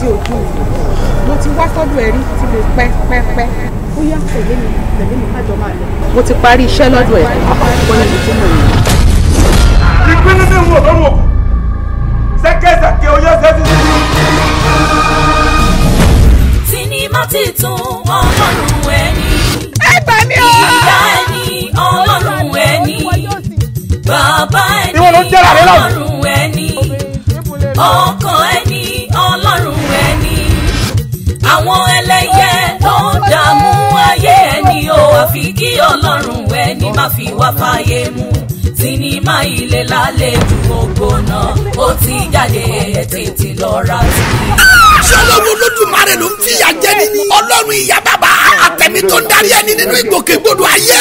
tí o kú mo ti wá sọ́dọ̀ ẹ̀rí ti lè pẹ́ pẹ́ pẹ́ ó yá tẹ̀lé mi tẹ̀lé mi kájọ máa lọ. mo ti parí iṣẹ́ lọ́dọ̀ ẹ̀ wọ́n ní ìdí mọ̀ yìí. ìpínlẹ̀ ní ìwọ̀n bá wọ̀ ṣẹ́kẹ́ṣẹ́kẹ́ oyè ṣẹ́ṣẹ́ sí i. sinimá ti tún ọlọ́run ẹni. ẹ gbà mí o. ìyá ẹni ọlọ́run ẹni. bàbá ẹni ọlọ́run ẹni. ọkọ ẹni. fi kí ọlọ́run ẹni má fi wá fàyè mu sinimá ilé lálẹ́ ju gbogbo náà ó ti jáde ẹ̀ tètè lọ́ra sí i. ṣọlọ́wọ́ olódùmarè ló ń fìyà jẹ nínú ọlọ́run ìyá bàbá àtẹ̀mí tó ń darí ẹni nínú ìgbòkègbodò ayé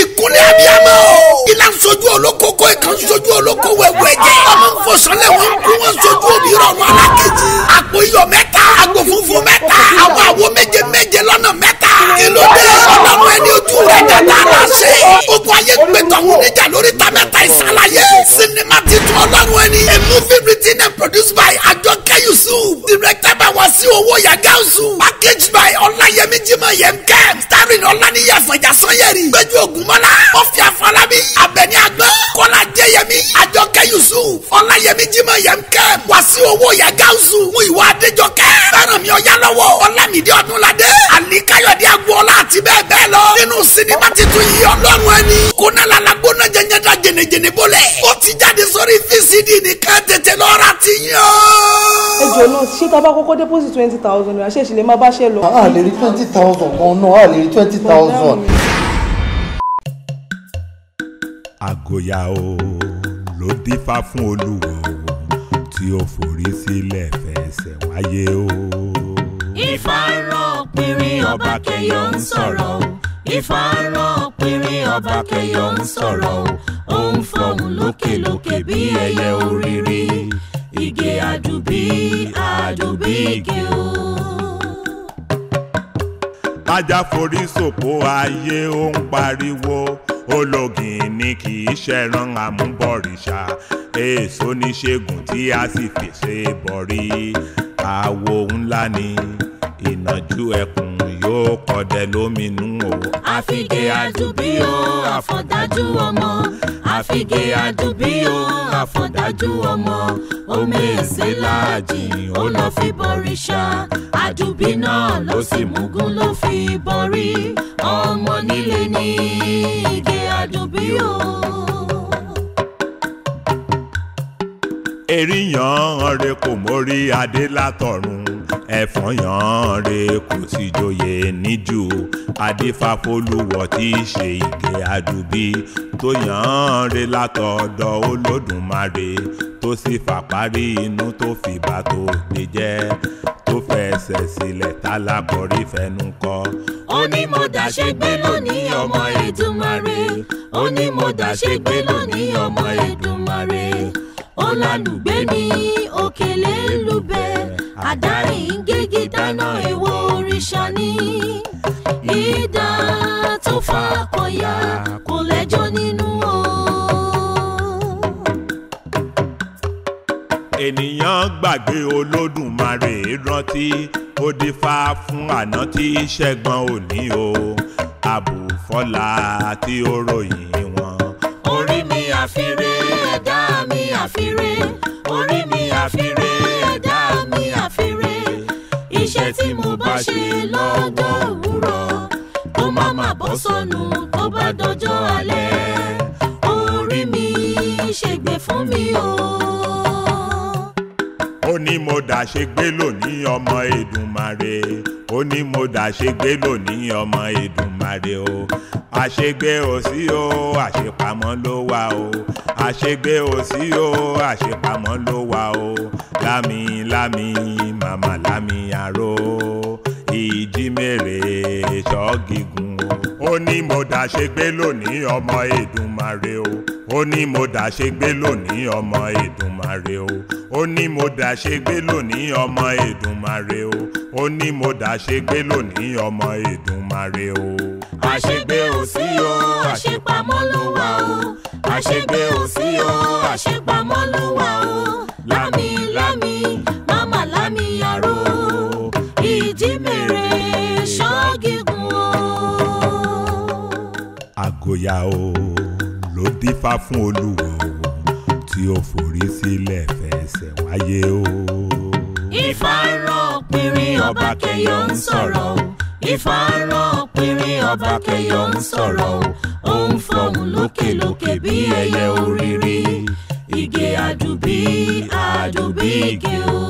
ìkúnlẹ̀ abiyamọ o. ilà sojú olókoko ìkan sojú olóko wẹ̀wẹ̀ jẹ́. ọmọ ń wọn kú wọn sojú omi rọrùn alákejì. àpò iyọ̀ mẹ́ta àgò funfun mẹ́ta àwọn àwo méje méje lọ́nà mẹ́ta. èlò dé ọlọ́run ẹni ojú rẹ̀ dàda aláṣẹ. ogun ayé gbẹtọ̀ wọn níjà lórí ta ìsàlàyé. sinimá titun ọlọ́run ẹni. a movie written and produced by Àjọkẹ́ Yusuf. directed by Wasiu Owóyàgá Osun. packaged by Ọláyẹmí Jímọ̀yẹ kẹ́m starring ọ̀làníyẹ fẹ̀jà sọ́yẹ̀rì gbẹ́jú ògùnmọ́lá ọ̀fì àfọlábí abẹ́ni àgbẹ̀ kọ́lá jẹ́yẹmí àjọkẹ́ yusuf ọ̀làyẹmí jimọ̀ yẹm kẹ́m wàsí owó yẹ gáúsù mú ìwà adéjọkẹ́ fẹ́ràn mi ọ̀yá lọ́wọ́ ọ̀làmídìí ọ̀dúnladé àlíkáyọ̀dé agboola àti bẹ́ẹ̀ bẹ́ẹ̀ lọ nínú sinimá titun yìí ọlọ́run ẹni kónálàlà gbóná jẹjẹrẹ jẹnẹjẹnẹ bọ́lẹ̀ ó ti jáde sórí vcd nìkan tètè lọ́ra ti yàn. ẹ jọ̀ọ́ náà ṣé tá deposit twenty thousand naira ṣé èsì lè bá ṣe lọ. a lè rí twenty thousand kan náà a lè rí twenty thousand. àgòyà o ló dífá fún olúwo tí ó forí sílẹ̀ fẹsẹ̀ wáyé o. Ifá rán pinrin ọba kẹyọ ń sọ̀rọ̀ o Ifá rán pinrin ọba kẹyọ ń sọ̀rọ̀ o ó ń fọhùn lókèlókè bí ẹyẹ oriri ìgè àdùbí àdùbí ìgè o ajá forí sòpó ayé ó ń pariwo ológìnní kì í ṣẹran àmúbọ̀rìṣà èso níṣègùn tí a sì fèsè bọ̀rí àwo ńlá ni ọ̀làjú ẹkùn yóò kọdẹ lóminú o. àfìgè àdùbí o àfọ̀dájú ọmọ àfìgè àdùbí o àfọ̀dájú ọmọ omi èsè ó lọ fi bọ̀rìṣà àdùbí náà ló sì múgún ló fi bọ̀rí ọmọ nílé ní ìgè àdùbí o. èríyàn rẹ kò mórí adé látọ̀run ẹ̀fọ́n yàn re kò sì joyè níjù adífáfolúwọ̀ tí í ṣe ìgè àdùbí tó yàn re látọ̀dọ̀ olódùmarè tó sì fàparí inú tó fìbà tó lè jẹ́ tó fẹsẹ̀ sílẹ̀ tálákọ̀rí fẹnu kọ́. ó ní mo dàṣe gbé lónìí ọmọ Èdùmàrè ó ní mo dàṣe gbé lónìí ọmọ Èdùmàrè ó lálùgbé ní òkèlè lùbẹ́ àdáyìn gígí dáná èwo òrìṣà ni idà tó fa akọ̀yà kò lẹ́jọ́ nínú o. ènìyàn gbàgbé olódùmarè rántí ó fa fún àná tí ṣẹ́gun òní o àbùfọ́lá tí ó ròyìn wọn. orí mi àfiré ẹ̀dá mi àfiré orí mi àfiré iṣẹ́ tí mo bá ṣe lọ́wọ́ òwúrọ̀ kó má má bọ́ sọnù tó bá dọjọ́ alẹ́ orí mi ṣègbè fún mi o. ó ní mo dàṣe gbé lónìí ọmọ Èdùmàrè ó ní mo dàṣegbé lónìí ọmọ Èdùmàrè o àṣegbé ò sí o àṣepamọ́ ló wà o àṣegbé ò sí o àṣepamọ́ ló wà o lámìlámì màmá lámì àrò ti mèrè ṣọ́gígun. ó ní mo dàṣegbé lónìí ọmọ Èdùmàrè o ó ní mo dàṣegbé lónìí ọmọ Èdùmàrè o ó ní mo dàṣegbé lónìí ọmọ Èdùmàrè o ó ní mo dàṣegbé lónìí ọmọ Èdùmàrè o. àṣegbé ò sí o àṣepamọ́ ló wà o àṣegbé ò sí o àṣepamọ́ ló wà o lámìlámì. àgòyà o ló dífá fún olúwo o tí ó forí sílẹ̀ fẹsẹ̀ wáyé o. Ifá rán pinrin ọba kẹyọ ń sọ̀rọ̀ o Ifá rán pinrin ọba kẹyọ ń sọ̀rọ̀ o ó ń fọhùn lókèlókè bí ẹyẹ oríire ìgè àdùbí àdùbí ìgè o.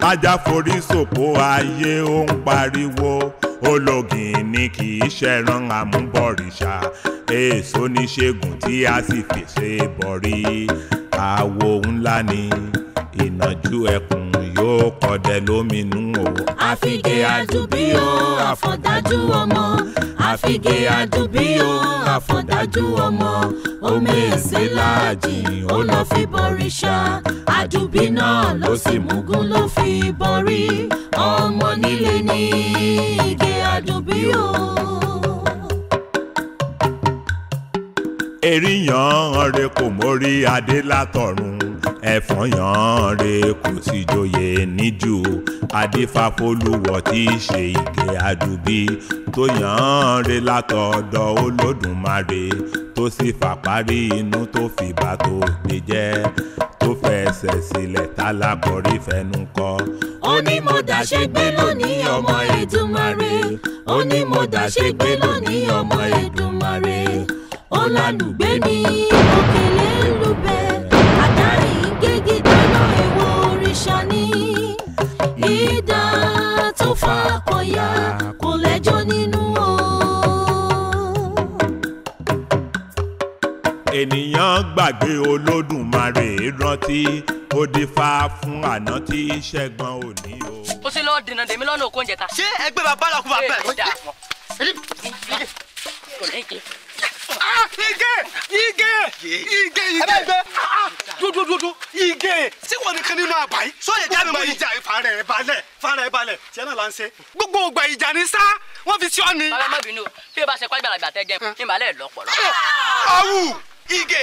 tájà forí sòpó ayé ó ń pariwo ológin ni kì í ṣẹran àmúbọ̀rìṣà èso níṣègùn tí a sì fèsè bọ̀rí àwo ńlá ni ìnàjú ẹkùn yóò kọdẹ lóminú o. àfìgè àdùbí o àfọ̀dájú ọmọ àfìgè àdùbí o àfọ̀dájú ọmọ omi èsè láàjì ó lọ fi bọ̀rìṣà àdùbí náà ló sì múgún ló fi bọ̀rí ọmọ nílé ní ìgè àdùbí o. èríyàn ọ̀rẹ́ kò mórí adé látọ̀run ẹ̀fọn yàn re kò sì joyè níjù adífàfolúwọ̀ tí í ṣe ìgè àdùbí tó yàn re látọ̀dọ̀ olódùmarè tó sì fàparí inú tó fìbà tó lè jẹ́ tó fẹsẹ̀ sílẹ̀ tálákọ̀rí fẹnu kọ. ó ní mo dàṣe gbé lónìí ọmọ Èdùmàrè ó ní mo dàṣe gbé lónìí ọmọ Èdùmàrè ó lálùgbé ní òkèlè ń lùbẹ́. idà tó fakọyà kò lẹ́jọ́ nínú o. ènìyàn gbàgbé olódùmarè rántí ó dífá fún àná tí ṣẹ́gun òní o. ó sì lọ́ọ́ dènà dèmí lọ́nà òkú oúnjẹ ta. ṣé ẹgbẹ́ bàbá làkúbà bẹ́ẹ̀. Ah, Ige! Ige! Ige! Ige! Dúdú ah, ah, dúdú! Ige! Ṣé wọ́n nìkan nínú àbá yìí? Sọ́yẹ̀ jáde mọ́ ìjà ìfarẹ̀ ẹ̀ balẹ̀ fara ẹ̀ balẹ̀ tiẹ̀ náà là ń ṣe. Gbogbo ògbà ìjà ni sá, wọ́n fi sí ọ ni. Bàbá má bínú, bí o bá ṣe kọ́ ìgbàlagbà tẹ́ jẹun, ìmàlẹ́ lọ́pọ̀ lọ. Awu! Ige!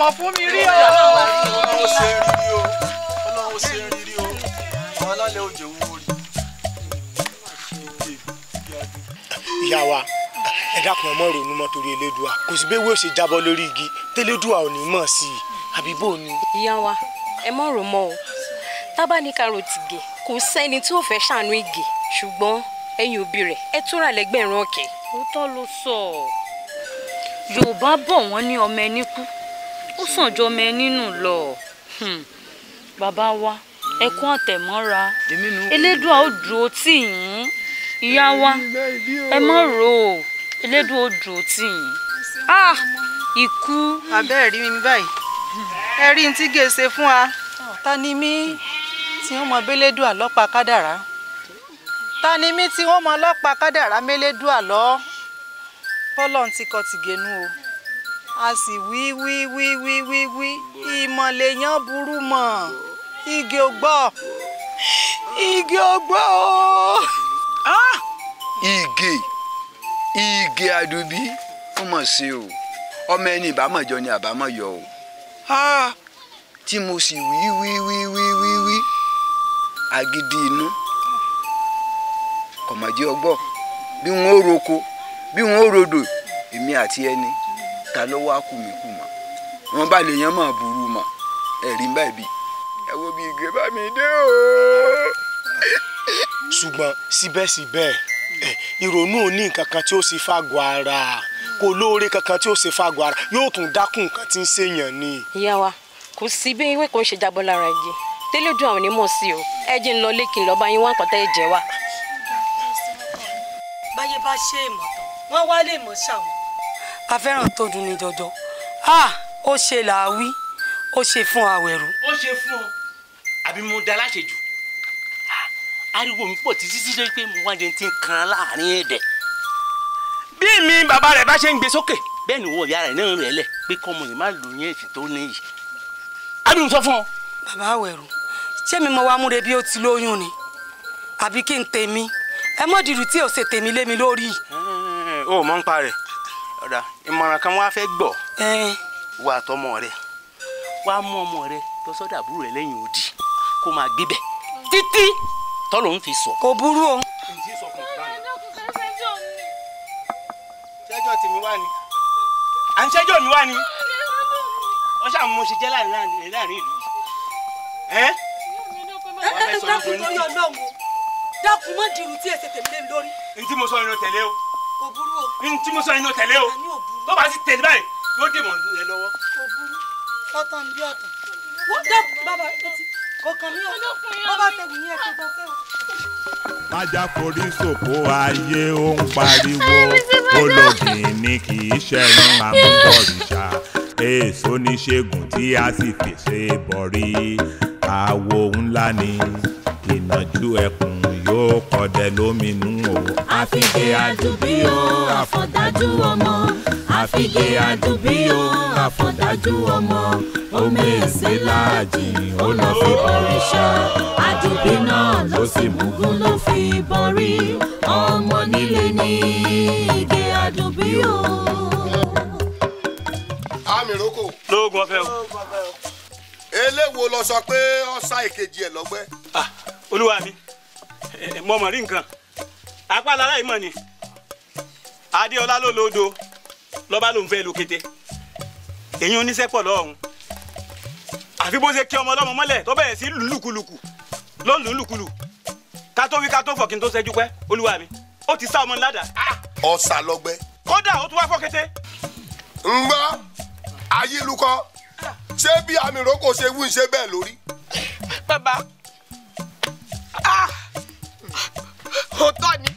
mọ̀ fún mi rí o. ọlọ́run ṣe rírí o ọlọ́run ṣe rírí o àwọn alálẹ̀ òjò wo rí ìyá wa ẹ dákun ọmọ ìrònú mọ torí elédùà kò sí bẹ́ẹ̀ ṣe jábọ́ lórí igi tẹ́lẹ̀dùà ò ní mọ̀ sí i àbí bò ni. ìyá wa ẹ mọ̀ rò mọ́ o tábà ní kárọ̀tì gè kò sẹ́ni tí ò fẹ́ ṣàánú ìgè ṣùgbọ́n ẹ̀yin òbí rẹ̀ ẹ túra lẹ́gbẹ̀rún ọ̀kẹ́. òótọ́ ló sọ yorùbá bọ̀ wọ́n ní ọmọ ẹni sàn jọ mẹ nínú lọ hmm. bàbá wa ẹkún àtẹ̀mọ́ra elédùà ó dúró tì yín ìyá wa ẹ mọ̀ rò ó elédùà ó dúró tì yín ah, ikú. abẹ́ ẹ̀ rí mi báyìí ẹ rí n tí gèsè fún wa ta ni mí tí wọ́n mọ bélédùà lọ́pàá kádàrá ta ni mí tí wọ́n mọ lọ́pàá kádàrá mélédùà lọ́ bọ́lọ̀ ń ti kọ́ ti o a sì wí wí wí wí wí wí ìmọ̀lẹ̀ yan burú mọ̀ igi ògbọ́ igi ògbọ́ o. igi igi adubi ó mọ̀ sí o ọmọ ẹni ìbámọ̀jọ ni àbámọ̀yọ o tí mo sì wí wí wí wí wí wí agídí inú kọ̀mọ̀jẹ́ ọgbọ́ bí wọ́n ó roko bí wọ́n ó rodò èmi àti ẹni ta ló wá kù mí kù mọ́ wọn bá lè yan mọ̀ burú mọ́ ẹ̀rí ń báyìí bí ẹ wo bí ìgbé bá mi dé o. ṣùgbọ́n síbẹ̀síbẹ̀ ìrònú ò nǹkan kan tí ó sì fàgọ́ ara kò lóore kankan tí ó sì fàgọ́ ara yóò tún dákùn nǹkan tí ń ṣèyàn ni. ìyá wa kò sí bí ewé kan ṣe jábọ́ lára ẹ̀jẹ̀ tẹ́lẹ̀ àwọn onímọ̀ sí o ẹ̀jẹ̀ ń lọ lẹ́kìn lọ́ba yín wọ́n àpàtà ẹ̀jẹ̀ wa. báyé bá ṣe ìmọ̀tàn wọ́n wá lè mọ̀ ṣàwọn a fẹ́ràn tó dùn ní jọjọ ah ó ṣe làáwí ó ṣe fún àwẹ̀rù. ó ṣe fún ọ àbí mo da láṣejù ariwo mi pọ̀ títí títí pé mo wá jẹun tí ń kan láàrin ẹ̀dẹ̀ bí mi bàbá rẹ̀ bá ṣe ń gbé sókè bẹ́ẹ̀ ni wọ́n ìyá rẹ̀ náà rẹ̀ lẹ̀ pé kọ́mọ yìí má lò yẹn èsì tó ní yìí àbí mo sọ fún ọ. bàbá àwẹ̀rù ṣé mi mo wá múre bí ó ti lóyún ni àbí kí n tèmi ẹ mọ́ dìrú tí ò ṣe tèmi lé mi lórí. o ò mọ̀ ń pa ọ̀dà ìmọ̀ràn kan wọ́n á fẹ́ gbọ́ wà á tọmọ rẹ wà á mú ọmọ rẹ lọ sọ́dọ̀ àbúrò rẹ lẹ́yìn odi kó máa gbé bẹ̀ títí tọ́lọ̀ ń fi sọ. kò burú o. ṣẹ́jọ́ tèmi wá ni à ń ṣẹ́jọ́ mi wá ni wọ́n ṣàmú mo ṣe jẹ́ láàrin ìlú yìí. ẹ ẹ dákun tó yọ lọ́hùn-ún dákun má dirun tí èsì tèmi lé lórí. èyí tí mo sọ irun tẹ̀lé o n tí mo sọ yín náà tẹ̀lé o tó bá sì tẹ̀lé báyìí yóò dè mọ́ ẹ lọ́wọ́. òbúrú ọ̀tàn bí ọ̀tàn wọ́n dá bàbá kọ̀ọ̀kan mi ò bó bá tẹ̀wù yín ẹ̀kẹ́ tó fẹ́ o. forí sòpó ayé ó ń pariwo olóbìn ni kì í ṣẹnu àmúbọ̀rìṣà èso níṣègùn tí a sì fèsè bọ̀rí àwo ńlá ni ìnàjú ẹkùn yóò kọdẹ lóminú o. àfìgè àdùbí o àfọ̀dájú ọmọ àfìgè àdùbí o àfọ̀dájú ọmọ omi èsè láàjì ó lọ fi bọ̀rìṣà àdùbí náà ló sì múgun ló fi bọ̀rí ọmọ nílé ní ìgè àdùbí o. àmì ìrókò. lóògùn ọ̀fẹ́ o eléwo lọ sọ pé ọsà èkejì ẹ lọgbẹ. Ah, olúwa mi mo mọ̀ rí nǹkan apá lára ìmọ̀ ni adéọlá ló lódo lọ́ba ló ń fẹ́ lo kété èyí oníṣẹ́ pọ̀ lọ́hùn àfi bó ṣe kí ọmọ ọlọ́mọ mọ́lẹ̀ tó bẹ̀rẹ̀ sí lùlùkulùkù ló ń lùlùkulù ká tó wí ká tó fọ̀ kí n tó ṣẹ́jú pẹ́ olúwa mi ó ti sá ọmọ ńláda. Ah! ọ̀sà lọ́gbẹ́. kódà ó tún wá fọ́ kété. ń gbọ́ ayélukọ ṣé bí àmì ìrókò ṣe wú ṣe bẹ́ẹ̀ lórí. bàbá. Ah! òótọ́ ni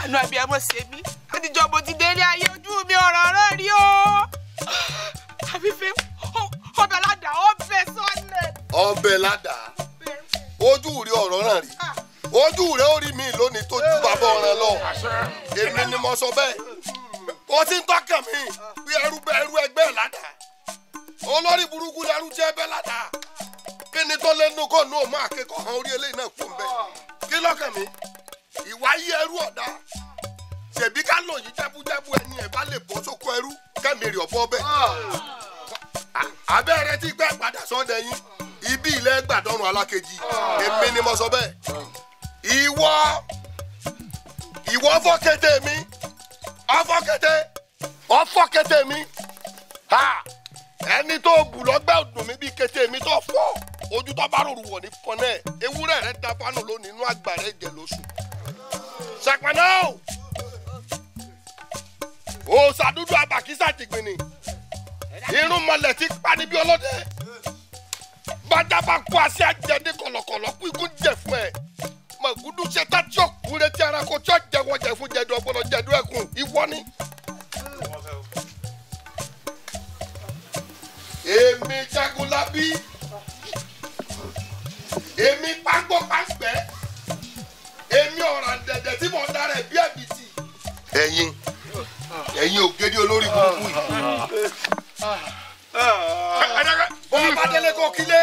àánú abiyamọ ṣe mí àtijọ́ mo ti délé ayé ojú mi ọ̀rọ̀ ọ̀rọ̀ rí o àfífẹ́ ọbẹ̀ ládàá ọbẹ̀ sọ́lẹ̀. ọbẹ̀ ládàá ojú rí ọ̀rọ̀ náà rí ojú rẹ ó rí mi lónìí tó ju bàbá ọ̀ràn lọ èmi ni mo sọ bẹ́ẹ̀ wọ́n ti ń tọ́kàn mí bí ẹrú ẹrú ẹgbẹ́ ládàá olórí burúkú lẹ́rú jẹ́ bẹ́ẹ̀ ládàá kí ni tó lẹ́nu kó nù ọmọ akẹ́kọ̀ọ́ han orí eléyìí náà kú bẹ́ẹ̀ kí lọ́kàn mi ìwà yí ẹrú ọ̀dà ṣèbí ká lò yí jẹ́bújẹ́bú ẹni ẹ̀ bá lè bọ́ sóko ẹrú kẹ́mi rì ọ̀bọ bẹ́ẹ̀. abẹ́rẹ́ tí gbẹ́ padà sọ́dẹ̀ yín ibi ilẹ̀ gbàdọ́rùn alákejì èmi ni mo sọ bẹ́ẹ̀. ìwọ ìwọ fọ́kété mi ọfọ́kété ọfọ́kété mi ha ẹni tó bù lọ́gbẹ́ òdùn mi bíi kété mi tó fọ́ ojú tó bá rorò wọ̀ ní fọ́nẹ́ ewúrẹ́ rẹ da fánù lónìí inú àgbà rẹ jẹ lóṣù. ṣàpẹ̀nà o òòṣà dúdú abàkísà ti gbìn ni irun mọlẹ̀ ti pani bí ọlọ́dẹ gbadaba kó aṣẹ àjẹdẹ kọlọkọlọ kú ikú jẹ fún ẹ gudu ṣe tá tí ọkùnrin ti ara kó tí ọjẹwọ jẹ fún jẹdú ọgbọdọ jẹdú ẹkùn ìwọ ni. èmi jagunlabi èmi pákó pàṣẹ èmi ọ̀ràn dẹ̀dẹ̀ tí mò ń darẹ̀ bí ẹ̀bìtì. ẹ̀yin ẹ̀yin ògèdè olórí burúkú yìí. bọ́ọ̀ bá délé kó kílé.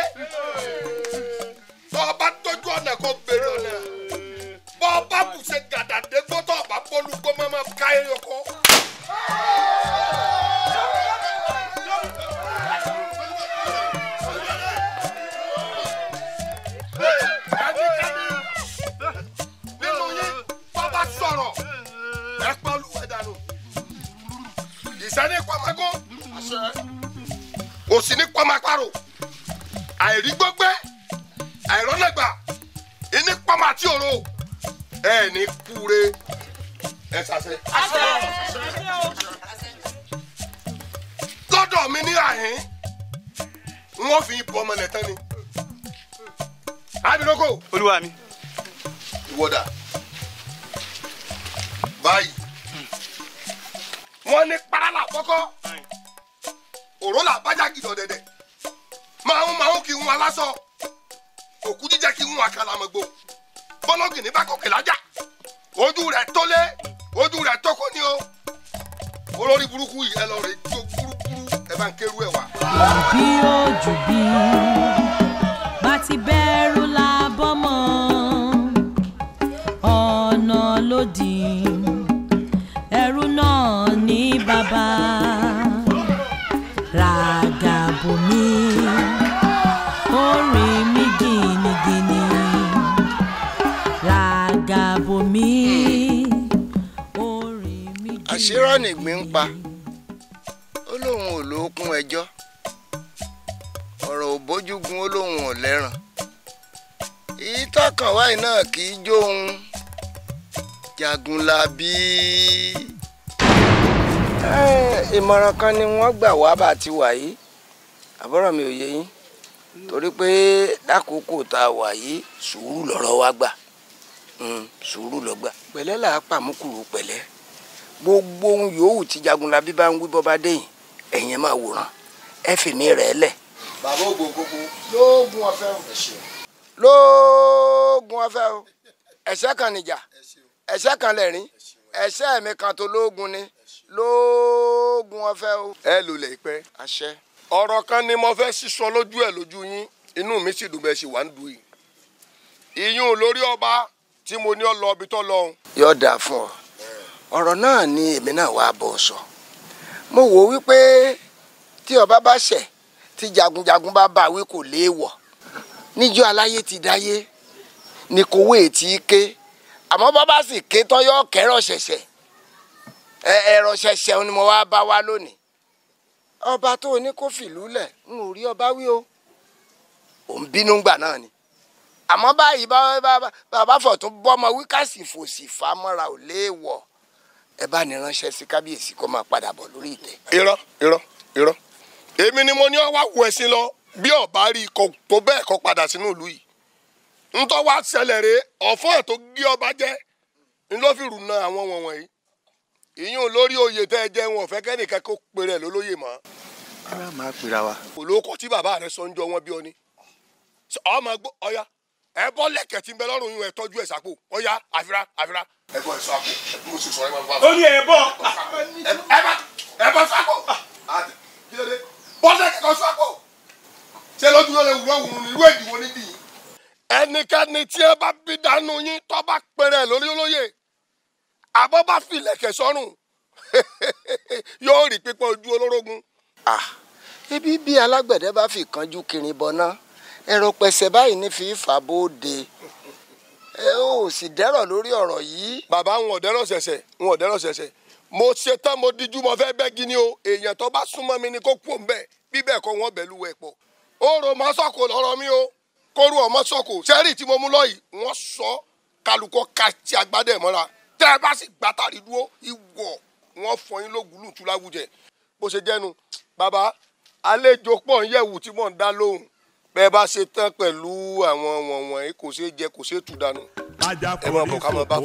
ọ̀nà kan ni wọ́n gbà wá bá ti wà yìí àbọ̀rọ̀ mi ò yé yín torí pé lákòókò tá a wà yìí sùúrù lọ̀rọ̀ wa gbà hmm, sùúrù ló gbà. pẹ̀lẹ́ là á pàmùkùrù pẹ̀lẹ́ gbogbo ohun yòówù tí jagunlabi bá ń wí bọ́ dé yìí ẹ̀yin máa wòran ẹ fèmí rẹ̀ lẹ̀. bàbá ògùn lóògùn ọ̀fẹ́ o. lóògùn ọ̀fẹ́ o ẹ̀ṣẹ̀ kan nìjà ẹ̀ṣẹ̀ kan lẹ̀rín ẹ̀ṣẹ̀ mi kan tó lóògùn ni lóògùn ogun ọ̀fẹ́ o. ẹ lò lẹ̀ pẹ́. àṣẹ. ọ̀rọ̀ kan ni mo fẹ́ sísọ lójú ẹ̀ lójú yín inú mi sì dùn bẹ́ẹ̀ ṣe wà ń du yìí. ìyún lórí ọba tí mo ní ọ lọ ibi tó lọ. yóò dáa fún ọ ọ̀rọ̀ náà ni èmi náà wàá bọ̀ sọ mo wò wípé tí ọba bá ṣẹ̀ tí jagunjagun bá bá wí kò léèwọ̀ níjọ́ aláyé ti dáyé ni kò wéè tí ké àmọ́ bá bá sì ké tán yọ kẹ́rọ̀ ṣẹ̀ṣẹ̀ ẹ̀rọ ṣẹ̀ṣẹ̀ ni mo wá bá wa lónìí ọba tó ní kó fìlú lẹ̀ n ò rí ọba wí o òun bínú gbà náà ni àmọ́ báyìí bàbá fọ̀tún bọ́mọ wíkàsì fòsì fàmọ́ra ò léèwọ̀ ẹ bá ní ránṣẹ́ sí kábíyèsí kó máa padà bọ̀ lórí ìtẹ́. irọ́ irọ́ irọ́ èmi ni mo ní ọwá wù ẹ̀sìn lọ bí ọba rí ikọ̀ tó bẹ́ẹ̀ kọ́ padà sínú ìlú yìí ntọ́ wa ṣẹlẹ̀ rèé ọ̀fọ́n tó gé ọba jẹ́ ńlọ́fìrù na àwọn wọ̀nyí ìyún lórí oyè tẹ́ ẹ jẹ wọn ò fẹ́ kẹ́nìkan kó pèrè lólóyè mọ́. ara máa pera wa. olóko tí bàbá rẹ sọ ń jọ wọn bí ọ ni ọmọ gbọ́ ọya ẹ bọ́ lẹ́kẹ̀ẹ́ tí ń bẹ lọ́rùn yín ẹ tọ́jú ẹ̀ sápò ọya àfira àfira. ẹ bọ́ ẹ sọ àpò ẹ bí mo ṣe sọ ẹ máa bá a. ó ní ẹ bọ́ ẹ bọ́ sápò bọ́ lẹ́kẹ̀ẹ́ sọ àpò ṣé lójú ló lè wúrọ̀ wùrù ní irú èdìwọ́ níbí. ẹnikẹ́ni tí ẹ bá bí dànù yín tó bá pèrè lórí olóyè àbọ̀ bá fi ìlẹ̀kẹ̀ sọ́rùn yóò rí pípọ́ ojú olórógun. ibi bí alágbẹ̀dẹ bá fi kanjú kiri bọ́ná ẹ̀rọ pẹ̀sẹ̀ báyìí ní fi bóde ẹ ò sì dẹ́rọ̀ lórí ọ̀rọ̀ yìí. bàbá ń ọ̀dẹ́rọ̀ ṣẹ̀ṣẹ̀ ń ọ̀dẹ́rọ̀ ṣẹ̀ṣẹ̀ mo ṣe tán mo díjú mo fẹ́ bẹ́gi ni o èèyàn tó bá súnmọ́ mi ni kó kú òun bẹ́ẹ̀ bí bẹ́ẹ̀ kọ́ wọn bẹ̀lú wẹ̀ pọ̀ ó rò mọ́ sọ́kò mi o kó rú ọmọ tí mo mú lọ́yìí wọ́n sọ kálukọ́ ká agbádẹ́ mọ́ra tẹ́ ẹ bá sì gbàtàrí dúró ìwọ̀ wọn fọyín lógùlù tú láwùjẹ bó ṣe jẹ́nu bàbá àlejò pọ̀ ń yẹ̀wù tí mò ń dá lóhùn bẹ́ẹ̀ bá ṣe tán pẹ̀lú àwọn wọ̀nwọ̀n kò ṣeé jẹ kò ṣeé tú dànù ẹ máa bọ̀ ká máa bá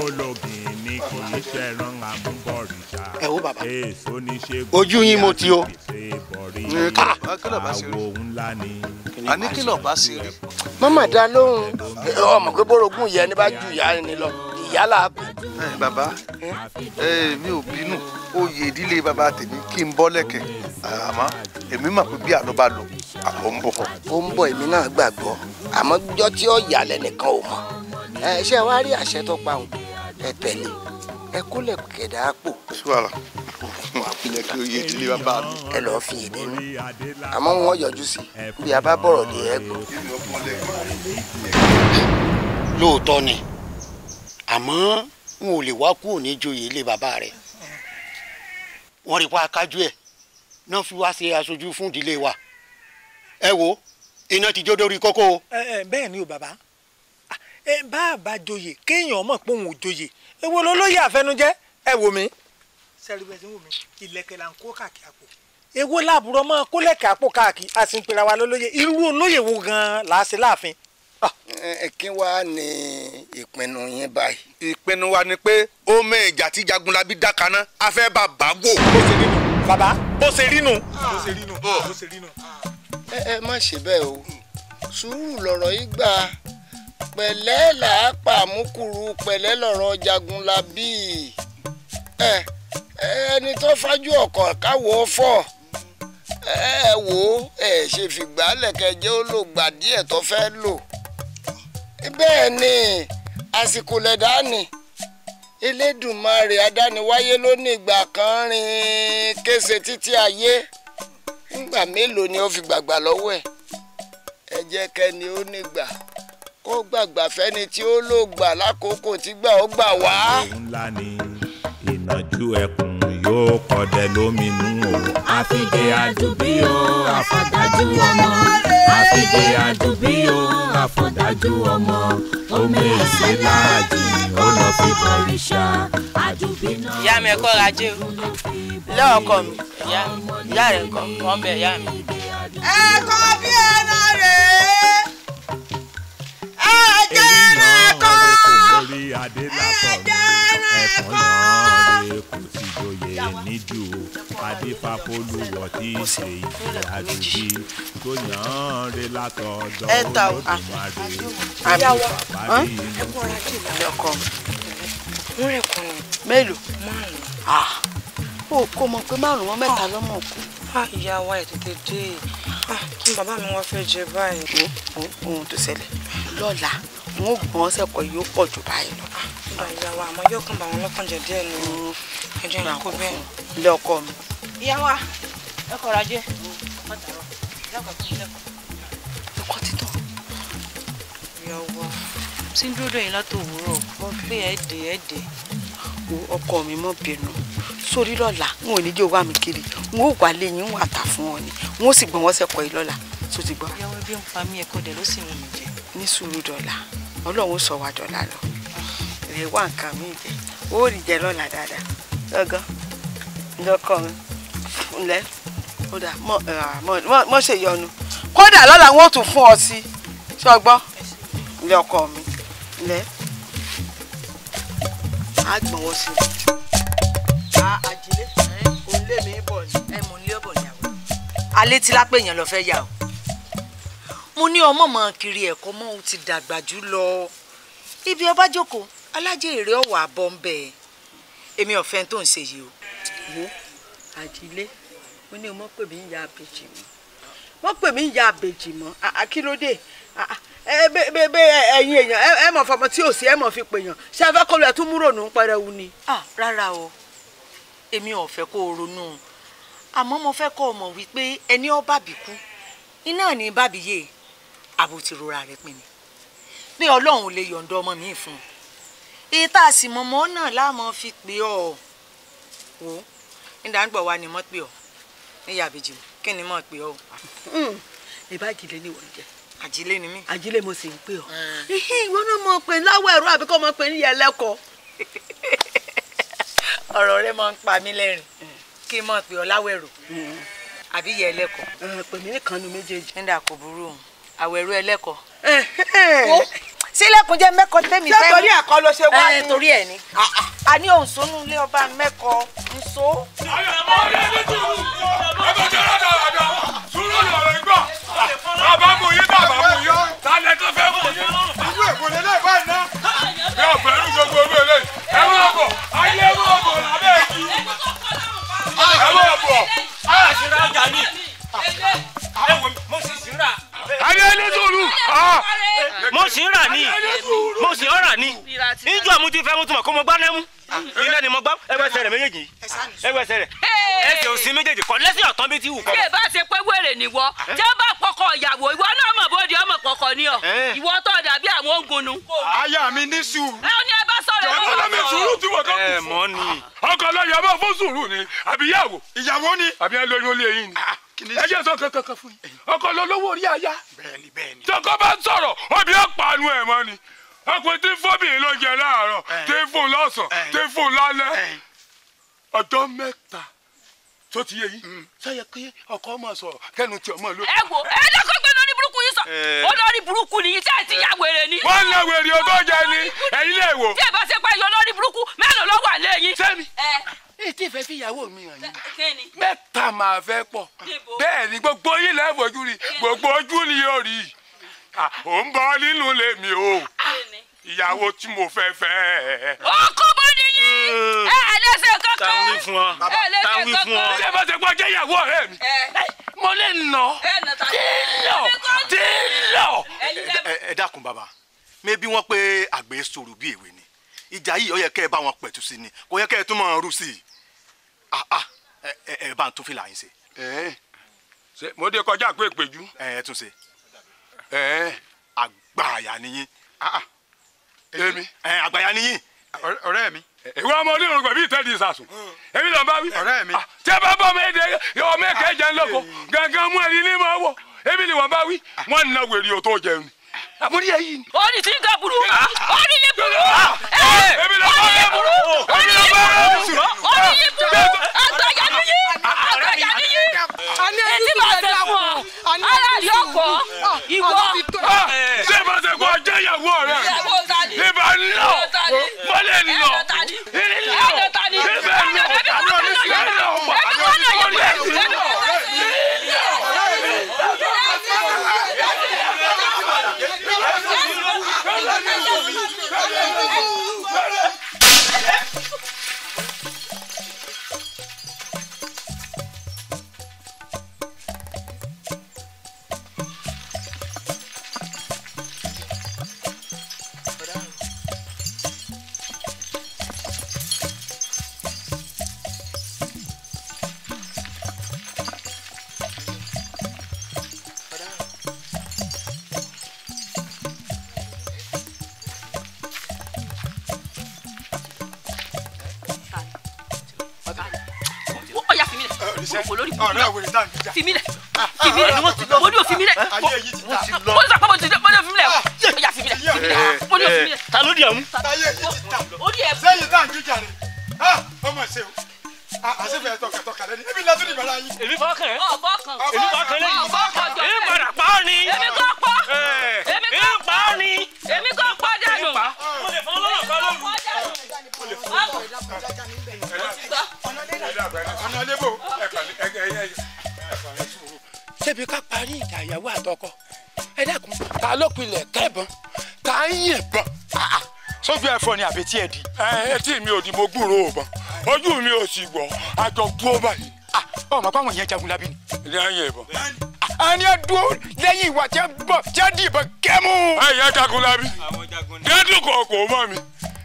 ológin ni kì í ṣẹran àmúbọ̀rìṣà èso ní ṣe gbọ́dọ̀ ojú yín mo ti o. àwo ńlá ni. a ní kí lọ bá ṣe rí. mọ́mọ́ lóhun ọmọ pé bórogún ìyá bá ju ìyá ẹni lọ ìyá baba mi ò bínú oyè ìdílé bàbá tèmi kí n bọ́ lẹ̀kẹ̀ àmọ́ èmi mà pé bí àlọ́ bá lọ ń bọ̀. ó ń bọ̀ èmi náà gbàgbọ́ àmọ́ tí ó yà lẹ́nìkan ò mọ̀ ẹ àpilẹ̀ kí oyè wa bàbá mi. ẹ lọ fi èdè nù àmọ́ wọn yọjú sí bí a bá bọ̀rọ̀ dé ẹ gbọ́. lóòótọ́ ni àmọ́ n ò lè wá kúrò ní joyè ilé bàbá rẹ̀ wọ́n rí pa akájú ẹ̀ náà fi wá ṣe aṣojú fún ìdílé wa ẹ wo iná ti jó dórí kókó. bẹ́ẹ̀ ni o bàbá ah, bá a bá joyè kéèyàn mọ̀ pé òun ò joyè èwo ló lóye àfẹnujẹ́ ẹ wò mí sẹ́rí bẹ́ẹ̀ tí wù mí ìlẹ̀kẹ̀ là ń kó káàkiri àpò. èwo láàbùrọ mọ kólẹ̀kẹ̀ àpò káàkiri a sì ń pera wa lólóye irú olóyè wo gan-an là á ṣe láàfin. kí wàá ní ìpinnu yín báyìí. ìpinnu wa ni pé ó mẹ ìjà tí jagunlabi dákaná a fẹ́ bá bá wò. bó ṣe rí nù. bàbá bó ṣe rí nù. bó ṣe rí nù. bó ṣe rí nù. ẹ ẹ má ṣe bẹ́ẹ̀ o sùúrù lọ̀rọ̀ yìí gbà pẹ̀lẹ́ làápàá mú kúrú pẹ̀lẹ́ lọ̀rọ̀ jagunlabi ẹ. Eh ẹni tó fájú ọkọ̀ káwọ́ fọ́ ẹ wò ó ẹ ṣe fìgbà lẹ̀kẹ̀jẹ́ ó lò gbà díẹ̀ tó fẹ́ lò bẹ́ẹ̀ ni àsìkò lẹ̀dá ni elédùnmarè adániwáyé ló ní ìgbà kan rìn kése títí ayé ńgbà mélòó ni ó fi gbàgbà lọ́wọ́ ẹ̀ ẹ jẹ́ kẹ́ni ó nígbà kó gbàgbà fẹ́ni tí ó lò gbà lákòókò tí gbà ó gbà wá. ńlá ẹkùn yóò kọ̀dẹ̀ lóminú o. àfìgè àdùbí o àfọ̀dájú ọmọ àfìgè àdùbí o àfọ̀dájú ọmọ ọmọ èsè láàjì ó lọ fi bọ̀rìṣà àdùbí náà. ìyá mi ẹ̀kọ́ rajé o lẹ́ọ̀kọ́ mi ìyá rẹ̀ kọ́ kọ́ bẹ̀ ìyá mi. ẹ̀kọ́ bí ẹran rèé ẹ̀jẹ̀rẹ̀ kọ́ ẹ̀jẹ̀rẹ̀ kọ́. kò sí joyè níjù adífàfolúwọ̀ tí í ṣe ìfẹ́ àdùbí tó yàn án rè látọ̀dọ̀ olódùmarè àbí bàbá mi ń rẹ̀kùnrin mélòó márùn-ún ó kó mọ̀ pé márùn-ún mẹ́ta lọ́mọ kù. Ah, ìyá wa ẹ̀ tètè dé ah, kí bàbá mi wọ́n fẹ́ jẹ báyìí. wo ohun tó ṣẹlẹ̀ lọ́la n ó gbọ́n sẹ́kọ̀ yóò pọ̀ jù báyìí lọ. ìgbà ah, ìyá wa àmọ́ yóò kàn bá wọn lọ́kàn jẹ díẹ̀ ni ẹjọ́ yẹn kó bẹ́ẹ̀. ilé ọkọ mi. ìyá wa ẹ kọ̀ra jẹ́ ọkọ̀ títọ̀. ìyá wa tí ń dúró dẹ̀yìn látòwúrọ̀ wọ́n gbé ẹ̀ẹ́dẹ̀ẹ́dẹ̀ẹ́ wo ọkọ mi mọ bínú sórí lọ́la n ò ní jẹ́ owó àmì kiri n ó wà àtà fún ọ ni n ó sì gbọ́n wọ́n sẹ́kọ̀ọ́ yìí tó ti gbọ́. ìyàwó ẹbí ń pa mí ẹ̀kọ́ dẹ̀ ló sì rìn mí jẹ. ní sùúrù á gbọ̀wọ́ sí i. a àjílé òun lè mí bọ̀ ni. ẹ mò ń lé ọ̀bọ̀ ní àwọn. alẹ́ tí lápẹ́ èèyàn lọ fẹ́ yà o. mo ní ọmọ mọ kiri ẹ̀kọ́ mọ́ òun ti dàgbà jù lọ. ibi ọba jókòó alájẹ èrè ọ̀wọ̀ àbọ̀ ń bẹ̀ èmi ọ̀fẹ́ tó ń ṣe yìí o. wo àjílé mo ní ọmọ pè mí ń ya àbèjì mọ́ wọ́n pè mí ń ya àbèjì mọ́ àkílódé bẹ́ẹ̀ bẹ́ẹ̀ ẹ̀yin èèyàn ẹ mọ̀ fọmọ tí ò sí ẹ mọ̀ fi pèèyàn ṣé ẹ fẹ́ kó tún mú rònú pẹrẹwu ni. ah rárá o èmi ò fẹ́ kó o ronú àmọ́ mo fẹ́ kó o mọ̀ wípé ẹni ó bàbí kú iná ní bàbí yé àbò ti rora rẹ̀ pin ni pé ọlọ́run lè yọ̀ǹda ọmọ mi fún un èyí tá a sì mọ ọmọ náà láàmú fi pè ọ́ o ìdánwò wa ni mo pè ọ́ níyàbíjì kí ni mo pè ọ́. ìbá hmm. ìkìlẹ̀ ni wọ́n jẹ́ àjílé ni mí. àjílé mo sì ń pè ọ. Ah. ìwọ náà mọ pé láwọ ẹ̀rọ àbí kò mọ pé ní yẹlẹkọ. ọ̀rọ̀ rẹ máa ń pa mí lẹ́rìn hmm. kí n mọ̀ pé ọ láwọ ẹ̀rọ hmm. àbí yẹlẹkọ. Eh, pèmí nìkan nu méjèèjì. nígbà kò burú o àwọ̀ ẹ̀rọ ẹlẹ́kọ. sílẹ̀kùn jẹ́ mẹ́kọ tẹ́mi fẹ́ mi. sẹ́tọ̀rí àkọlọ ṣe wá eh, ní. torí ẹ̀ ni ah, ah. a ní òǹsónú ilé ọba mẹ́kọ ǹsó. yín bàbá mú yín tálẹ̀ tó fẹ́ mú yín. ìlú èkó lè lè bá iná. bí ọ̀pẹ̀ ẹnu gbogbo owó ilé ẹ máa bọ̀ ayé máa bọ̀ lábẹ́ ẹ̀jú. ẹ máa bọ̀. àṣírí ajá ni ẹ wò mo sì sí rà. Ah. ayé ní sùúrù mo sì ń rà ní mo sì ń rà ní níjọ́ mo ti fẹ́ mo ti mọ̀ kó mo gbá náà mú. Ah, iná ni mo gbọ́ ẹgbẹ́ ẹsẹ̀ rẹ̀ méjèèjì ẹgbẹ́ ẹsẹ̀ rẹ̀ ẹsẹ̀ òsì méjèèjì kọ lẹ́sìn ọ̀tán bí ti wù kọ́. bí ẹ bá ṣe pé wèrè nìwọ ah, eh? tí wọn bá pọkọ ìyàwó ìwọ náà mọ̀ bóde ọmọ pọkọ ni ọ eh? ìwọ tó dàbí àwọn ògùnnù. aya mi ní sùúrù. ẹ ní ẹ bá sọ̀rọ̀ ẹ bá sọ̀rọ̀ sùúrù tí wọn kàn kù fún. ọkọ lẹ́yìn ni àbí ìyàwó. ẹ lóyún ah, sọ kankan kan fún yín. ọkọ lọ lówó orí aya. bẹ́ẹ̀ni bẹ́ẹ̀ni. tọkọ bá ń sọ̀rọ̀ obì ọ̀pá àánú ẹ̀ mọ́ ni ọkùnrin tí ń fọ́bìnrin ló jẹ láàárọ̀ tí ń fún un lọ́sàn-án tí ń fún un lálẹ́ ọjọ́ mẹ́ta tó ti yé yìí sọyẹ pé ọkọ ọmọ sọ̀rọ̀ kẹnu tí ọmọ ló. ẹ wo ẹ lọkọ gbé lórí burúkú yìí sọ olórí burúkú nìyí tí a ti ya wèrè ni. wọn lọ wèrè ọdọ jẹ ni ẹ̀yin lè wò. tí ẹ bá ṣe pé ẹyọ lórí burúkú mélòó ló wà lẹ́yìn. sẹ́mi ètí ìfẹ́ fi ìyàwó mi hàn yín mẹ́ta màá fẹ́ pọ̀ bẹ́ẹ̀ ni gbogbo yín lẹ́ẹ̀fọ́jú rí gbogbo ojú ni yóò rí. Ah, ò ń bọ́ nínú lèmi o ìyàwó tí mo fẹ́ fẹ́. ó kú bó ni yín ẹ ẹ lẹ́sẹ̀ kankan ta wí fún ọ ta wí fún ọ. ṣé bá ṣe gbọ́ jẹ́ ìyàwó ọ̀rẹ́ mi mo lè nà tí lọ tí lọ. ẹ dákun bàbá mi bí wọ́n pé àgbẹ̀ sọ̀rọ̀ bí èwe ni ìjà yìí ó yẹ kẹ́ ẹ bá wọn pẹ̀tù sí ni kò yẹ kẹ́ ẹ tún máa rú sí i ah, ah. ẹ bá ń tún fìlà yín ṣe. mo dé kọjá pé ìpéjú. ẹ ẹ tún ṣe. ẹ agbaya nìyí. Ah, ah. èmi àgbàyà nìyí. ọ̀rẹ́ mi. ìwọ ọmọ onírun pẹ̀lú ìtẹ́jú ìsàsùn hmm. èmi ló ń bá wí. ọ̀rẹ́ mi. Ah, tí a bá bọ́ ọmọ èdè ọmọ èké jẹun lóko gangan mú ẹni ní ma wọ̀ èmi ni wọ́n bá wí wọ́n wèrè àmúrí ẹ yìí. ó ní tí ń ta burú ah! ó ní yé burú ó ní yé burú ó ní yé burú ó ní yé burú àgbàyà ni yí ah! ah! àgbàyà ni yí etí máa tẹ fún ara yọ kọ ìwọ. ṣé ìbá ṣe kó ọjọ́ ìyàwó rẹ ìbá nọ mọ́lẹ̀ nọ ìrìn nọ ìbẹ̀ nọ ìrìn nọ ìbẹ̀ nọ ìbẹ̀ nọ. etí mi ò di mo gbúrò ọba ojú mi ò sì gbọ́ àjọ dúró báyìí. ọmọ kó àwọn èèyàn jagun lábí ni. ilé ìbọn. a ní lẹ́yìn ìwà tí a bọ̀ tí a di ìbọn kẹ́mú. ẹ̀yà jagun lábí gẹ́dùn kọ̀ọ̀kọ̀ mọ́ mi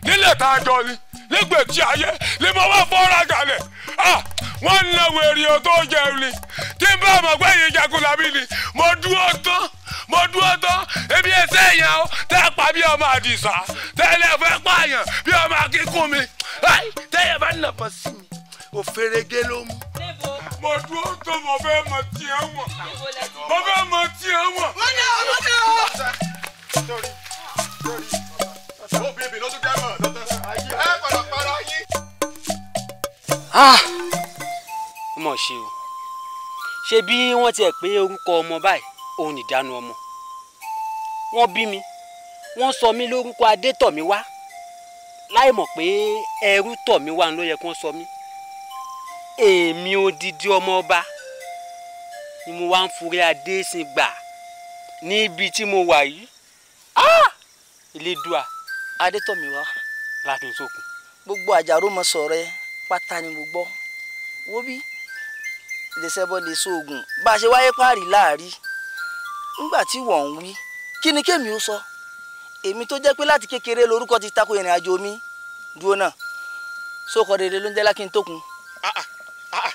nílẹ̀ tá a jọ ni lẹ́gbẹ̀ẹ́ tí a yẹ lè mọ wá fọ́ra kalẹ̀ wọ́n ń lọ wèrè o tó jẹun ni tí n bá ọmọ pé èyí jagun lábí ni mo dúró tán mo dúró tán ebi ẹsẹ̀ yẹn o tẹ́ pa bí ọmọ àdìsá tẹ́lẹ̀ fẹ́ pààyàn bí ọmọ akíkún mi tẹ́yẹ̀ bá nà pọ̀ sí mi òfèrègé ló mú. mo dúró tó mo fẹ́ mọ tiẹ̀ wọ̀n mo fẹ́ mọ tiẹ̀ wọ̀n. mo mo ní ọ. ó oh, bèbè lọ́dún eh, ah! ṣe o ṣé bí wọ́n tiẹ̀ pé orúkọ ọmọ báyìí òun nìdánù ọmọ wọ́n bí mi wọ́n sọ mí lórúkọ Adétọ̀míwá láì mọ̀ pé ẹrú Tọ̀míwá ló yẹ kí wọ́n sọ mí èmi odidi ọmọ ọba ni mo wá ń forí adé sí gbà níbi tí mo wà yìí ah! Elédùà Adétọ̀míwá láti sókun. gbogbo àjàrò mọ sọ̀rọ̀ ẹ pátá ni mo gbọ́ wo bí lè ṣẹbọ lè sóògùn bá a ṣe wáyé páàrí láàrí nígbà tí wọ́n ń wí kí ni kémi ó sọ. So èmi tó jẹ́ pé láti kékeré lorúkọ ti tako ìrìn àjò mi dúró náà sókọ rere ló ń jẹ́ lákì ń tókun. Ah, ah, ah,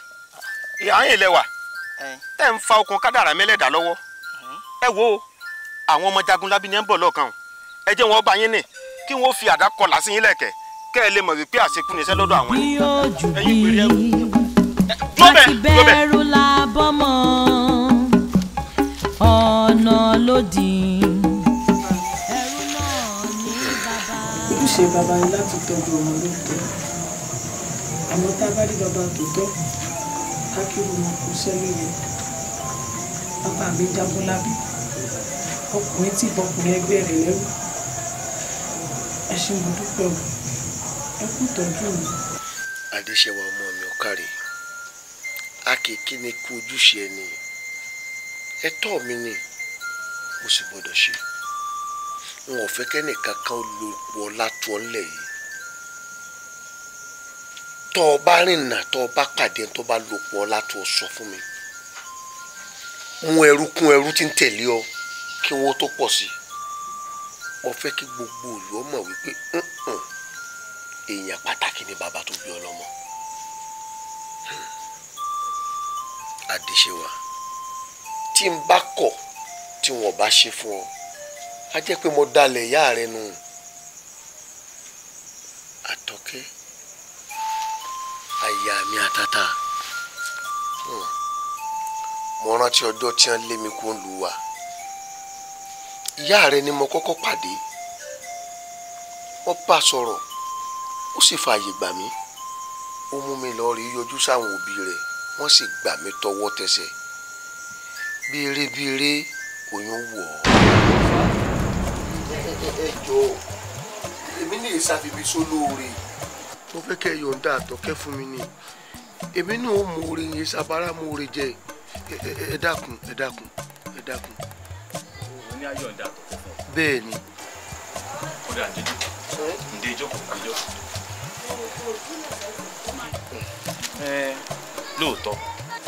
ìyá yín lẹ́wà ẹ ń fa okùn kádàrá mẹ́lẹ́dà lọ́wọ́ ẹ wo àwọn ọmọ jagunlabi ni ẹ ń bọ̀ lọ́ọ̀kan ẹ jẹ́ wọn bá yín nì kí wọ́n fi àdá kọlà yín lẹ̀kẹ̀ kẹ́ ẹ lè mọ̀ wípé àṣekú ni iṣẹ́ lọ́dọ̀ àwọn ẹ̀yìn ìpèrè ẹ̀rù. láti bẹ́ẹ̀rù la ọ̀nà lòdì. ojúṣe bàbá ni láti tọ́jú ọmọ lóòótọ́ àmọ́ tá a bá rí bàbá tòótọ́ kákìrò wọn kò sẹ́lẹ̀ yẹn bàbá mi jábọ́ lábí ọkùnrin tí ìbọkùnrin ẹgbẹ́ rẹ̀ lẹ́rù ẹ ṣe mo dúpẹ́ o ẹ kú tọ́jú mi. adéṣẹ́wà ọmọ mi ò kárí akéèké ni kú ojúṣe ẹni ẹ̀tọ́ mi ni mo sì gbọ́dọ̀ ṣe n ò fẹ́ kẹ́nìkan kan ló wọ látọ̀ ńlẹ̀ yìí tọ́ ọ bá rìnnà tọ́ ọ bá pàdé tọ́ ọ bá lò pọ̀ látọ̀ sọ fún mi mú ẹrú kún ẹrú tí ń tẹ̀lé ọ kí wọ́n tó pọ̀ sí i mo fẹ́ kí gbogbo ìlú ọmọ wípé èèyàn pàtàkì ni bàbá tó bí ọlọ́mọ. àdìṣe tí n bá kọ̀ tí wọ́n bá ṣe fún ọ a jẹ́ pé mo dalẹ̀ ìyá rẹ nù àtọ́kẹ́ àyà mi àtàtà hmm. mo rántí ọjọ́ tí wọ́n lé mi kó ń lu wa ìyá rẹ ni mo kọ́kọ́ pàdé wọ́n bá sọ̀rọ̀ ó sì fààyè gbà mí ó mú mi lọ rí yọjú sáwọn òbí rẹ wọ́n sì gbà mí tọwọ́ tẹsẹ̀ bíire oyún wọ̀ ọ́ ẹ jọ èmi ní ìsàfihàn sólóore mo fẹ́ kẹ́ yọ̀ǹda àtọ́kẹ́ fún mi ni èmi náà ó mòore yẹn sábàárà mòore jẹ ẹ dákun ẹ dákun ẹ dákun. o ní ayọ̀ ǹda àtọ́kẹ́ fún ọ. bẹ́ẹ̀ ni. ó dà déjú ǹdẹ ìjọkọ̀ ìjọ. lóòótọ́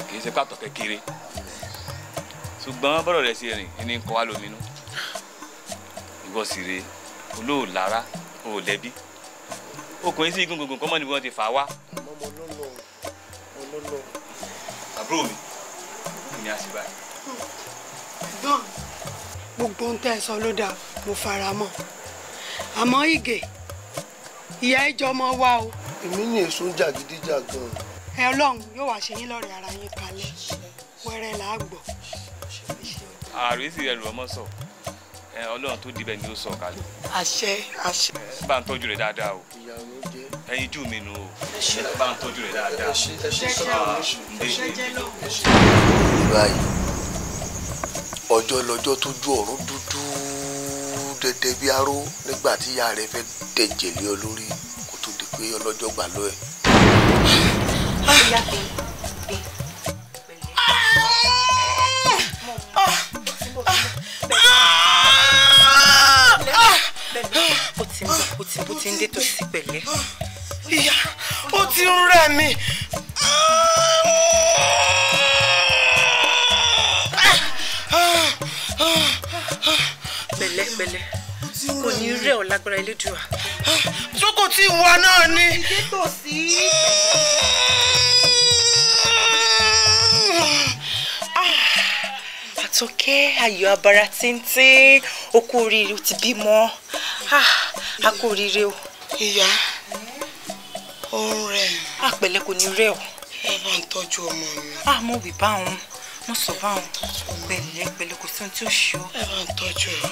kì í ṣe pàtó kékeré ṣùgbọ́n bọ́dọ̀ rẹ̀ ṣe rìn ní kọ́ wa lóminú ìwọ sì rèé olóò o ò lẹ́bí ọkùnrin sí igun gbogbo kọ́mọ́ ni wọ́n ti fà wá. àbúrò mi kí ni a sì báyìí. don gbogbo ohun tẹ́ ẹ sọ ló dáa mo fara mọ́ àmọ́ ìgè ìyá ìjọ ọmọ wa o. èmi ní èso jàgídíjàgan. ẹ ọlọ́run yóò wá ṣe yín lọ́rẹ̀ẹ́ ara yín kalẹ̀ wẹ́rẹ́ làá gbọ́. àrísí ẹrù ọmọ sọ. So ọlọ́run tó dibẹ̀ ni ó sọ kalẹ̀. àṣẹ àṣẹ. bá ń tọ́jú rẹ̀ dáadáa o ẹyin jù mí nu o bá ń tọ́jú rẹ̀ dáadáa. báyìí ọjọ́ lọ́jọ́ tó ju ọ̀run dúdú dẹdẹ bí aró nígbà tí ìyá rẹ̀ fẹ́ dẹ̀jẹ̀ lé ọ lórí kó tó di pé ọlọ́jọ́ gbà lọ́ ẹ̀. ó yá pé bó ti ń dé tòsí pẹ̀lẹ́. ìyá ó ti ń rẹ̀ mí. pẹ̀lẹ́pẹ̀lẹ́ kò ní rẹ̀ ọ́ lágbára elédùà. tó kò tí ì náà ni. ìdí ayọ̀ abara tíntín okú oríire ti bímọ Ah, a kò rire o. ìyá òun rẹ̀. àpẹlẹ kò ní rẹ̀ o. ẹ bá ń tọ́jú ọmọ mi. a ah, mọ̀ wí báwọn mo sọ báwọn pẹ̀lẹ́ pẹ̀lẹ́ kò sí ohun tí ò ṣe o. ẹ bá ń tọ́jú ọ.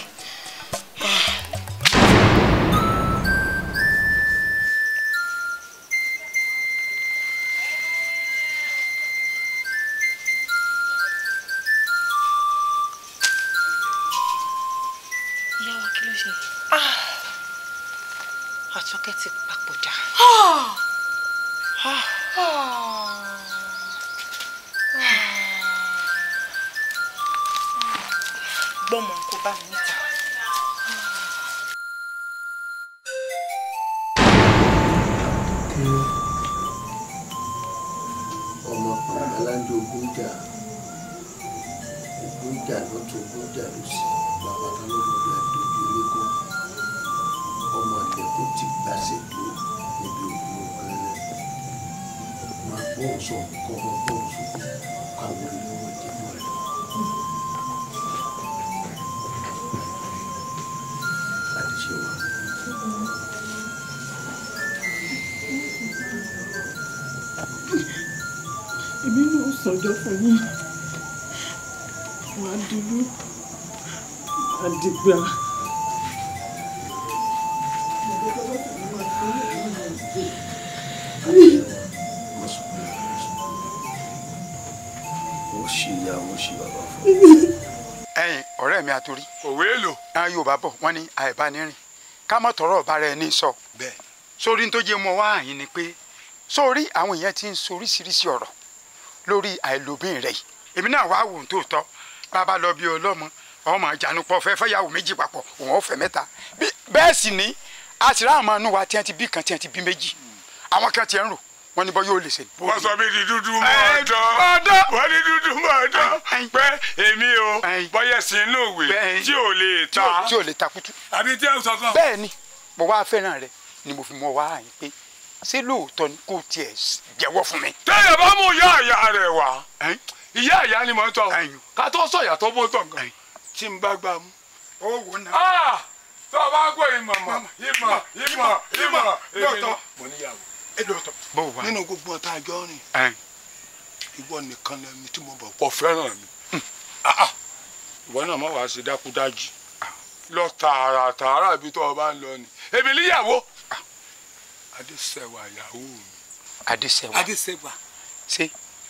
jogún jàdùsí bàbá ta ló mọ bí adójú eléko ọmọ àtẹkùn ti gbà ṣètò níbi òkú ọkọlẹ máa bọ ọsọ kọ máa bọ ọsọ káwọn olówó ti bọ rẹ. àdìsẹ wa. sọjọ fún yín màá dìgbò màá dìgbà. ó ṣe ìyá ó ṣe bàbá fún mi. ẹ̀yin ọ̀rẹ́ mi àtòrí. òwe èlò. náà yóò bá bọ̀ wọ́n ní àìbánirìn ká mọ̀ tọ̀rọ̀ ọ̀bára ẹni sọ. bẹ́ẹ̀. sórí tó jẹ́ mọ́ wá àyín ni pé sórí àwọn èèyàn ti ń soríṣiríṣi ọ̀rọ̀ lórí àìlóbìn rẹ̀ yìí èmi náà wàá wò ó tó tọ́ bàbá lọ bí ọlọ́mọ ọmọ ìjànùpọ̀ fẹ́ fẹ́yàwó méjì papọ̀ òun ọ̀fẹ́ mẹ́ta bẹ́ẹ̀ sì ni a sì rá wa tí ti bí kan tí ti bí méjì àwọn kan ti ń rò wọ́n ní bọ́ yóò lè ṣe. wọ́n sọ mi di dúdú mọ́ ọ̀dọ́ wọ́n ní dúdú mọ́ ọ̀dọ́ pé èmi o bọ́yẹ̀ sí inú òwe tí ò lè ta tí ò lè ta kútú. àbí tí ẹ sọ kan. bẹ́ẹ̀ ni mo wá fẹ́ràn rẹ ni mo fi mọ wá àyìn pé ṣé lóòótọ́ ni kò tiẹ̀ jẹ́wọ́ fún mi. tẹ́yẹ̀ bá mú yá àyà rẹ̀ wá ìyá ìyá ni mò ń tọ ká tó sọyà tó bó tọ nǹkan tí n bá gbà mú. ó wò náà. Ah! tó o bá gbọ́ ìmọ̀mọ̀ ìmọ̀ ìmọ̀ ìmọ̀ èmi mo níyàwó. èdòtò nínú gbogbo ọ̀tá àjọ rìn ìwọ nìkan lẹ́mi tí mo bọ̀ kọ́ fẹ́ràn mi. Hmm. Ah, ah. ìwọ náà má wàá ṣe dákúdájí lọ tààrà tààrà ibi tó o bá ń lọ ni èmi níyàwó. adéṣẹwà ìyàwó mi. adéṣẹwà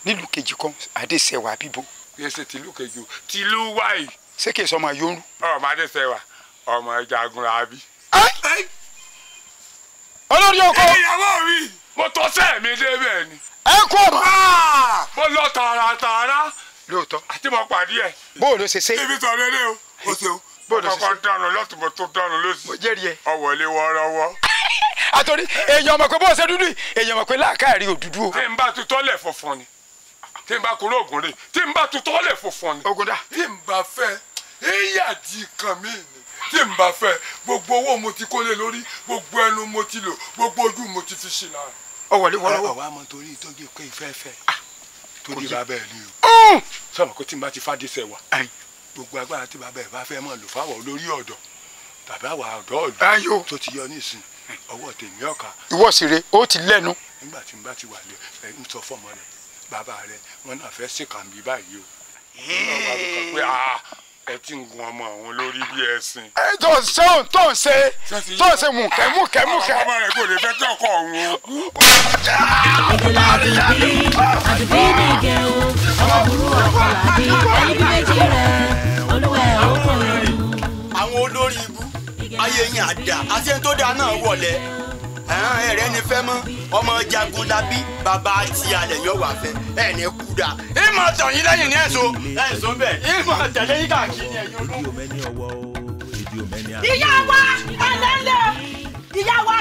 nílùú kejì kan adéṣẹwà bíbo. yẹsẹ tìlú kejì o tìlú wáyé. ṣé kìí sọmọ yorùn. ọmọ adéṣẹwà ọmọ jagun abi. olórí oko. ìyàwó mi mo tọ́ sẹ́ẹ̀mí débẹ̀ ni. ẹ kú ọmọ. Ah! mo lọ tààràtààrà. lóòótọ́. àti mo pàdé ẹ. bóòlù ṣe ṣe. ibi sọ lélẹ̀ o o ṣeun. bóòlù ṣe ṣe. ọkọ̀ dànù lọ́tùn mo tún dànù lọ́sì. mo jẹ́rìí ẹ. ọwọ́ ilé wọ́ọ́rọ́wọ́ àtòrí èèyàn mọ̀ pé bó ṣe dúdú èèyàn mọ̀ pé láàká rí òdúdú o. ẹ ń bá tutọ́ lẹ̀ funfun ni tí n bá kunú ògùn tí n bá tutọ́ lẹ̀ funfun ni. ògùn tí n bá fẹ́ eyà di kan mi ni tí n bá fẹ́ gbogbo owó mo ti kólé lórí gbogbo ẹnu mo ti lò gbogbo ojú mo ti fi ṣe lára. ọwọlé wọlé wọ. àwa mọ torí ìtọ́jú ìkọ́ ìfẹ́fẹ́ ah! torí bàbá ẹ̀ ni o. sọ̀rọ̀ mm! kó tí n bá ti fàdé sẹ̀ gbogbo agbára tí bàbá ẹ̀ bá fẹ́ mọ̀ lò fáwọ̀ olórí ọ̀dọ̀ tàbí àwọ̀ ọ̀dọ́ ọ̀dọ́ tó ti yọ nísìnyí ọwọ́ tèmi ọ̀ka. ìwọ sì re ó ti lẹ́nu. nígbà tí n bá ti wà lé ẹ ń sọ fọmọ rẹ bàbá rẹ wọn náà fẹ́ ṣèkàǹbí báyìí o ẹ ti ń gun ọmọ àwọn lórí bí ẹṣin. ẹ tó ń ṣe tó ń ṣe tó ń ṣe mùkẹ́ mùkẹ́ mùkẹ́. ọmọ rẹ kò lè fẹ́ tí ọkọ òun o. bí àdìbí mi gẹ ọmọ burú ọkọ làbí ẹni méjì rẹ olúwẹ ọkọ rẹ. àwọn olórí ibú ayé yín àdá àti ẹni tó dáa náà wọlé ẹ̀ràn ẹ̀rẹ́ ni fẹ́ mọ́ ọmọ jagun labí bàbá ti alẹ̀ yọ wà fẹ́ ẹ̀ ní kú ìmọ̀ tọ̀ yín lẹ́yìn ní ẹ̀sùn ẹ̀sùn bẹ̀ ìmọ̀ tẹ̀lé yín káàkiri ní ẹ̀yọ́ ìyá wa ẹlẹ́lẹ̀ ìyá wa.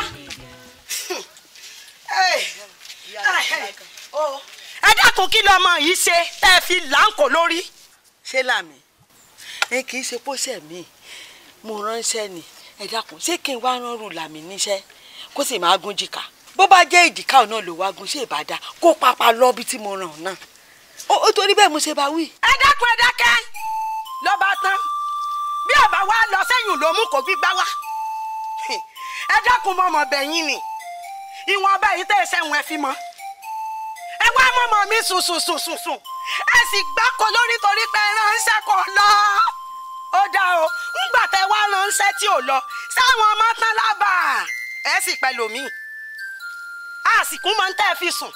ẹ dákun kí lọmọ yìí ṣe ẹ fi láǹkó lórí. ṣé làmì ẹ kì í ṣe pósẹ̀ mi mo ránṣẹ́ ni ẹ dákun ṣé kí n wá rán rúlà mi níṣẹ́ kó sì máa gún jìkà bó bá jẹ́ ìjìká ọ̀nà ló wá gún ṣé ìbàdà kó pápá lọ́bí tí mo ràn náà ó torí bẹ́ẹ̀ mo ṣe bá wí. ẹ dákun ẹ dákẹ́ ló bá tán bí ọba wa lọ sẹ́yìn ló mú kó gbígbá wá ẹ dákun mọ́ ọmọ bẹ̀yìn ni ìwọ̀n ọba yìí tẹ̀ ẹ sẹ́wọ̀n ẹ fi mọ́ ẹ wá mọ́mọ́ mi sùn sùn sùn sùn sùn ẹ sì gbáko lórí torí pé ẹ ránṣẹ́ kò lọ ó dá o ńgbà tẹ wá ránṣẹ́ tí ò lọ sáwọn ọmọ tán lábàá ẹ sì pẹ̀lú mi àsìkò máa ń tẹ́ ẹ fi sùn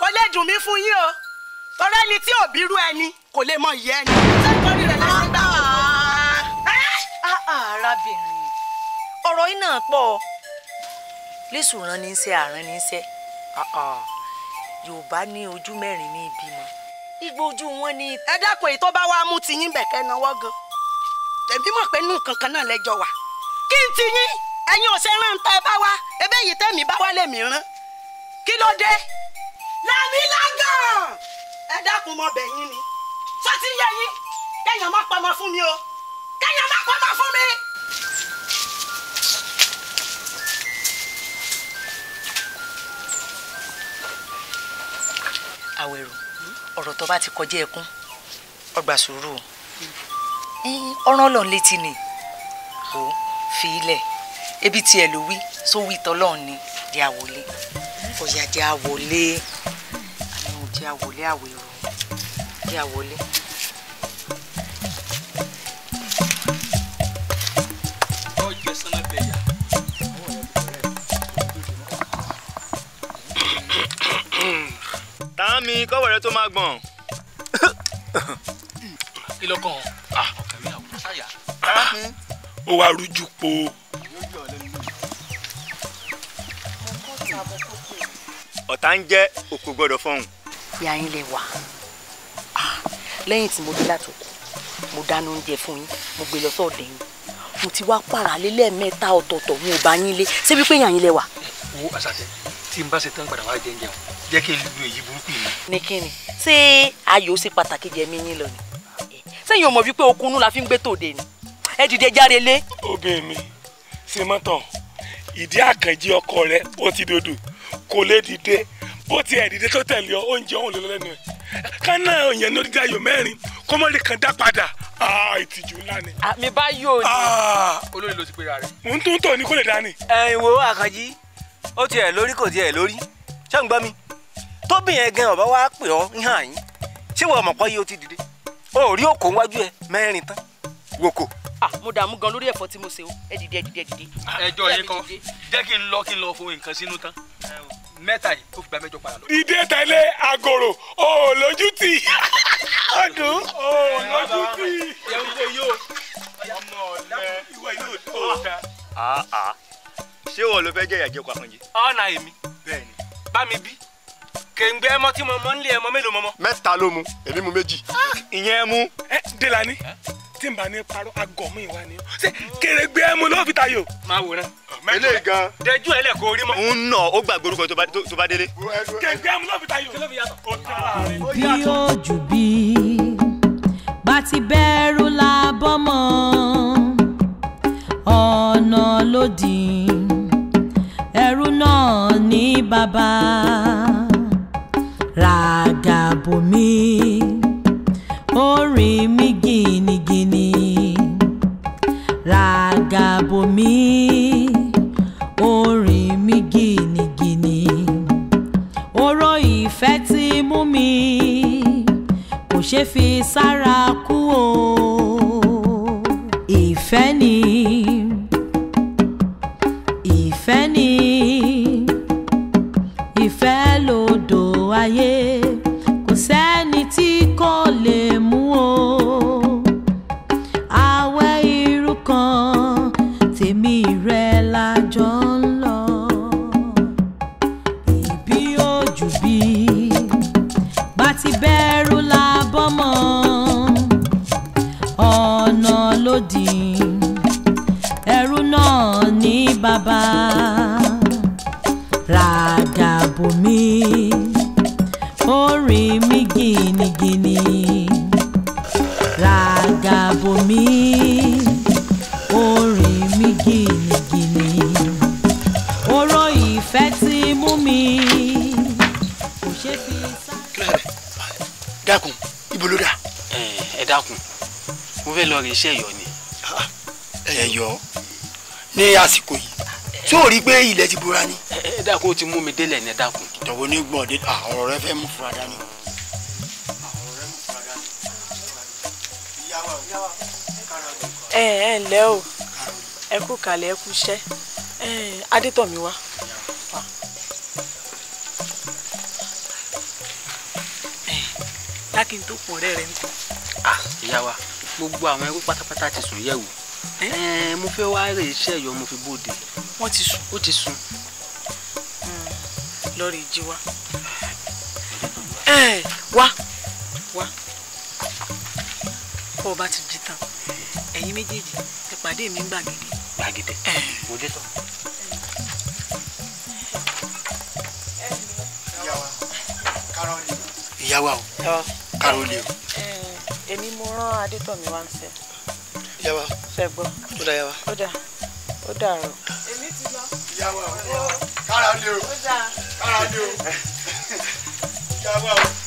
kò lè dùn mí fún yín o torí ẹni tí òbí rú ẹni kò lè mọ ìyá ẹni ṣé nítorí rẹ̀ lẹ́sìn gbà wọ́n. Ah, ah, arábìnrin ọ̀rọ̀ yìí náà pọ̀ lẹ́sùn rán ní í ṣe àrán ní í ṣe ah, yorùbá ní ojú mẹ́rin ní ìbímọ igbó ojú wọn ní. ẹ dákun èyí tó bá wá mú tiyín bẹ̀kẹ́ náwó gan èmi mọ̀ pé nù kankan náà lẹ́jọ́ wà kí n tiyín ẹ̀yin ò ṣe rántọ́ ẹ bá wá ebe yìí tẹ̀mí bá wá lèmi rán kí ló dé. lẹ́mí lágàn ẹ dákun mọ bẹ̀yìn ni sọ́tí yẹ yín kẹ́yàn má pamọ́ fún mi o kẹ́yàn má pamọ́ fún mi. àwẹ̀rò ọ̀rọ̀ tó bá ti kọjá ẹkún ọgbà sùúrù hmm. ọ̀ràn ọlọ́run létí ni ó fi ilẹ̀ ebi tiẹ̀ ló wí sówí tọ́lọ́run ni di àwọlé ọ̀yà di àwọlé àwọn òdi àwọlé àwèrò di àwọlé. tààmì kọ́wọ̀ tó máa gbọ̀n. kí ló ah, ọ̀kẹ́ mi àwọn sáyà. ó wá rújú po. tá ń jẹ́ òkú gbọ́dọ̀ fọ́hùn. ìyá yín lè wà ah, lẹ́yìn tí mo dé látòkù mo dáná oúnjẹ fún yín mo gbé lọ sọ́ọ̀dẹ̀ yín mo ti wá pààrà lé lẹ́ẹ̀mẹ́ta ọ̀tọ̀ọ̀tọ̀ mi ò bá yín lé ṣé wípé ìyá yín lè wà. wo àṣàṣe tí n bá ṣe tán padà wá jẹ oúnjẹ jẹ́ kí n lu èyí burúkú yìí. ní kíni ṣé ayò ṣe pàtàkì jẹ mí yín lọ ni sẹ́yìn ò wípé okunú la fi ń gbé tòde ni ẹ dìde járe lé. obìnrin mi ṣe mọ́tàn ìdí àkànjì ọkọ rẹ ó ti dodo kò lè dìde bó ti ẹ̀dìdẹ́ tó tẹ̀lé ọ oúnjẹ òun lọ́lọ́ lẹ́nu ẹ̀ kánà òyìn ní onídìí ayò mẹ́rin kọ́mọ́lì kan dá padà ah, ìtìjú ńlá ni. àmì ah, bá yóò ní. Ah. olórí ló ti pera rẹ. mò ń tún tò ní kó lè dání. ẹ wo àkànjí ó ti ẹ̀ lórí kò ti ẹ̀ lórí ṣé ń gbọ́ mi tóbi yẹn gan ọ̀bá wa pè ọ́ ń hàn yín ṣé wọ́n mọ̀ pọ́ yìí ó ti dìde ó rí òkò wájú ẹ mẹ́rin tán wòkò. mo dààmú gan lórí ẹ̀fọ́ tí mo ṣe o ẹ dìde ẹ dìde ẹ dìde. ẹjọ́ yín kan jẹ́ kí n lọ kí n lọ fo nǹkan sínú tán mẹ́ta yìí tó gba mẹ́jọ padà lọ. ìdè tẹ̀lé àgòrò ò lójú tì ọdún ò lójú tì. ẹ̀rù wo ọmọ ọ̀lẹ́ ìwọ yóò tó o ta. Ah, ah. ah, ṣé wọn ló fẹ́ jẹ́ ìyàjẹ́ kó akànjì. ọ̀nà èmi bẹ́ẹ̀ni bá mi bí kèǹgbẹ́ ẹmọ tí mo mọ ń lé ẹmọ mélòó mọ́mọ́. mẹ́ta ló mu èmi mu méjì. ìyẹn mu. ẹ eh, délani tí n bá ní parọ́ agọ̀mọ́ ìwà ni ṣé kèrègbè ẹmu ló fi tayò. máa wòran. ilé gan. dẹjú ẹ lẹkọọ orí mọ. ń nà ó gbàgbé orúkọ tó bá délé. kèrègbè ẹmu ló fi tayò. bí ojú bí bá ti bẹ̀rù la ọ̀nà lòdì ẹrú náà ní bàbá ràgàbòmí orin mi gìn ràgàbòmí orin mi gìnìgìnì oró ìfẹ́ ti mú mi kò ṣe fi sára kú o ìfẹ́ ni ìfẹ́ ni. mi ó rìn mí gìnnìgìnnì ràgàbò mi ó rìn mí gìnnìgìnnì oró ìfẹ́ ti mú mi kò ṣe fi sá. dákun ibo ló dà. ẹ dákun mo fẹ́ lọ rí iṣẹ́ ẹ̀yọ́ ni. Ah, ẹ̀yọ́ ní àsìkò yìí sóò rí i pé ilẹ̀ ti bora ni dà kó o ti mú mi délẹ̀ ní dákun. ìjọba ní gbọ̀dé ah, ọ̀rọ̀ rẹ fẹ́ mú fura dání o. Ah, ẹ ẹ ǹlẹ́ o ẹ kú kalẹ̀ ẹ kú iṣẹ́ adétọ̀mí wá. Ah. dákì tó pọ̀ rẹ̀ rẹ̀ ń kọ́. ìyá wa gbogbo àwọn ẹrú pátápátá ti sùn yẹ̀wò mo fẹ́ wá rè iṣẹ́ ẹ̀yọ́ mo fi bóde. wọ́n ti sùn. ó ti sùn lọ́ọ̀rì jí wa ẹ wá wá kó o bá ti jí tán ẹ̀yin méjèèjì ẹ pàdé mi ń gbàgede. gbàgede mo dé tán. ìyá wa o Karoli o. èmi mo rán adétọ̀mí wá ń sẹ́. ìyá wa ṣẹ́gbọ́. ó dà yá ó dà ó dà rọ. èmi ti lọ. ìyá wa kára ni o kára ni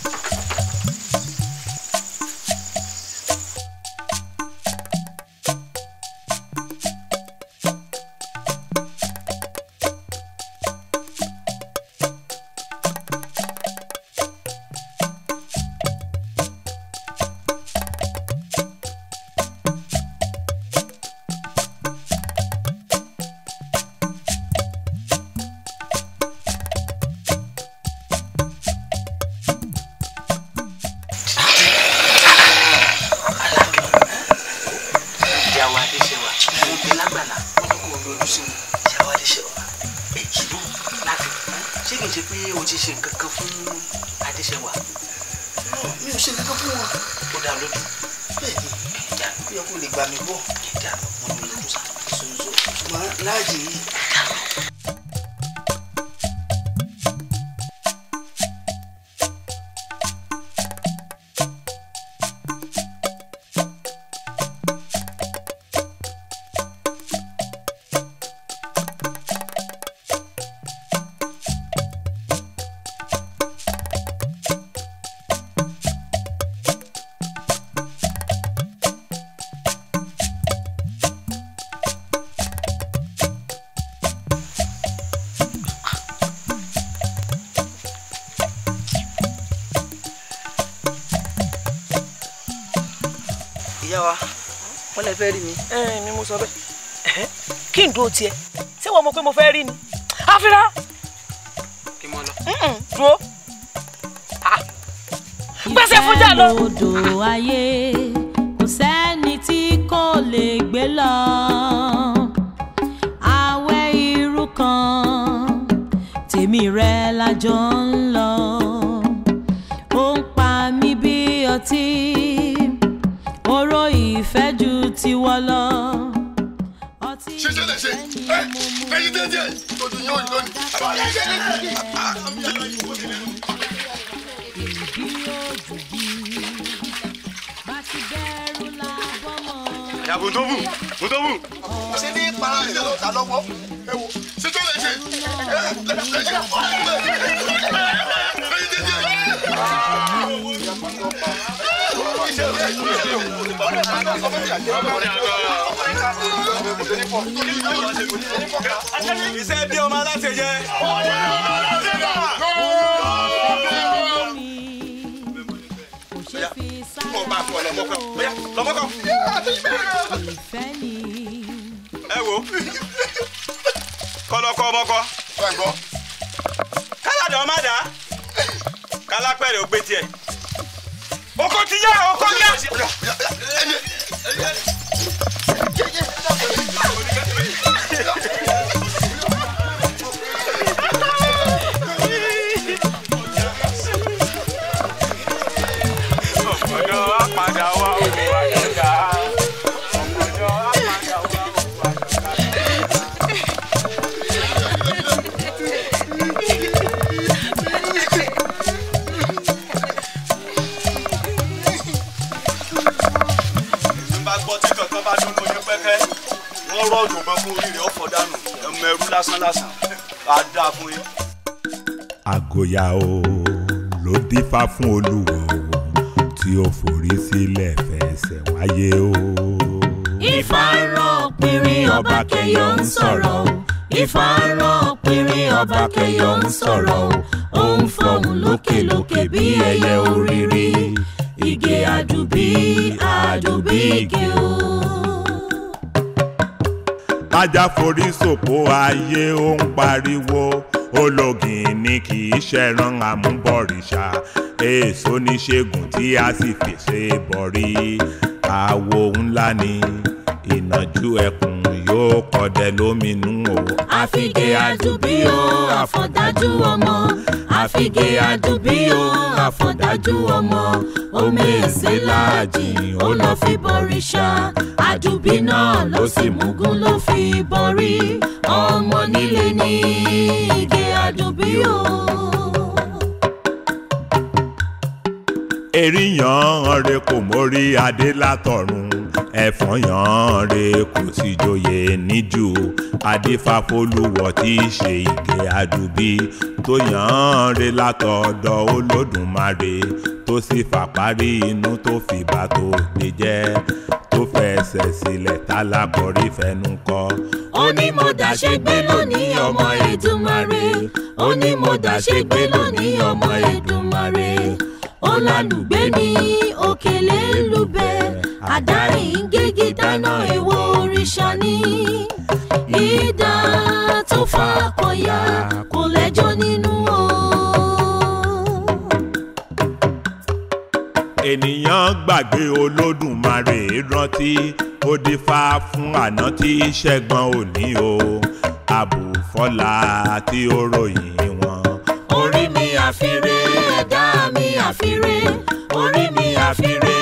fẹ́ rí mi. ẹ mi mo sọ bẹ́ẹ̀ kí n dúró tiẹ̀ ṣé wọ́n mọ̀ pé mo fẹ́ rí ni àfihàn. kí mo lọ. dúró ah, gbèsè fújà lọ. odò ayé kò sẹ́ni tí kò lè gbé lọ àwẹ̀ irú kan tèmi rẹ̀ lájọ ń méje tòjú yóò yóò ní. ìyá bùntòbù bùntòbù. lọ́wọ́ ewu tó lè ṣe lè ṣe iṣẹ́ bí ọmọ aláṣẹ jẹ́. ẹ wo kọlọkọ ọmọkọ káládọ̀ ọmọdà kálápẹ̀rẹ̀ ògbé tiẹ̀ oko ti yá oko yá. lásán lásán á dáa fún yín. àgòyà o ló dífá fún olúwo tí ó forí sílẹ̀ fẹsẹ̀ wáyé o. ifá rán pinrin ọba kẹyọ ń sọ̀rọ̀ o ifá rán pinrin ọba kẹyọ ń sọ̀rọ̀ o ó fọhùn lókèlókè bí ẹyẹ oríire ìgè àdùbí àdùbí ìgè o ajá forí sòpó ayé ó ń pariwo ológin ni kì í ṣẹran àmúbọ̀rìṣà èso níṣègùn tí a sì fèsè bọ̀rí àwo ńlá ni ìnàjú ẹkùn yóò kọdẹ lóminú o. àfìgè àdùbí o àfọ̀dájú ọmọ àfìgè àdùbí o àfọ̀dájú ọmọ omi èsè láàjì ó lọ fi bọ̀rìṣà àdùbí náà ló sì múgun ló fi bọ̀rí ọmọ nílé ní ìgè àdùbí o. èríyàn rẹ kò mórí adé látọ̀run ẹ̀fọn yàn re kò sì joyè níjù adífàfolúwọ̀ tí í ṣe ìgè àdùbí tó yàn re látọ̀dọ̀ olódùmarè tó sì fàparí inú tó fìbà tó lè jẹ́ tó fẹsẹ̀ sílẹ̀ tálábọ̀rí fẹnu kò. ó ní mo dàṣe gbé lónìí ọmọ Èdùmàrè ó ní mo dàṣe gbé lónìí ọmọ Èdùmàrè ó lálùgbé ní òkèlè lùbẹ́ àdáyé ń gégi dáná ìwọ òrìṣà ni idà tó fa akọ̀yà kò lẹ́jọ́ nínú o. ènìyàn gbàgbé olódùmarè rántí ó dífá fún àná tí ṣẹ́gun òní o àbùfọ́lá tí ó ròyìn wọn. orí mi àfiré ẹ̀dá mi àfiré orí mi àfiré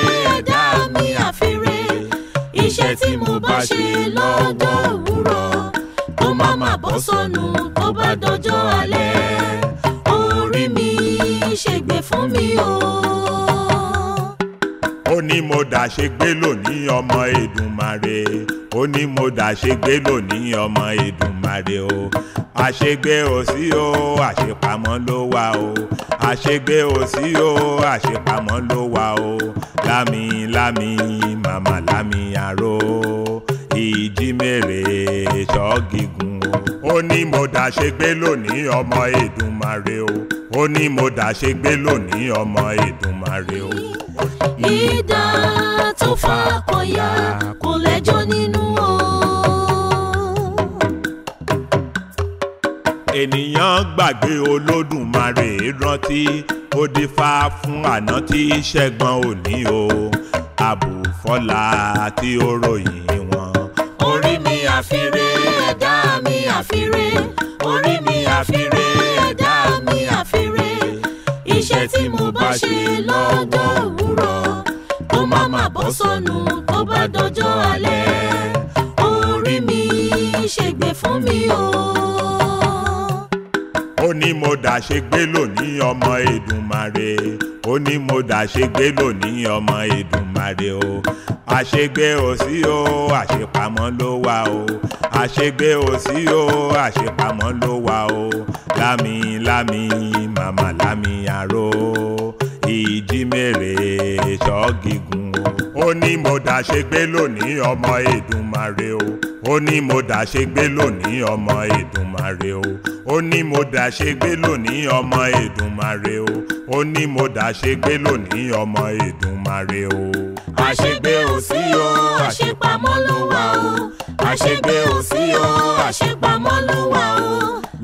iṣẹ́ tí mo bá ṣe lọ́wọ́ òwúrọ̀ kó má má bọ́ sọnù kó bá dọjọ́ alẹ́ orí mi ṣègbè fún mi o. ó ní mo dàṣe gbé lónìí ọmọ Èdùmàrè ó ní mo dàṣegbé lónìí ọmọ Èdùmàrè o àṣegbé ò sí o àṣepamọ́ ló wà o àṣegbé ò sí o àṣepamọ́ ló wà o lámì lámì màmá lámì àró ìjímèrè ṣọ́gígùn ó ní mo dàṣegbé lónìí ọmọ Èdùmàrè o ó ní mo dàṣegbé lónìí ọmọ Èdùmàrè o. ìdá tó fa kọyà kò lẹ́jọ́ nínú. ènìyàn gbàgbé olódùmarè rántí ó dífá fún àná tí ṣẹ́gbọ́n òní o àbùfọ́lá tí ó ròyìn wọn. orí mi àfiré ẹ̀dá mi àfiré orí mi àfiré ẹ̀dá mi àfiré iṣẹ́ tí mo bá ṣe lọ́jọ́ òwúrọ̀ tó má má bọ́ sọnù tó bá dọjọ́ alẹ́ orí mi ṣègbè fún mi o dàṣegbé lónìí ọmọ Èdùmàrè ó ní mo dàṣegbé lónìí ọmọ Èdùmàrè o àṣegbé ò sí o àṣepamọ́ ló wà o àṣegbé ò sí o àṣepamọ́ ló wà o lámì lámì màmá lámì àrò ìjímèrè ṣọ́gígun ó ní mo dàṣegbé lónìí ọmọ Èdùmàrè o ó ní mo dàṣegbé lónìí ọmọ Èdùmàrè o ó ní mo dàṣegbé lónìí ọmọ Èdùmàrè o ó ní mo dàṣegbé lónìí ọmọ Èdùmàrè o. àṣegbé ò sí o àṣepamọ́ ló wà o àṣegbé ò sí o àṣepamọ́ ló wà o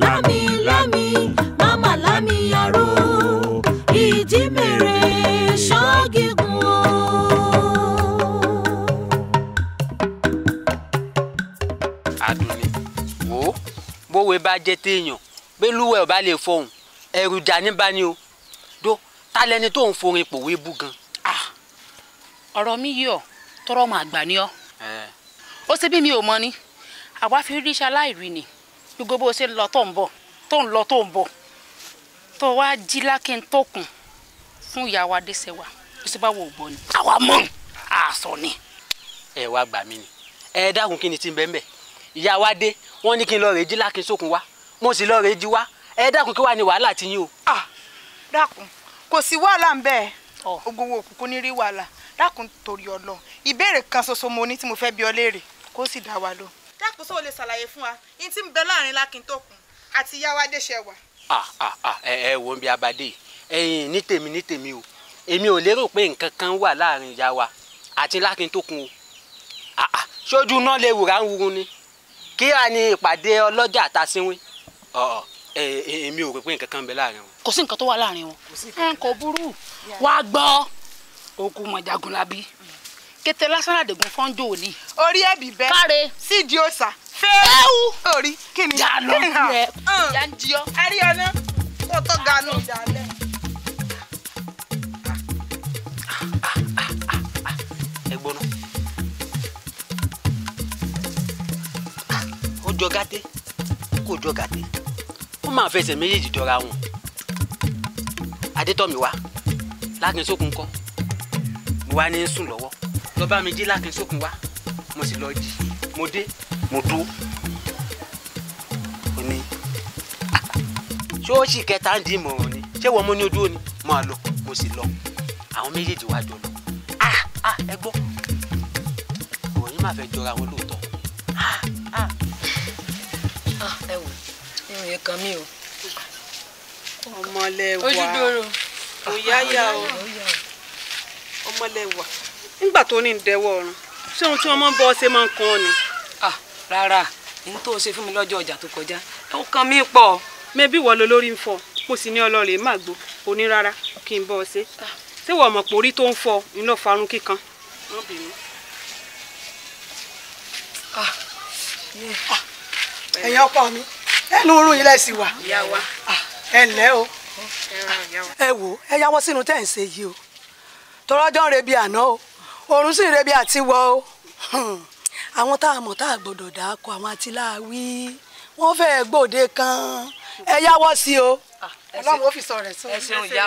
lámì lámì máma o. bówe bá jẹ́ téèyàn bẹ́lúwẹ̀ ọba lè fọhùn ẹ̀rù jà ní bá o dó ta lẹni tó ń forin pòwe bú gan. Ah, ọ̀rọ̀ mi yìí ọ̀ tọrọ mà gbà ni ọ́ ó ṣe bí mi ò mọ ni àwa fi ríṣẹ́ aláìrí ni gbogbo bó ṣe lọ tó ń bọ̀ tó ń lọ tó ń bọ̀ tó wá jí lákín tó kùn fún ìyá wa dé sẹ́wà ó sì bá wò ó gbọ́ ni. àwa mọ̀ àṣọ ni. ẹ wá gbà mí ni ẹ dákun kí ni ti bẹ́ẹ̀ bẹ́ẹ̀ ìyá wa dé wọ́n ní kí n lọ rèé jí lákin sókun wá mo sì lọ rèé jí wá ẹ dákun kí wàá ní wàhálà ti yín o. Ah, dákun kò sí wàhálà ń bẹ́ẹ̀ ogun wo òkùnkùn ní rí wàhálà dákun torí ọlọ ìbéèrè kan ṣoṣo mo ní tí mo fẹ́ bi ọ léèrè kó sì dá wa lọ. dákun sọ o lè ṣàlàyé fún wa ní tí ń bẹ láàrin lákin tókun àti ìyá wa déṣẹ wa. ẹ ẹ wo bí abadé ẹyin ní tèmi ní tèmi o èmi ò lérò pé nǹkan kan wà láàrin ìyá àti lákin tókun o ah, ah, ṣojú náà lè wùrà ń wurun ni kí ni ní ìpàdé ọlọ́jà àtàsínwín èmi ò rò pé nǹkan kan ń bẹ láàrin wọn. kò sí nǹkan tó wà láàrin wọn kò burú wàá gbọ́ òkú mọ̀jàgùnlábí kété lásán àdègùn fọ́njọ́ òní. orí ẹ̀bì bẹ́ẹ̀ káre sídìí òòsà fẹ́ẹ́wù orí kí ni jà lọ a rí ọ̀nà tó tó ga nù. ẹ gbóná. jọ gàtẹ́ kò jọ gàtẹ́ wọ́n máa fẹsẹ̀ méjèèjì jọra wọn adétọ́miwá lákinsókun kọ́ mo wá ní sùn lọ́wọ́ lọ bá mi jí lákinsókun wá mo sì lọ jí mo dé mo dúró ó ní ṣóòṣì kẹta ń di ìmọ̀ràn ni ṣé wọ́n mú ní ojú òní máa lọ mo sì lọ àwọn méjèèjì wá jọ lọ ah, ah, ẹ gbọ́ òyìn máa fẹ́ jọra wọn lóòótọ́ yẹn kan mí o. ọmọlẹ́wà ojúdòrò kò yáyà o ọmọlẹ́wà nígbà tó ní ìdẹ́wọ́ ọ̀run ṣé ohun tí wọ́n mọ́ ń bọ́ ṣe máa ń kan ọ ni. rárá n tó ṣe fún mi lọ́jọ́ ọjà tó kọjá ó kan mí pọ̀. mẹ́bí wọ́n lo lórí ń fọ mo sì ní ọlọ́ọ̀rẹ́ má gbó oní rárá kí n bọ́ ọ ṣe ṣé wọ́n mọ̀ pé orí tó ń fọ iná farun kíkan. ẹ̀yin ọkọ mi ẹnu oorun yìí lẹ́sìn wà ah, ẹ ǹlẹ́ o ah, ẹ wò ẹ yáwọ́ sínú tẹ̀ ń ṣe yìí o tọrọjọ́ rebi àná o oorun sì rebi àti wọ o hmm. àwọn tá a mọ̀ tá a gbọ́dọ̀ dá àwọn àti láàwí wọ́n fẹ́ẹ́ gbòde kan ẹ yáwọ́ sí o ah, ọlọ́run ó fi sọ rẹ̀ sọ ẹ ṣeun yá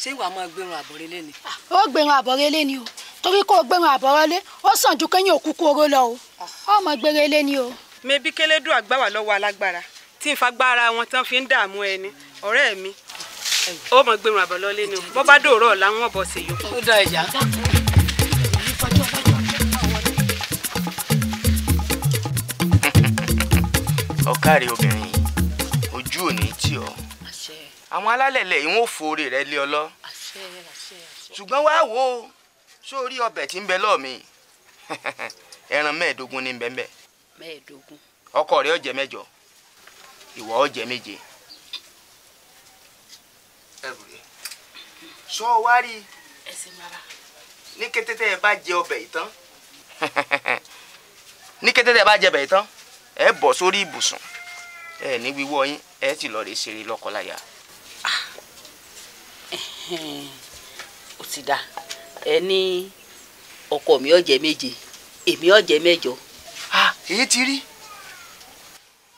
ṣé ìwà máa gbẹrun àbọ̀rẹ́ ni. ó gbẹrun àbọ̀rẹ́ ni o torí kó o gbẹrun àbọ̀rẹ́ ó sàn ju kẹ́yìn òkú kóró lọ o ó máa gbẹrẹ ni o mebí kélédù àgbà wà lọ́wọ́ alágbára tí n fagbára wọn tán fi ń dààmú ẹni ọ̀rẹ́ mi ó mọ̀ gbẹ̀rún àbọ̀ lọ́lé ni o bọ́ bá dòrò ọ̀la wọn bọ̀ sí i yó. ó dá ìyá. ọ̀kàrẹ̀ obìnrin ojú ò ní tì ọ́ àwọn alálẹ̀lẹ̀ yìí wọ́n fòrè rẹ lé ọ lọ ṣùgbọ́n wá wò ó sórí ọbẹ̀ tí ń bẹ lọ́ọ̀ mi ẹran mẹ́ẹ̀ẹ́dógún ní bẹ́ẹ̀ bẹ́ẹ̀ mẹ́ẹ̀ẹ́dógún. ọkọ rẹ ó jẹ mẹ́jọ ìwọ ó jẹ méje. ẹrù rẹ sọ wá rí ní kété tẹ ẹ bá jẹ ọbẹ̀ yìí tán ní kété tẹ ẹ bá jẹ ọbẹ̀ yìí tán ẹ bọ̀ sórí ibùsùn ẹ ní wíwọ́ yín ẹ ti lọ rè ṣeré lọ́kọláya. Ah. ó ti dá ẹ ní ọkọ mi ó jẹ méje èmi ó jẹ èyí ti rí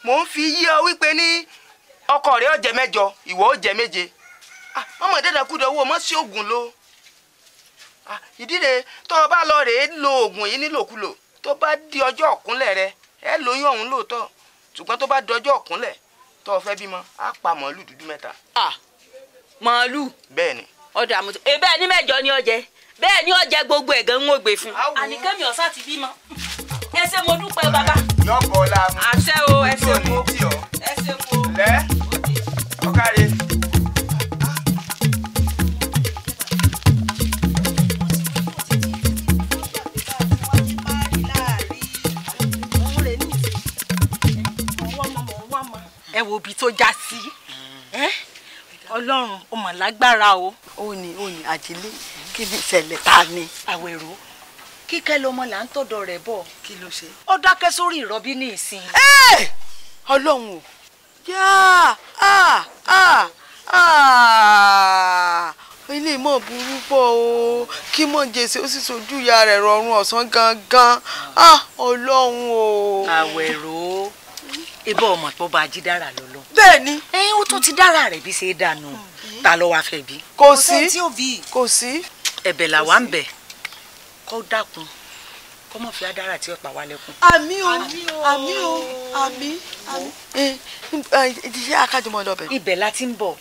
mò ń fi yí ọ wípé ní ọkọ rẹ ó jẹ mẹ́jọ ìwọ ó méje mọmọ ah, dẹdà kúdọ owó mọ sí oògùn lo ah, ìdí rẹ̀ tó o bá lọ rèé lo oògùn yìí nílòkulò tó bá di ọjọ́ ọ̀kúnlẹ̀ rẹ ẹ lóyún ọ̀hún lóòótọ́ ṣùgbọ́n tó bá di ọjọ ọ̀kúnlẹ̀ tó o fẹ́ bímọ á pa màálù dúdú mẹ́ta. Ah, màálù. bẹ́ẹ̀ ni. ọdọ àmọtò ebe ẹni mẹ́jọ ni ó jẹ bẹ́ẹ̀ ni gbogbo ẹgàn ń wò fún. àníkẹ́mi ọ̀sá ti bímọ. ẹ ṣé mo dúpẹ́ bàbá. lọ́kọ̀ọ́ la mú. àṣẹ o ẹ ṣé mo ẹ ṣé mo. lẹ́ ọ̀kàrẹ́. ẹ wo ibi tó já sí ọlọ́run ó mà lágbára o. ó ní ó ní àjílé kí ni ìṣẹ̀lẹ̀ ta ni. àwẹ̀rò kíkẹ́ lọmọ là ń tọ̀dọ̀ rẹ̀ bọ̀. kí ló ṣe. ó dákẹ́ sórí ìrọbí ní ìsìn. ẹ ọlọ́run o yá a a a ilé mọ̀ burú pọ̀ o kí mọ̀ jèsè ó sì sojú ìyá rẹ̀ rọrùn ọ̀sán gangan ọlọ́run o. àwẹ̀rò ibà ọmọ tó bá jí dára lọ́lọ́. bẹ́ẹ̀ni. ẹyin ó tún ti dára rẹ̀ bí ṣe é dànù mm-hmm. ta ló wàá fẹ́ bí. kò sí kò sí. ẹ̀bẹ̀ làwa ń bẹ̀ kó dákun kó mọ̀ fi adára tí ó pa wá lẹ́kùn. àmì o àmì o àmì àmì eh, eh, ṣé akájọmọ lọ bẹ. ibẹ̀ la ń bọ̀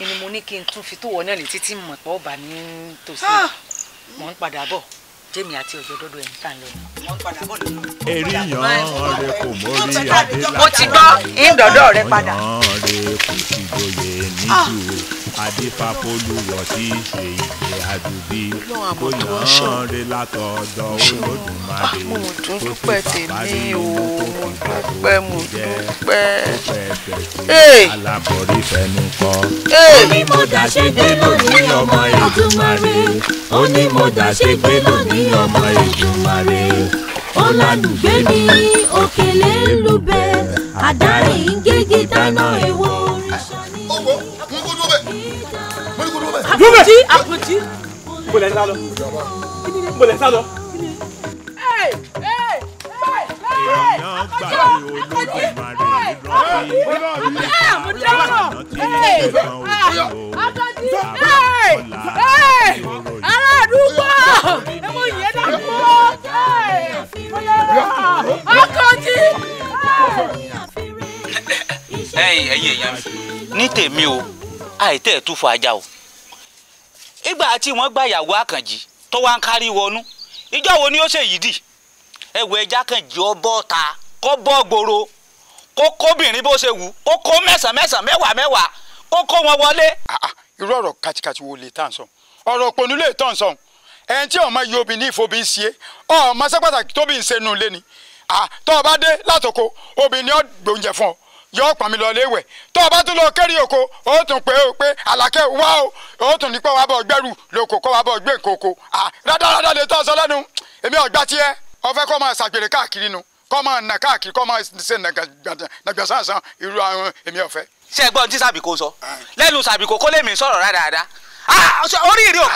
ni mo ní kí n tún fi tó wọ náà létí tí mo pọ̀ bá ní tòsí ah! mò ń padà bọ̀ jẹ́mi àti ọ̀jọ̀ dọ́dọ̀ ẹ̀ ń tà lọ. èrí yan rẹ kò mórí adé mo ti gbọ́ ń rẹ padà. yan rẹ kò sì gbòye níjú adífàfolúwọ̀ tí í ṣe ìgbé àdùbí olùrànre látọ̀dọ̀ olódùmarè tó fi pàpà rí owó tó fi gbàgbọ́ jẹ́ pẹ́ẹ́pẹ́ alábọ̀rí fẹnu kọ́. oní mo dàṣe gbé lónìí ọmọ Èdùmàrè oní mo dàṣe gbé lónìí ọmọ Èdùmàrè ọlàlùgbé ni òkèlè lùbẹ adarí ń gégé dáná ìwọ oríṣà ni àpótí àpótí. bọ̀lẹ̀ sá lọ bọ̀lẹ̀ sá lọ. èèyàn gbàgbé olódùmarè lọ́bí aládùúgbò ẹ̀wọ̀n yẹn dàgbọ́ akọ́jí. ẹ̀yin ẹ̀yin èèyàn mi ní tèmi o àìtẹ́ ẹ̀ tún fọ ajá o ìgbà tí wọ́n gba ìyàwó àkànjì tó wá ń kárí wọnú ìjọ wo ni ó ṣèyí dì ẹwọ ẹja kànjì ọbọ ta kọ bọ gbòòrò kó kóbìnrin bó ṣe wù kó kó mẹ́sàn mẹ́sàn mẹ́wàá mẹ́wàá kó kó wọn wọlé. Ah, ah, irú ọ̀rọ̀ kàtìkàtì wo lè tàn sọ ọ̀rọ̀ òpònú lè tàn sọ ẹni tí ọmọ yìí obìnrin ìfòbi ń ṣe ọmọ sẹ́pàtàkì tóbi ń ṣe nù lé ni ah, tọ́ ọ bá dé látòkò obìnrin ọ̀gbọ̀njẹ fún ọ yóò pàmì lọ léwẹ̀ tó o bá tún lọ kéré oko o tún pé o pé àlàkẹ́ wá o o tún ní pé wàá bọ̀ gbẹ́rù lóko kó wàá bọ̀ gbé koko à rádaràdà lè tọ́ ọ sọ lẹ́nu èmi ọ̀gbá tiẹ̀ ọ̀fẹ́ kọ́ máa ṣàgbèrè káàkiri nu kọ́ máa nà káàkiri kọ́ máa ṣe nàgbàsánsan irú àwọn èmi ọ̀fẹ́. ṣé ẹ gbọ́ ohun tí sàbìkó sọ lẹ́nu sàbìkó kó lè mí sọ̀rọ̀ rádaràdà orí ìrì o.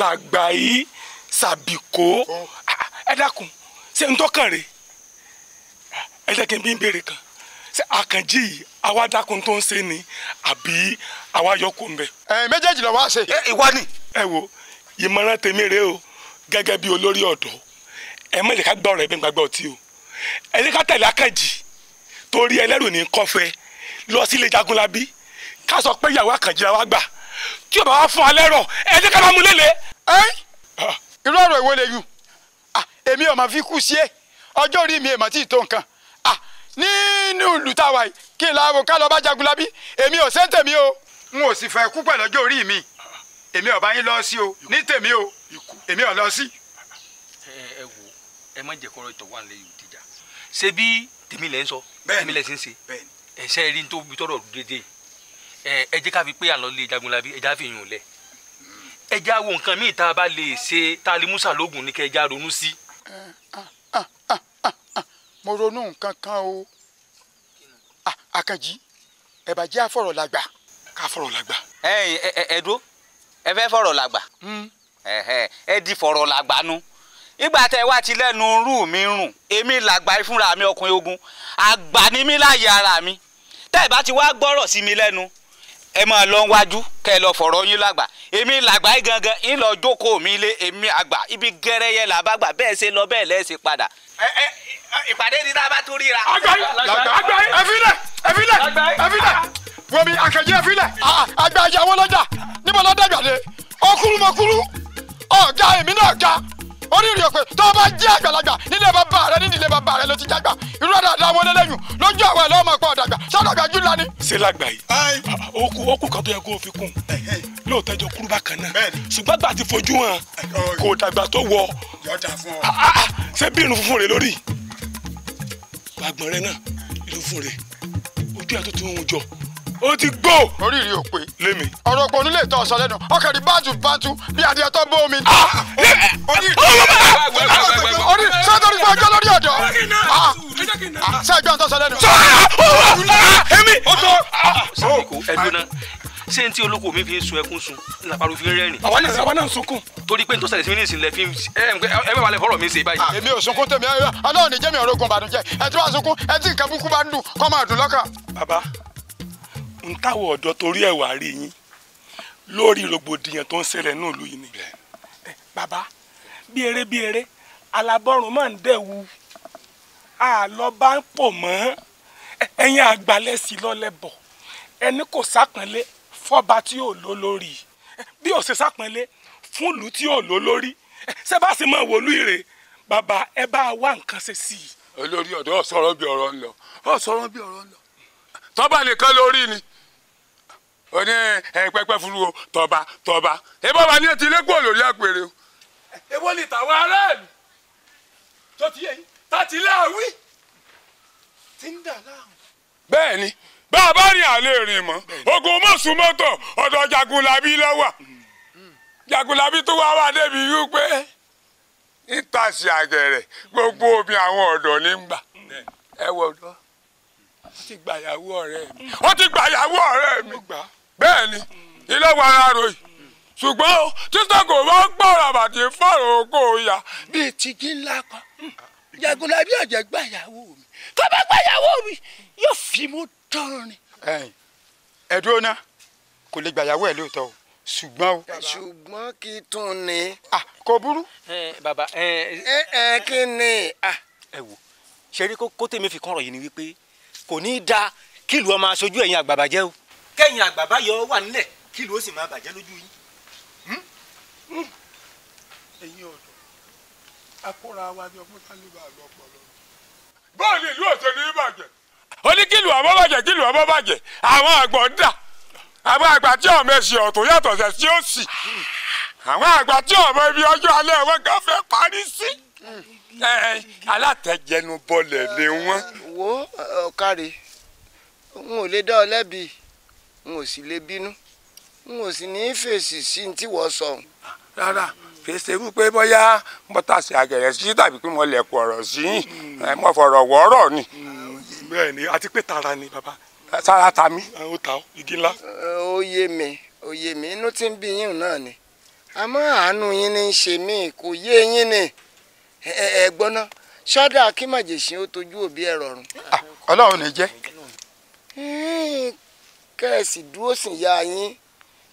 làgbà yìí sàbìkó oh. ẹ dákun ṣé ń ṣé àkànjì yìí àwa dákun tó ń ṣe ni àbí àwa yọkù ń bẹ. ẹ méjèèjì lọ wá ẹ ìwà ni. ẹ wo ìmọ̀ràn tèmi rèé o gẹ́gẹ́ bí olórí ọ̀dọ́ ẹ mọ̀ lè ká gbọ́ ọ̀rọ̀ ẹ̀mí gbàgbọ́ ọtí o ẹ lè ká tẹ̀lé àkànjì torí ẹlẹ́rù ní kọfẹ́ lọ sílé jagunlabi ká sọ pé ìyàwó àkànjì la wá gbà tí o bá wá fún alẹ́ rọ̀ ẹ lè ká bá mu lélẹ̀. ẹ irú ọ̀rọ̀ ìwọlẹ̀ yù èmi ò fi kú sí ọjọ́ orí mi èèmọ̀ tí ì tó nǹkan nínú ìlú táwa yìí kí n láwo ká lọ bá Jagunlabi èmi ò ṣe tèmi o. n ò sì fẹ́ kú pẹ̀lú ọjọ́ orí mi èmi ò bá yín lọ sí o ní tèmi o èmi ò lọ sí. ẹ wo ẹ má jẹ́ kọ́rọ̀ ìtọ̀wá ńlẹ̀ yìí dìjà ṣé bí tèmi lẹ́ ń sọ tèmi lẹ́ sì ń ṣe ẹ̀ṣẹ́ rí ní tó bí tọ́rọ̀ dédé ẹ jẹ́ ká fi pé àlọ́ lé Jagunlabi ẹ já fi yùn lẹ̀ ẹ wo nǹkan míì tá a bá lè ṣe tá a lè mú sàlógún ní kẹ́ ronú sí. Ah, ah, ah, mo ronú nǹkan kan o àkànjí ẹ bá jẹ́ àfọ̀rọ̀ làgbà. ká fọ̀rọ̀ làgbà. ẹ ẹ ẹ dúró ẹ fẹ́ fọ̀rọ̀ làgbà. Hmm. ẹ di fọ̀rọ̀ làgbà nu ìgbà tẹ wá ti lẹ́nu rú mi rùn èmi làgbà fúnra mi ọkùnrin ogun àgbà ni mí láàyè ara mi tẹ́ ẹ bá ti wá gbọ́rọ̀ sí mi lẹ́nu ẹ máa lọ wájú kẹ lọ fọ̀rọ̀ yín làgbà èmi làgbà yìí gangan yín lọ jókòó mi lé èmi àgbà ibi gẹrẹyẹ làbá gbà bẹ́ẹ̀ ṣe lọ bẹ́ẹ̀ lẹ́ẹ̀ ṣe padà. ìpàdé ni tá a bá tún ríra. àgbáyé àgbáyé ẹfilẹ ẹfilẹ ẹfilẹ wọmi àkànjẹ ẹfilẹ àgbáyé ah, ah. àwọn ọlọjà níbo lọdẹ gbàdé ọkùnrin mọkùnrin ọgá èmi náà ga onírìí òpè tó o bá jẹ́ àgbàlagbà nílé bàbá rẹ nídìílé bàbá rẹ ló ti jágbà irú àdàdà wọn lélẹ́yìn lójú àwọn ẹ̀lọ́ ọmọ pọ̀ ọ̀dàgbà sọ́dọ̀gbà jù lani. ṣé lágbà yìí bàbá okú okú kan tó yẹ kó o fi kún lóòótọ́ ìjọ kúrú bákan náà ṣùgbọ́n àgbà ti fojú hàn oh, kò dàgbà tó wọ ah, ah, ah. ṣé bí funfun rẹ lórí gbàgbọ́n rẹ náà irun funfun rẹ ojú ẹ̀ tó ti ń jọ o ti gbó. oríire ò pé. lémi. ọ̀rọ̀ pọ̀ onílé ìtọ́ ọ̀sán lẹ́nu ọkàn ní báńtù báńtù bí adìẹ tó bó omi. Ah! orí sọ́dọ̀rì fún ọjọ́ lórí ọ̀dọ́. sẹ́gbẹ́ ọ̀tọ̀ sọ lẹ́nu. Ah! Ah! èmi. ẹ̀dùnà ṣé n tí olóko mi fi ń sun ẹkún sun làpàrọ̀ fi ń rẹ́rìn. àwa náà àwa náà ń sunkún. torí pé n tó ṣẹlẹ̀ sí mi ní ìsìnlẹ̀ fi ẹ ẹ bá wà lẹ fọ̀rọ̀ mi ṣe báyìí. èmi ò sunkún tèmi ọlọ́run ní jẹ́mi ọ̀rọ̀ ogun bàdújẹ́ ẹ tí wàá sunkún ẹ tí nǹkan burúkú bá ń dùn kọ́ máa dùn lọ́kàn. Baba n táwọn ọ̀dọ́ torí ẹ̀ wá rí yín lórí rògbòdìyàn tó ń ṣẹlẹ̀ ní ìlú yìí ni. bàbá bí eré bí eré alábọ́rùn máa ń dẹ̀wu àlọ́ bá ń pò mọ́ ẹ̀yin àgbálẹ́sì lọ́lẹ̀ bọ̀ ẹni kò sápẹ́lé fọ́ba tí ò ló lórí bí ò ṣe sápẹ́lé fún ìlú tí ò ló lórí ṣé bá sì máa wòlú ire bàbá ẹ bá wá nǹkan ṣe sí i. olórí ọ̀dọ́ ọ̀sọ̀rọ̀ bí ọ̀rọ̀ ń lọ ọ̀sọ̀rọ̀ bí ọ̀rọ̀ ń lọ tọ́ba nìkan lórí ni ó ní pẹpẹ furu o tọba tọba ebó ba ní etí ilé kúrò lórí àpèrè o. èwo ni tàwọn aráàlú tó ti yẹ yín tàti láàwí tí ń dà láàmú. bẹ́ẹ̀ni bá a bá rìn àlè rìn mọ ogun mọsùmọtò ọ̀dọ̀ jagunlabi lọwà jagunlabi tó wá wà débi wípé nítàsí àgẹrẹ gbogbo omi àwọn ọ̀dọ́ ní gbà ẹ wọ ọ̀dọ̀ ti gbàyàwó ọ̀rẹ́ mi wọ́n ti gbàyàwó ọ̀rẹ́ mi bẹ́ẹ̀ ni ilé wa ara ro yìí ṣùgbọ́n títà kò bá ń gbọ́rọ̀ àbàdì fọ́rọ̀ oko ìyá bíi tìgí ńlá kan jagunlabi ọ̀jẹ̀ gba ìyàwó mi tó bá gba ìyàwó mi yóò fi mú dánrin. ẹ̀dùn ọ̀nà kò lè gba ìyàwó ẹ̀ lóòótọ́ o ṣùgbọ́n o. ṣùgbọ́n kí tún ni. kò burú. bàbá ẹ ẹ kí ni. ẹ wò ṣe rí kó tèmi fi kọ́rọ̀ yìí ni wípé kò ní í da kí ìlú ọmọ aṣojú ẹ̀yin àgbàbàjẹ́ o kẹ́yìn àgbàbá yọ wà nílẹ̀ kí ló sì máa bàjẹ́ lójú yín. Hm? Hmm. ẹ̀yin ọ̀dọ́ akóra wa jọ fún tálíbà lọ́pọ̀lọ́. bọ́ọ̀lù ìlú ọ̀sẹ̀ ní ìbàjẹ́. ó ní kí ìlú ọmọ bàjẹ́ kí ìlú ọmọ bàjẹ́ àwọn àgbọ̀n dà àwọn àgbà tí ọmọ ẹ̀sìn ọ̀tún yàtọ̀ sẹ̀ sí òsì àwọn àgbà tí ọmọ ibi ọjọ́ alẹ́ wọn kan fẹ́ parí sí alátẹ̀jẹnubọlẹ̀ ni wọ́n. wo ọ̀kàrẹ̀ n ò lè dá ọ lẹ́bi n ò sì lè bínú n ò sì ní í fèsì sí ní tí wọ́n sọ. rárá fèsì wípé bóyá mo tàṣe àgẹ̀rẹ̀ sí tàbí pé mo lẹ̀kùn ọ̀rọ̀ sí hmm. mo fọ̀rọ̀ wọ́ọ̀rọ̀ ni. Hmm. bẹ́ẹ̀ ni àti pé tara ni bàbá. sára ta mí. ó ta ó igi ńlá. ó yé mi ó yé mi inú tí ń bí yín náà ni àmọ́ àánú yín ní í ṣe mí kò yé yín ni ẹ gbọ́n ná kí màjèṣin ó tójú òbí ẹ̀ rọrùn. Ah, ọlọ́run ní jẹ́ kẹ́ ẹ sì dúró sìn ya yín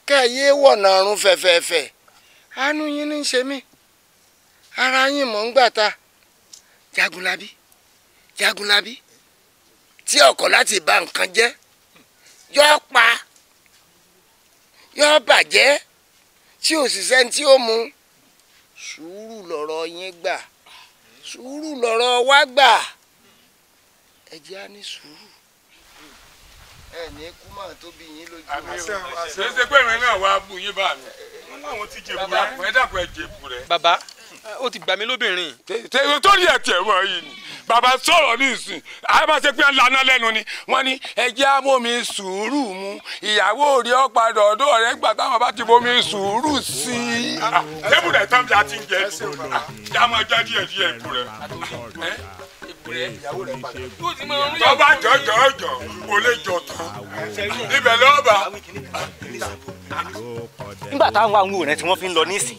kẹ́ ẹ yé wọ̀nà ọ̀run fẹ̀fẹ̀fẹ̀ àánú yín ní í ṣe mí ara yín mọ̀ ń gbà ta jagunlabi jagunlabi tí ọkọ̀ láti bà nǹkan jẹ́ yọ pa yọ bàjẹ́ tí òṣìṣẹ́ tí ó mu sùúrù lọ̀rọ̀ yín gbà sùúrù lọ̀rọ̀ wa gbà ẹ jẹ́ á ní sùúrù ẹ ní kú mọ̀ tó bí yín lójú. ṣé ṣe pé ìrìn náà wàá bu yín bá mi wọn láwọn ti jèbù rẹ ẹ dàpọ̀ ẹ jèbù rẹ. bàbá ó ti gbà mí lóbìnrin. tètè tó ní ẹ̀tẹ̀ wọ̀ yìí ni bàbá sọ̀rọ̀ ní ìsìn àyè máa ṣe pé ń lana lẹ́nu ni wọ́n ní ẹjẹ́ amómi sùúrù mu ìyàwó rí ọ̀padà ọ̀dọ́ rẹ̀ gbà táwọn bá ti bomi sùúrù sí i. Ah, ah. tébù rẹ̀ tán bí a ti ń jẹ ìbú rẹ̀ dáa máa jẹ́ díẹ̀ díẹ̀ ìbú rẹ̀ rẹ ìyàwó rẹ padà. tọ́ba jọjọ jọ o lè jọ tán ibẹ̀ lọ́ba. nígbà táwọn àwọn òrẹ́ tí wọ́n fi ń lọ nísìn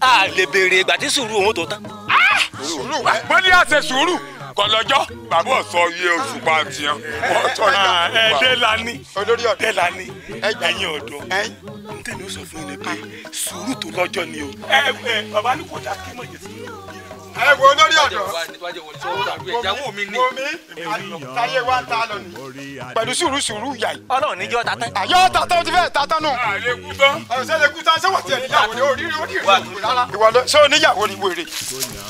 a lè béèrè ìgbà tí sùúrù òun tó tán. Ah! sùúrù ah! wọ́n ní àṣẹ sùúrù kọlọjọ bàbá ọsọ iye oṣù bá tiẹ wọn tọ iye oṣù bá. ẹdẹ lani ẹdẹ lani ẹyin ọdọ ntẹni ó sọ fún yín pé sùúrù tó lọ́jọ́ ni o. ẹ ẹ bàbá ní kò dá kí mọ̀ jẹ sí i ẹ wo lórí ọ̀dọ́ wòmí wòmí táyé wa ń ta lọ nìyí pẹ̀lú sùúrù sùúrù yà yìí. Ọlọ́run níjọ tatán. àyọ tatán ti fẹ tatán nù. ọ̀sẹ̀ lè kú tán ṣé wọ́n ti ẹ̀ níyàwó ni orí orí rẹ̀ kò rárá. ìwọ lọ ṣé o níyàwó ni wèrè.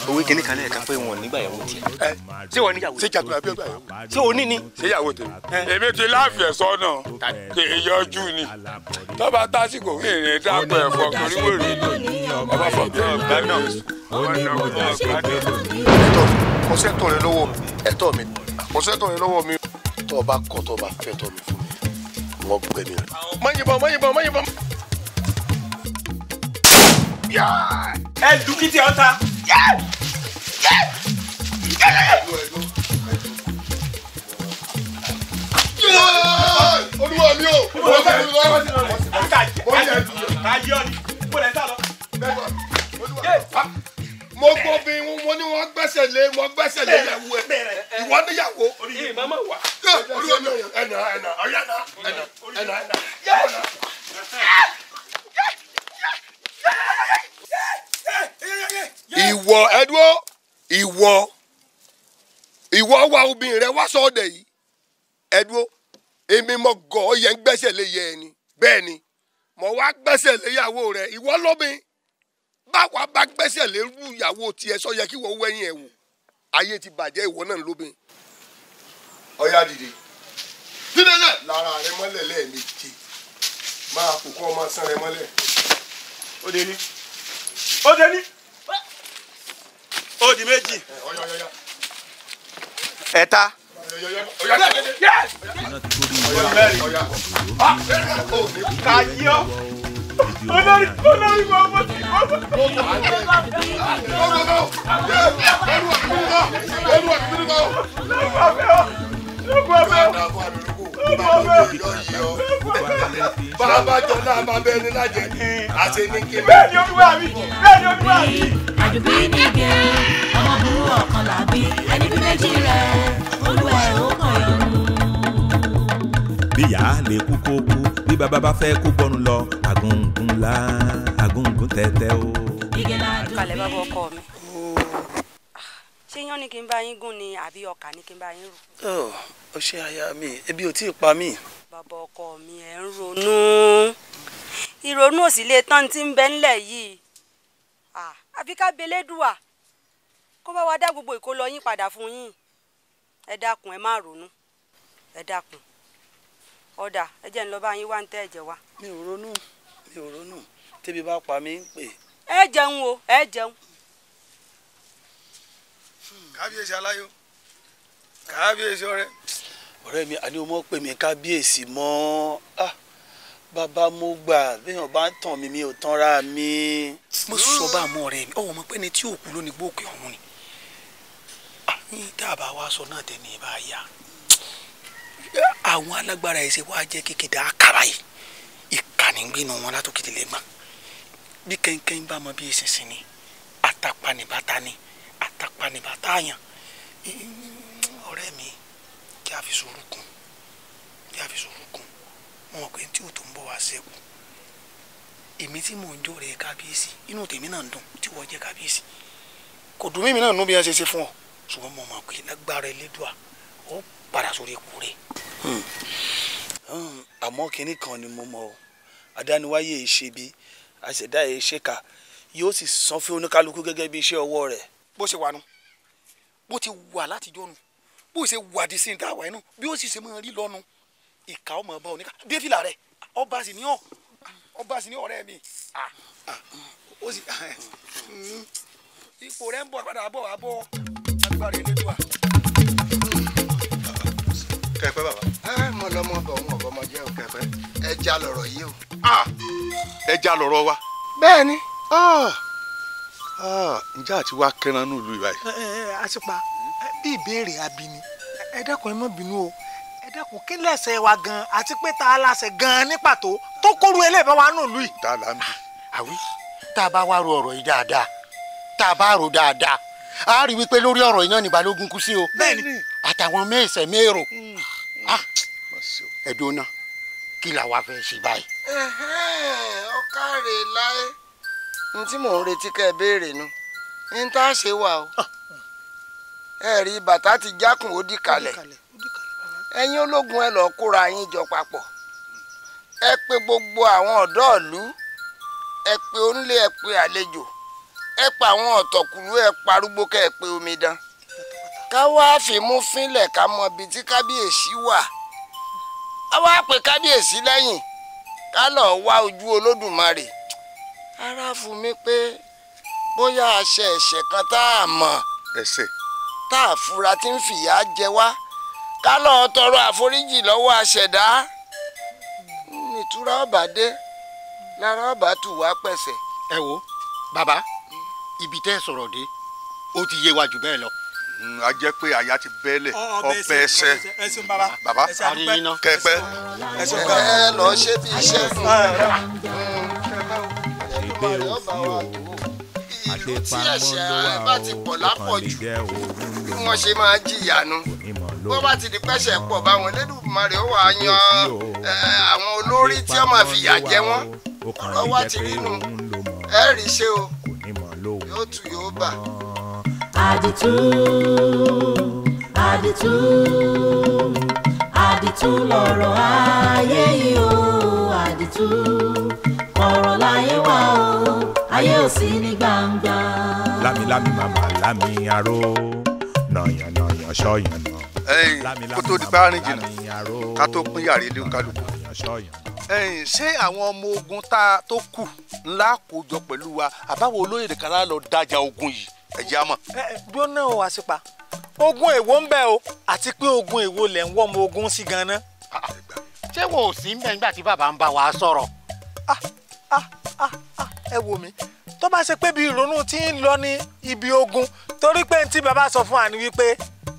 òwe kìíní kan náà ká pé wọn ò nígbà yàwó tiẹ̀. ẹ ṣé wọn níyàwó. ṣé jàdùn àbí ọgbà yàwó. ṣé o ní ni. ṣé yàwó tèmi. èmi ti láàfin ẹ̀sọ́ náà èyọjú ni tọ́ba tásìkò ìrìn dàgbẹ̀ fọkùnrin wèrè ọba fọkùnrin bẹ́ẹ̀ náà ẹ̀tọ́ kọ́sẹ́tọ̀ rẹ lọ́wọ́ mi ẹ̀tọ́ mi kọ́sẹ́tọ̀ rẹ lọ́wọ́ mi tó o bá kọ́ tó o bá fẹ́ tọ́ mi fún mi wọ́n gbẹ̀mí rẹ. mọ̀nyìnbọn mọ̀nyìnbọn mọ̀nyìnbọn. ẹ dùkìtì ọ̀tá. olúwa mi o. olúwa mi o. olúwa mi o. wọ́n gbẹ́sẹ̀ lé wọ́n gbẹ́sẹ̀ lé ìyàwó ẹ̀ ìwọ níyàwó. orí mama wà. orí omi ẹ̀nà ẹ̀nà ọ̀yá ẹ̀nà ẹ̀nà ẹ̀nà ẹ̀nà. ìwọ ẹdúró ìwọ ìwọ wa obìnrin rẹ wá sọọdẹ yìí ẹdúró èmi mọ gọ ọ yẹn gbẹ́sẹ̀ lé yẹ ẹni bẹ́ẹ̀ ni mo wá gbẹ́sẹ̀ léyàwó rẹ ìwọ lómi báwa bá gbẹ́sẹ̀ lérú ìyàwó tiẹ̀ sọ yẹ kí wọ́n wẹ́yìn ẹ̀ wò ayé ti bàjẹ́ ìwọ náà lóbìn. ọ̀yá dìde dídé lẹ̀ lára rẹ mọ́lẹ̀ lẹ́ẹ̀mejì máa kó kọ́ ọmọ sán rẹ mọ́lẹ̀. ó dé ní ó dé ní ó di méjì ẹ̀ta. olórí olórí mọ́ ọmọ tó bàbá jọlá máa bẹ ẹni lájẹ àti ní kí. bẹ́ẹ̀ ni olúwa mi bẹ́ẹ̀ ni olúwa mi. àjòbí ni gẹ̀ẹ́ ọmọ burú ọ̀kan làbí ẹni bí méjì rẹ̀ olúwa ẹ̀ ó bíyà lè kú kó kú bí bàbá bá fẹ́ kú gbọ́nu lọ àgùngùn la àgùngùn tẹ́tẹ́ o. kalẹ̀ bá bọ ọkọ mi. ṣé yán ni kí n bá yín gún ni àbí ọkà ni kí n bá yín rò. ọ ṣe aya mi ebi ò tí ì pa mí. bàbá ọkọ mi ẹ̀ ń ronú ìrònú òsì lè tán tí ń bẹ ńlẹ̀ yìí àfi ká belédùà kó bá wa dá gbogbo ìkólọ yín padà fún yín ẹ dákun ẹ má ronú ẹ dákun ọ̀dà ẹ jẹ́ ń lọ bá yín wá ń tẹ́ ẹ̀jẹ̀ wa. mi ò ronú mi ò ronú tẹ́bi bá pa mí ń pè. ẹ jẹun o ẹ jẹun. Hmm. kábíyèsí aláyọ̀ kábíyèsí ọ̀rẹ́. ọ̀rẹ́ mi àní o mọ̀ pé mi kábíyèsí mọ́ ah bàbá mo gbà béèyàn bá ń tàn mí mi ò tanra mi. mo sọ bá àmọ́ ọ̀rẹ́ mi ọ̀wọ́ mo pẹ́ ni tí òkú ló ní gbóòkè ọ̀hún ni. Ah, ní tá a bá wá sọ náà tẹ̀ ní e ibà yá àwọn alágbára ẹ̀ṣẹ̀ wá jẹ́ kékeré àkàrà yìí ìkànnì gbénu wọn látòkìtì lè gbà bí kẹ́ńkẹ́ń bá mọ bí ìsinsin ni àtàpánìbàtà ni àtàpánìbàtà àyàn ọ̀rẹ́ mi kí a fi sùúrù kún kí a fi sùúrù kún wọn mọ̀ pé tí o tó ń bọ̀ wá sẹ́kù èmi tí mò ń jó rẹ̀ kábíyèsí inú tèmi náà ń dùn tí wọ́n jẹ́ kábíyèsí kò dùn mímí náà nú bí wọ́n ṣe ṣe fún ọ ṣùgbọ́n mo mọ̀ pé lágbára elédùà ó padà sórí ipò rẹ̀. Hmm. Hmm, àmọ́ kinní kan ni mo mọ̀ ọ́ adániwáyé ìṣebi àṣẹdá ìṣèkà yóò sì san fún oníkálukú gẹ́gẹ́ bí iṣẹ́ ọwọ́ rẹ̀. bó ṣe wà nù bó ti wà látijọ́ nù bó ṣe wà di sí ìta àwà inú bí ó sì ṣe máa rí lọ́nu ìka ọmọ ọba oníkà défìlà rẹ ọba sì ní ọ ọba sì ní ọ̀rẹ́ mi ó sì hmm, ipò rẹ ń bọ̀ padà bọ̀ wá bọ̀ agbára elédùà kẹpẹ bàbá. ẹ mọ lọmọ bọ wọn ọbọ ọmọ jẹ o kẹpẹ ẹja lọ́rọ̀ yìí o. ẹja lọ́rọ̀ wa. bẹ́ẹ̀ni a àti wá kẹran nílùú ìwà yìí. àtipa bí ìbéèrè abini ẹ dákun ẹ má bínú o ẹ dákun kí lẹ̀ṣẹ̀ wa gan àti pé ta láṣẹ gan ní pàtó tó kóru ẹlẹ́bẹ̀ wa nílùú yìí. tá a là ń bi. àwí tá a bá wá ro ọ̀rọ̀ yìí dáadáa tá a bá rò dáadáa a rí wípé lórí ọ̀rọ̀ yìí náà ni balógun kú sí o. bẹ́ẹ̀ni àtàwọn mẹ́sẹ̀ mẹ́rò mm. ah, ẹ̀dùn náà kí la wá fẹ́ ṣe báyìí. ọ̀kàrẹ̀ láyé ní tí mò ń retí kẹ́ ẹ béèrè nu ní tá a ṣe wà o ah. ẹ rí bàtà ti jákùn ó dì kalẹ̀ ẹ̀yin ológun ẹ lọ́ọ́ kóra yín jọ papọ̀ ẹ pè gbogbo àwọn ọ̀dọ́ ìlú ẹ pè onílé ẹ pè àlejò ẹ pa àwọn ọ̀tọ̀kùlú ẹ parúgbó kẹ́ ẹ pè omidan ká wá fìmú fínlẹ̀ ká mọ ibi tí kábíyèsí wà á wá pè kábíyèsí lẹ́yìn ká lọ wá ojú olódùmarè ara fún mi pé bóyá a ṣe ẹ̀ṣẹ̀ kan tá a mọ̀ ẹ̀ṣẹ̀ tá a fura tí ń fìyà jẹ wá ká lọ tọrọ àforíjì lọ́wọ́ aṣẹ̀dá ìtura ọba dé lára ọba tù wá pẹ̀sẹ̀. ẹ wo bàbá ibi tẹ́ ẹ sọ̀rọ̀ dé ó ti yé wa jù bẹ́ẹ̀ lọ. Mm, a jẹ́ pé aya ti bẹ́lẹ̀ ọbẹ̀ ẹsẹ̀ baba kẹgbẹ́ ẹ lọ ṣe bí iṣẹ́ ìlú tí ẹ̀ṣẹ̀ ara bá ti pọ̀ lápọ̀jù bí wọ́n ṣe máa jìyà nu bó bá ti di pẹ́sẹ̀ pọ̀ báwọn lẹ́dùnmarè ó wà á yan àwọn olórí tí wọ́n máa fìyà jẹ wọ́n ọ̀rọ̀ ti rí nu ẹ̀rí ṣe o yóò tù yóò bà àdìtú àdìtú àdìtú lọ̀rọ̀ ayé yìí o àdìtú ọ̀rọ̀ láyé wá o ayé ò sí ní gbangba. lámilámi màmá lámi aró nàyànnàyàn ṣọyànnà. ẹ̀yin kó tó di párin jìnnà ká tó pín yàrá ilé kálukú. ẹ̀yin ṣé àwọn ọmọ ogun tá a tó kù ńlá kó jọ pẹ̀lú wa àbáwo olóyè nìkan lọ dájà ogun yìí ẹ̀jẹ̀ á mọ̀. gbóná o àṣìpà ogun èwo ń bẹ o àti pé ogun èwo lẹ̀ ń wọ́ ọmọ ogun sí ganan. ṣé wọn ò sí mbẹ nígbà tí bàbá ń bá wa sọ̀rọ̀. ẹ wò mí tó bá ṣe pé bí ìrònú ti ń lọ ní ibi ogun torí pé ntí bàbá sọ fún àní wípé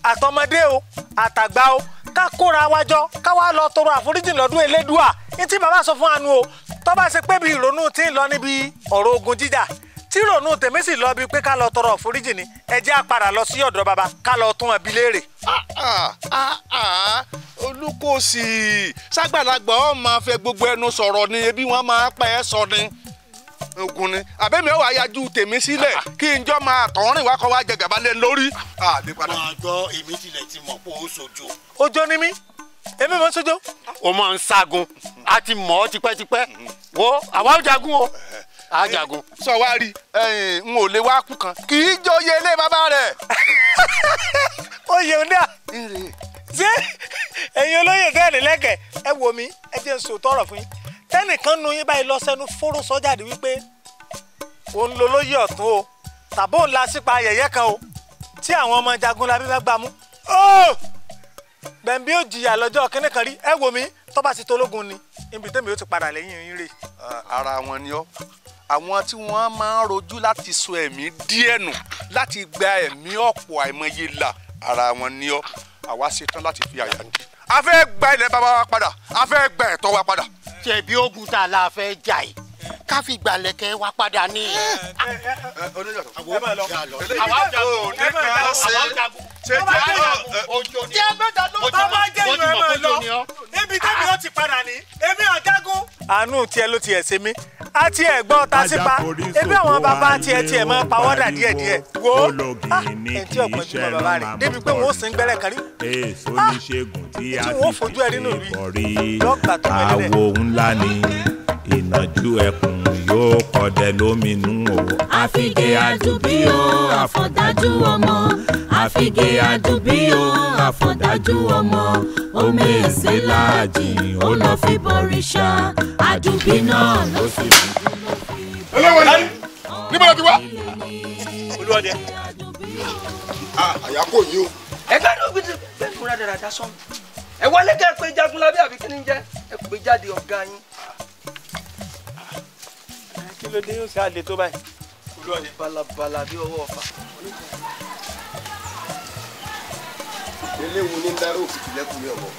àtọmọdé o àtàgbà o ká kóra wájọ ká wá lọ tọrọ àforíjì lọ́dún elédùà ntí bàbá sọ fún àánú o tó bá ṣe pé bí ìrònú ti ń lọ níbi ọ̀rọ̀ ogun jíjà tí rònú tèmi sì lọ bí pé ká lọ tọrọ àforíjì ni ẹ jẹ́ àpàrà lọ sí ọ̀dọ̀ bàbá ká lọ tún ẹbí léèrè. Ah, ah, ah, olùkọ́sì ọ máa fẹ́ gbogbo ẹnu sọ̀rọ̀ ni ebi wọn máa sọ ni ogun ni yájú tèmi sílẹ̀ kí máa wá lórí. máa gbọ́ èmi tilẹ̀ ti mọ̀ pé o mm-hmm. jagun o. Eh, ajagun. sọ wá rí n ò lè wá kú kan kì í jẹ oyè ilé bàbá rẹ. oyè ọ̀dà ṣé ẹ̀yin olóyè sẹ́ẹ̀lì lẹ́kẹ̀ ẹ wò mí ẹ jẹ́ n sọ tọrọ fún yín tẹ́nìkan nu yín báyìí lọ sẹ́nu fóró sọ́jáde wípé òun ló lóyè ọ̀tún o tàbó ńlá sípa ayẹyẹ kan o tí àwọn ọmọ jagunlabi bá gbámú bẹ̀m̀bí ò jìyà lọ́jọ́ kínní kan rí ẹ wò mí tó bá ti tológun ni ibi tẹ́mi ó ti padà lẹ́yìn yín rè. ara wọn ni ọ àwọn tí wọ́n máa ń rojú láti sọ ẹ̀mí díẹ̀ nù láti gba ẹ̀mí ọ̀pọ̀ àìmọye là ara wọn ní ọ àwa ṣetán láti fi àyà ní. a fẹ́ gba ilẹ̀ bàbá wa padà a fẹ́ gba ẹ̀tọ́ wa padà. ṣebí ogun tá la fẹ́ jà yìí ká fi gbàlẹ̀kẹ́ wa padà eh, eh, eh, ní. tí ẹ gbẹ́ta ló bá bá jẹ́ ìlú ẹ máa lọ níbi tẹ́mi ó ti padà ní èmi ọ̀jágún. àánú tiẹ̀ ló tiẹ̀ ṣe mí a ti ẹ̀ gbọ́ ta sípa ebi àwọn bàbá tiẹ̀ tiẹ̀ máa pawọ́dà díẹ̀díẹ̀ wo ah, ẹ̀ tí ọ̀pọ̀ ju bàbá rẹ̀ débi pé wọ́n sìn gbẹ́rẹ́ kárí tí wọ́n fojú ẹ̀ nínú rí lọ́gbà tó mẹ́lẹ̀. àwo ni ìnàjú ẹkùn yóò kọdẹ lóminú o. àfìgè àdùbí o àfọ̀dájú ọmọ àfìgè àdùbí o àfọ̀dájú ọmọ omi èsè láàjì ó lọ fi bọ̀rìṣà àdùbí náà ló sì fi olówó ni níbo la ti wá. olúwọ̀dẹ. àyà kò yí o. ẹgbẹ́ ló gbé bẹ́ẹ̀ múra dáradára sọ́mu ẹ wọlé kẹ́ ẹ pé jagunlabi àbí kí ni jẹ́ ẹ pé jáde ọ̀gá yín kí ló dé ó sì àlè tó báyìí. olúwa ni balabala bí ọwọ́ ọ̀fà. eléwo ní dáró òkìtì lẹ́kùn ní ọ̀wọ́.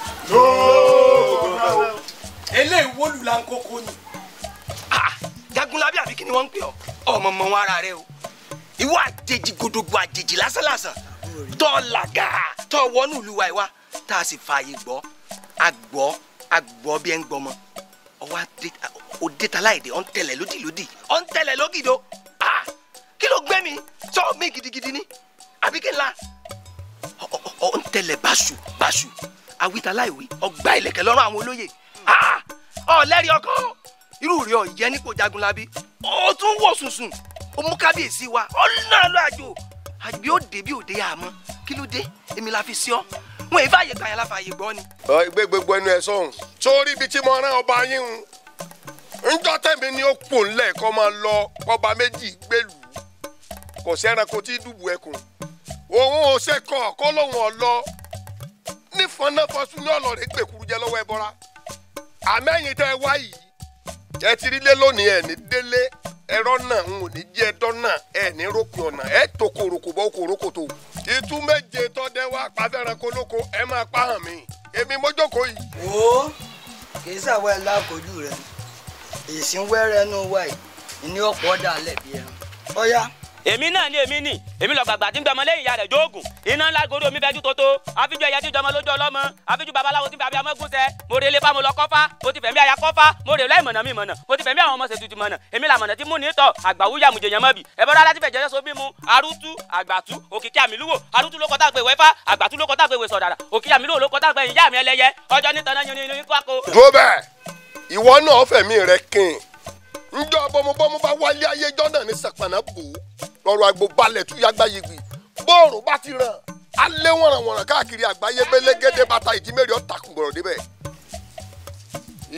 eléwo lulankoko ni. Ah, jagunlabi àbí kí ni wọ́n ń pè ọ́ ọmọ ọmọ wọn ara rẹ o ìwọ àjèjì gbòdògbò àjèjì lásánlàsàn tọ́ làgà tọ́ wọnú ìlú wa ìwà tá a sì fààyè gbọ́ àgbọ́ àgbọ́ bí ẹ ń gbọ́mọ ọwọ́ òdeta láìdè ọ̀ ń tẹ̀lẹ̀ lódìlódì ọ̀ ń tẹ̀lẹ̀ lógìdó kí ló gbé mi sọ mi gidigidi ni àbí kí n la ọ̀ ń tẹ̀lẹ̀ báṣu báṣu awita láìwí ọgbà ìlẹ̀kẹ̀ lọ́rùn àwọn olóyè ọ̀ lẹ́rìí ọkọ irú rẹ̀ ọ̀ yẹ nípò jagunlabi ó tún wọ̀ sùnsùn ó mú kábíyèsí wa ọ̀ náà lọ àjò àbí ó dé bí ó dé àmọ́ kí ló dé èmi la fi sí ọ wọn èyí fàyè gbàyàn láfàyè gbọ́ ni. igbe gbogbo ẹnu ẹ sọhùn sórí ibi rán ọba yín ni ó pò ńlẹ̀ kọ́ máa lọ ọba méjì gbèlú kò sí ẹranko tí dùbù ẹkùn òun ò ṣe kọ kó lóun ọlọ nífọ̀nàfọ̀sùn ní gbèkúrú jẹ ẹbọra wá yìí ẹ ti rí lé lónìí ní délé náà ń ní ní ìtú méje tọ́dẹ wá pàfẹ́ràn kolóko ẹ máa pa hàn mí èmi mójókòó yìí. wo kì í ṣàwọn ẹ̀ lákòójú rẹ. èsì ń wẹ́rẹ́ nù wáyé ọpọ ọ̀pọ̀ dà lẹ̀ ẹran ọ̀ya èmi náà ni èmi ni èmi lọ gbàgbà tí ń gbọmọ lẹ́yìn ìyá rẹ̀ jóògùn iná ńlá gorí omi fẹjú tótó àfijọ ẹyẹ tí jọmọ lójú ọlọmọ àfijọ babaláwo tí bàbí amọ gúnṣẹ mo rè lé fáwọn lọ kọfá mo ti fẹ̀mí aya kọfá mo rè láì mọ̀nà mi mọ̀nà mo ti fẹ̀mí àwọn ọmọ ṣètùtù mọ̀nà èmi là mọ̀nà tí mú ní tọ̀ àgbàwúyà mùjẹ yẹn mọ́ bì ẹ̀bọ́n rárá tí fẹ̀jẹ̀ sọ bí mu arútú àgbàtú òkìkí àmìlúwò arútú ló kọ́ tàgbé wẹ́fà àgbàtú ló kọ́ tàgbé wẹ̀sọ̀ dàrà òkìkí àmìlúwò ló kọ́ tàgbé ìyá mi ẹlẹ́yẹ ọjọ́ nítaná yín ní kwako. dúró bẹ́ẹ̀ ìwọ náà fẹ̀mí rẹ kín njọ́ bọ́mọbọ́mọ bá wálé ayé jọ́nà ní sàpànà bò ó lọ́rọ̀ agbo balẹ̀ tún yàgbá yìgbì bóòrò bá ti ràn alẹ́ wọ̀nrànwọ̀nràn káàkiri àgbáyé bẹ́lẹ́gẹ́dẹ́ bàtà ìjímẹ̀rì ọ̀tàkùn gbọ̀rọ̀ débẹ̀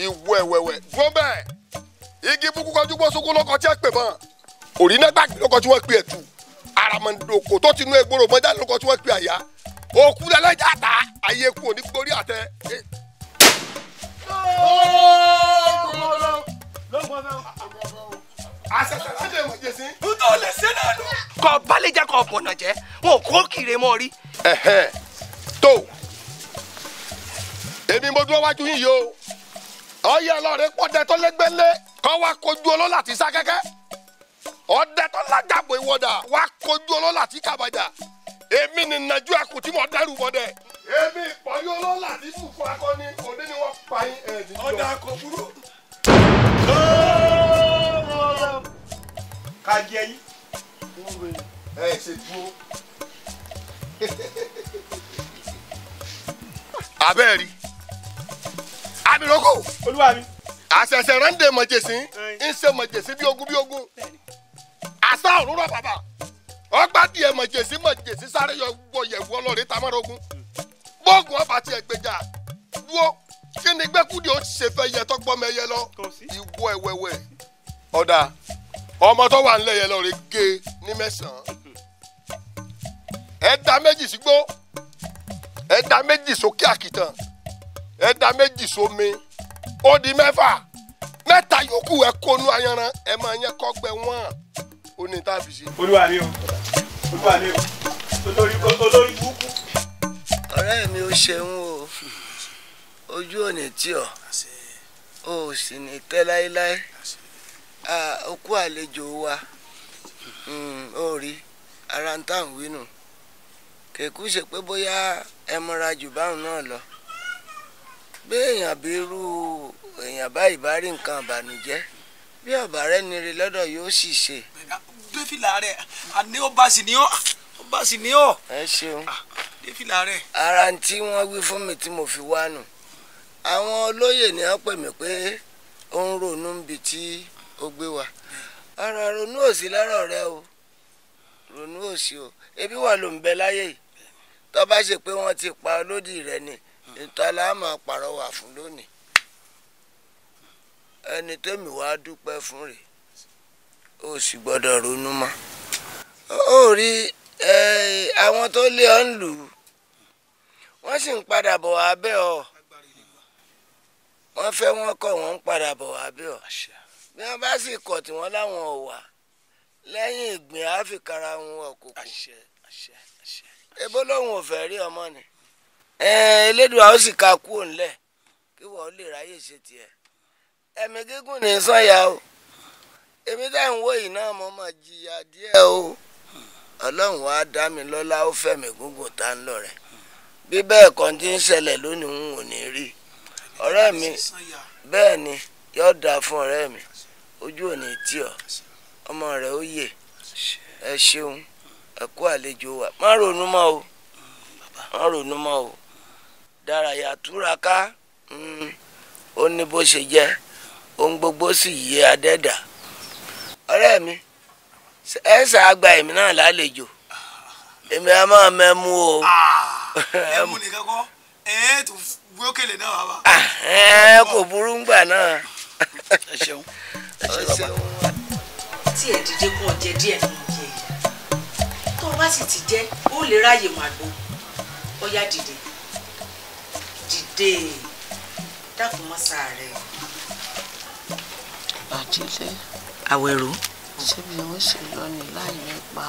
ìwọ ẹ̀wẹ̀wẹ̀ dúró igi búkú kọjú bó sunkún lọ́kọ̀ tí ẹ pè mọ́ òrí náà gbàgbé tí wọ́n pè ẹ̀tù aramọ̀dòkò tó ti nú egboro mọ́jà lọ́kọ̀ tí wọ́n pè àyà òkú lẹ́lẹ́jà ta ayé kú òní gbórí àtẹ. lọ́gbọ̀n náà àṣẹṣẹ lájọ ìmọ̀ jèsí. dúdú ò lè ṣe náà nù. kọ balẹ̀jà kọ bọ̀nà jẹ́ wọn ò kó kiri mọ́ rí. tó èmi mo dúró wájú yín yìí o ọyẹ ọlọrin pọdẹ tó lẹgbẹlẹ kọ wá kojú olólà tí sá kẹkẹ ọdẹ tó lájàbọ ìwọdà wá kojú olólà tí kàbàjà èmi ni nàjú ẹkùn tí mo dẹrù bọdẹ. èmi ìpọ́njú olólà tí fùfú akọni òde ni wọ́n pa yín ẹ̀ẹ́dì jọ. ọ̀dà kò burú ká jẹ yín. ẹ ṣe dúró. abẹ́ẹ̀ rí amiroko. olúwa mi. àṣẹ̀ṣẹ̀ rẹ́ǹdẹ̀ mọ̀jẹ̀sí ń ṣe mọ̀jẹ̀sí bí ogún bí ogún àṣà òróró bàbà ọgbà díẹ̀ mọ̀jẹ̀sí mọ̀jẹ̀sí sáré yọ yẹ̀wò ọlọ́rin tamarogun bóògùn ọba tiẹ̀ gbèjà dúró kí ni gbẹ́kúndé ó ṣe fẹ́ yẹ tọ́gbọ́mẹyẹ lọ ìwọ ẹ̀wẹ̀wẹ̀ ọ̀dà ọmọ tó wà nílẹ̀ yẹn lọ rè gé ní mẹ́sàn-án ẹ da méjì sígbó ẹ da méjì sókè àkìtàn ẹ da méjì sómi ó di mẹ́fà mẹ́ta yòókù ẹ kónú ayanran ẹ máa yẹ kọ́gbẹ wọ́n ó ní tá olúwa ni o olúwa ni o olórí olórí burúkú. ọ̀rẹ́ mi ò ṣeun o ojú ò ní tí ọ o ò sì ní tẹ́ láéláé òkú àlejò wa hmm, ó rí ara ń tàn wínú kèkú ṣe pé bóyá ẹ mọra jù báwọn náà lọ bí èèyàn bí irú èèyàn báyìí bá rí nǹkan àbànújẹ́ bí ọ̀bà rẹ ni rí lọ́dọ̀ yóò sì ṣe. défìlà rẹ àní ó bá sì ní ọ ó bá sì ní ọ. ẹ ṣeun ah, défìlà rẹ. ara tí wọ́n wí fún mi tí mo fi wá nù àwọn olóyè ni wọ́n pè mí pé ó ń ronú níbi tí ó gbé wa ọ̀rọ̀ ronú òsì lọ́rọ̀ rẹ o ronú òsì o ebi wà ló ń bẹ láyé yìí tó bá ṣe pé wọ́n ti pa olódì rẹ ni ètò aláàmọ̀ pàrọwà fún lónìí ẹni tẹ́mi wàá dúpẹ́ fún rẹ̀ ó sì gbọ́dọ̀ ronú mọ́ ó rí àwọn tó lé ọ ń lù wọ́n sì ń padà bọ̀ wá bẹ́ẹ̀ ọ wọ́n fẹ́ wọ́n kọ̀ wọ́n ń padà bọ̀ wá bẹ́ẹ̀ ọ bí wọ́n bá sì kọ̀ tí wọ́n láwọn ọ̀wà lẹ́yìn ìgbìn àfikara wọn ọ̀kùnkùn ebó lòun ò fẹ́ rí ọmọ ni elédùá ó sì ka kúrò ńlẹ̀ kí wọ́n lè ráyè ṣe tiẹ̀ ẹ̀mí gígùn ní sọ́yà o èmi tá ń yìí náà mo máa jìyà díẹ̀ o ọlọ́run wa dá mi lọ́lá ó fẹ̀mí gúngùn tá ń lọ rẹ̀ bí bẹ́ẹ̀ kan ti ń ṣẹlẹ̀ lónìí n ò ní rí ọ̀rẹ́ mi bẹ́ẹ̀ ni yóò dáa fún ọ̀rẹ́ mi. ojú ò ní tí ọ ọmọ rẹ ó yè ẹ ṣeun ẹ kú àlejò wa má ronú o má ronú mọ́ o dárayà túraká hmm. ó ní bó ṣe jẹ́ ohun gbogbo sì yé adẹ́dà ọ̀rẹ́ mi ẹ èmi náà lálejò a máa mẹ́mú o. ẹmu ah, nìkan ṣeun tí ẹ dìde kún ọjẹ díẹ̀ fún ọjẹ ìyá tó o bá sì ti jẹ ó lè ráàyè màgbó ọyá dìde dìde dákun mọ́ sáà rẹ. àdìlẹ àwẹ̀rò. ṣébi wọn ṣe lọ ní láì nípa.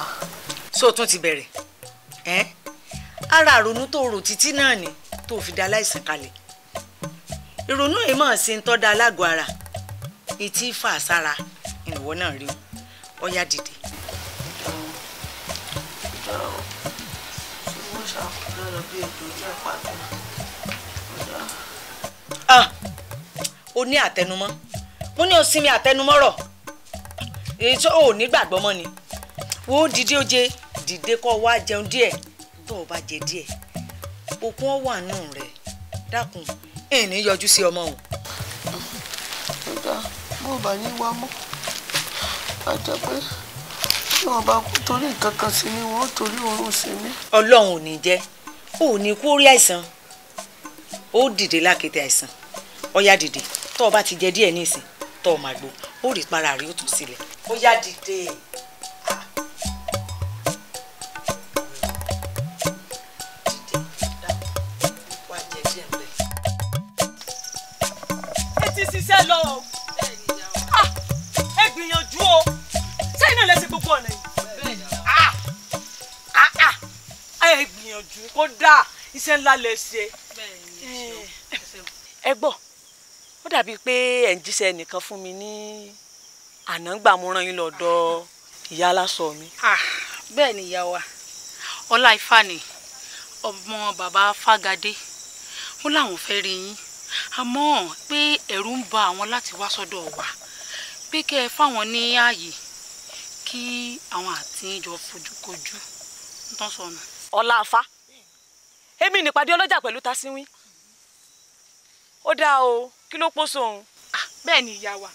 so tún ti bẹ̀rẹ̀ ẹ́ ara àrònú tó rò títí náà ni tó fi da aláìsàn kalẹ̀ ìrònú yìí máa ṣe ń tọ́ da alágọ̀ ara etí fà sára ìrànwọ́ náà rí ó yá dìde. Ah! o ní àtẹnumọ́ mo ní o sinmi àtẹnumọ́rọ̀ èyí tó o ní gbàgbọ́ mọ́ ni wo dìde oje dìde kó wa jẹun díẹ̀ tó o bá jẹ díẹ̀ okun ọ wà rẹ̀ dákun ẹ̀ ní yọjú sí ọmọ o bó bá ní wá mọ́ àjẹ́ pé tí wọ́n bá kú torí nǹkan kan sí ni wọ́n torí oorun sí mi. ọlọ́run ò ní jẹ́ ò ní kú orí àìsàn ó dìde lákété àìsàn ó yá dìde tó o bá ti jẹ díẹ̀ nísìn tó o máa ó rí para rí ó tún sílẹ̀ ó dìde. Hello. gbogbo ọ̀nà yìí ẹ gbìyànjú kó dáa iṣẹ́ ńlá lẹ ṣe ẹ gbọ́ ó dàbíi pé ẹ̀ ń jíṣẹ́ nìkan fún mi ní àná mo rán yín lọ́dọ̀ ìyá aláṣọ mi. Ah, bẹ́ẹ̀ ni ìyá wa ọlá ifá ọmọ bàbá fágadé wọn làwọn fẹ́ rí yín àmọ́ pé ẹ̀rù ń ba àwọn láti wá sọ́dọ̀ wa pé kẹ́ ẹ fáwọn ní ààyè kí àwọn àti ìjọ fojúkojú ń tán sọnù. ọ̀la àfa èmi nípàdé ọlọ́jà pẹ̀lú tasínwín ó dáa o kí ló pọ́ sóhun. bẹ́ẹ̀ ni ìyá wa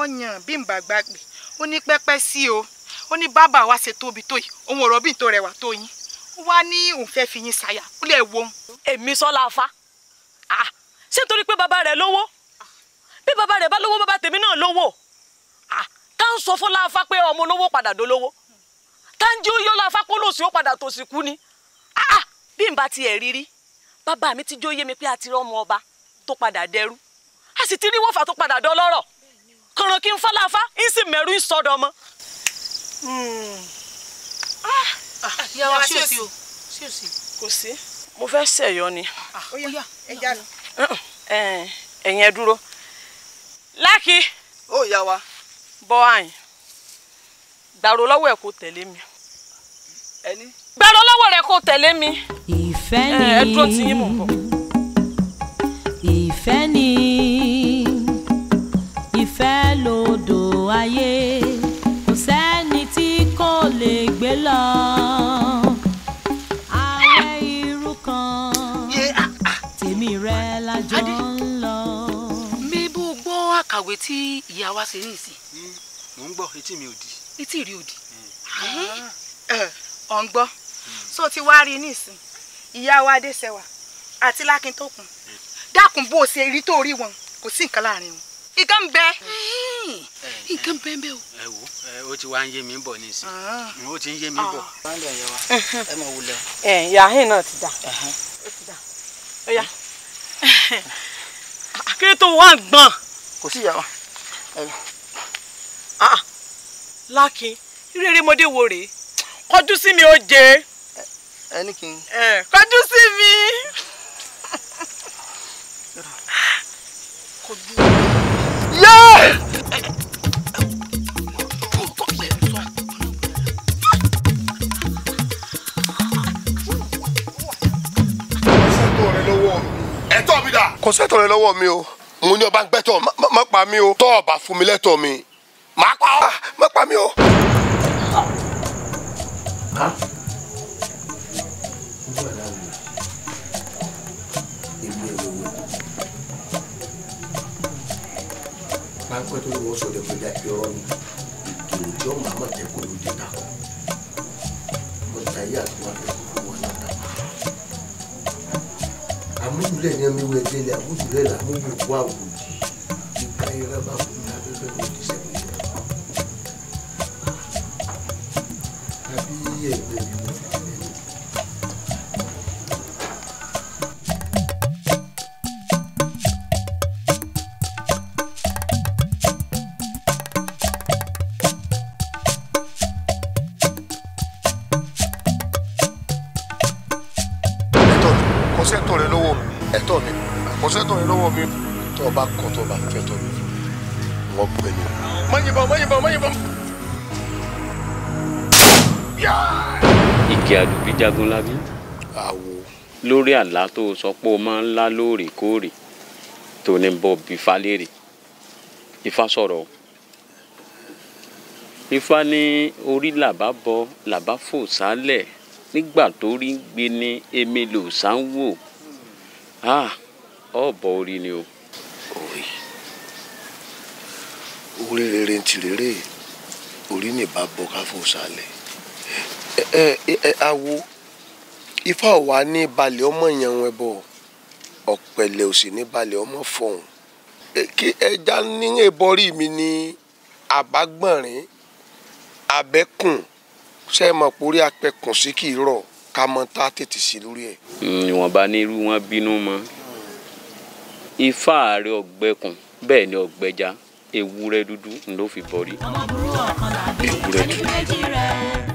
ọyàn bí n bá gbàgbé ó ní pẹ́pẹ́ sí o ó ní bàbá wa ṣe tóbi tó yìí òun ọ̀rọ̀ bí n tó rẹwà tó yín ó wá ní òun fẹ́ fi yín ṣàyà ó lè wo. èmi sọlá afa ṣé nítorí pé bàbá rẹ lówó bí bàbá rẹ bá lówó bàbá tèmi náà lówó tá ń sọ fún láàfá pé ọmọ olówó padà dolówó tá ń jí ó yọ láàfá pé olóòsì ó padà tòsí kú ni ah! bí n bá tiẹ̀ rí rí bàbá mi ti jó yé mi pé a ti rọ́mọ ọba tó padà dẹrú a sì ti rí wọ́fà tó padà dọlọ́rọ̀ kọ̀ràn kí n fọ́láfá ń sì mẹ́rú ń sọ̀dọ̀ mọ́. Hmm. Ah! Ah! yàrá sí òsì o sí òsì. kò sí mo fẹ́ ṣẹ̀yọ ni. ẹ̀yin ẹ dúró. láàkì. ó yà wá bọ́ àyìn gbàrò lọ́wọ́ ẹ̀ kó tẹ̀lé mi. ẹni. gbàrò lọ́wọ́ rẹ̀ kó tẹ̀lé mi. ìfẹ́ ni ẹ dúró tí yín mọ̀ bọ̀. ìfẹ́ ni ìfẹ́ lodò ayé kò sẹ́ni tí kò lè gbé lọ. òwe tí ìyá wa ṣe ní ìsìn. Hmm, mò ń gbọ́ etí mi ò di. etí rí ò di. ọ̀ hmm. ah. ń gbọ́ hmm. so ti wá rí ní ìsìn ìyá wa adéṣẹwà àti lákin tó kù dákun bó ṣe rí tó rí wọn kò sí nǹkan láàrin wọn. nǹkan ń bẹ nǹkan bẹ bẹ o. ẹ wo ó ti wá ń yé mi bọ̀ ní ìsìn ah. ó ti ń yé mi bọ̀. Ah. ẹ mọ̀ wulẹ̀. ẹ yàhín náà ti dà ó ti dà ó yà kí ló tó wá gbọ́n kò sí ìyàwó. Ah, ah. lákin irú erémọdé wo rèé kọjú sí mi ó jẹ. ẹni kì í. kọjú sí mi. kọjú. yẹ́ẹ̀. ẹ̀tọ́ mi dà. kò sẹ́tọ̀ rẹ lọ́wọ́ mi o mo ní ọba ń gbẹ́tọ̀ má pa mí o tọ́ ọba fún mi lẹ́tọ̀ mi má pa ọ́ ah, má pa mí o. pápẹ́ ah. tó ní wọ́n sọ̀rọ̀ pé dákẹ́ ọ̀rọ̀ ni ìkìlọ̀ jọ́ màmá tẹ́kọ̀ọ́ ló dé ta mọ̀tàyé àti wọn tẹ́kọ̀ọ́. àmúwulẹ̀ ni ẹ̀mí wẹ̀ délé àmúwulẹ̀ làmúwò wà wòlíì ìka ìrẹ́bà wòlíì. Jagunlabi. àwo. lórí àlá tó o sọ pé o máa ń lá lóòrèkóòrè tó ní bọ́ bífá léèrè Ifá sọ̀rọ̀ Ifá ní orí làbá bọ làbá fò sálẹ̀ nígbà tó rí gbé ní èmi lò sáńwò ah, ọ̀bọ̀ orí ni o. orí rere ń tirẹ̀ rè orí ní ìbá bọ ká fò sálẹ̀ ẹ ẹ awo ifá ọ̀wá ní balẹ̀ ọmọ yẹn wọn bọ̀ ọ̀pẹ̀lẹ̀ òsì ní balẹ̀ ọmọ fọ̀hún kí ẹja ní ìbọrí mi ní àbágbọ̀nrín abẹ́kùn ṣe mọ̀ pórí apẹ̀kùn sí kì í rọ̀ ká mọ tá a tètè sí lórí ẹ̀. ìwọ̀nba ní irú wọn bínú mọ́ ifá ààrẹ ọ̀gbẹ́kùn bẹ́ẹ̀ ni ọ̀gbẹ́já ewúrẹ́ dúdú ló fi bọ̀rí. ewúrẹ́ dúdú.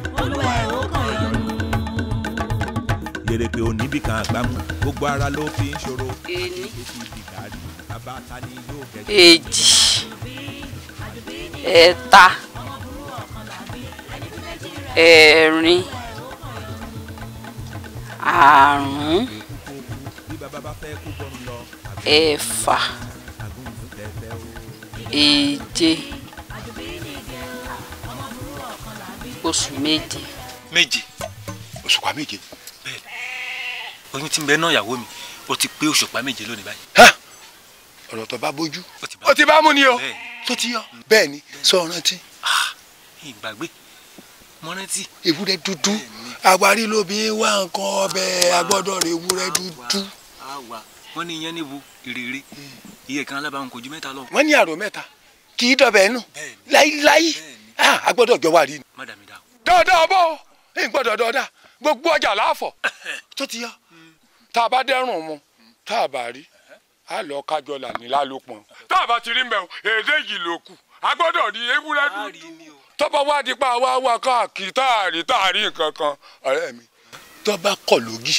jèrèpè oníbìkan àgbàmù gbogbo ara ló fi ń ṣòro. èní èjì ẹ̀ta ẹ̀rin àrún ẹ̀fà èje oṣù méje. méje oṣù ká méje oyún tí ń bẹ náà ìyàwó mi ó ti pé òṣùpá méje lónìí báyìí. ọ̀rọ̀ tó bá bójú ó ti bá mú ni o tó ti yọ bẹ́ẹ̀ ni sọ rántí. ìgbàgbé mo rántí. ewúrẹ́ dúdú àwárí lóbi wá nǹkan ọbẹ̀ agbọ́dọ̀ rẹ̀ ewúrẹ́ dúdú. wọ́n ní iyán níbo ìrèrè hmm. iye kan alábàáhùn kò ju mẹ́ta lọ. wọ́n ní àrò mẹ́ta kì í dọ̀bẹ̀ nù láíláí agbọ́dọ̀ jọ wà rí ni. dáadáa bọ́ ẹ̀ ń gbọ́dọ̀ dáadáa gbogbo ọjà láàfọ̀ tó ti yọ tá a bá dẹ́rùn mu tá a bá rí a lọ kájọ là ní lálòpọ̀. tá a bá ti rí mbẹ́wò èdè yìí ló kù a gbọ́dọ̀ rí ewúrẹ́ dúdú. tọ́pọ̀ wá di pa wá wá káàkiri tá a rí tá a rí nǹkan kan ọ̀rẹ́ mi. tó kọ̀ lógì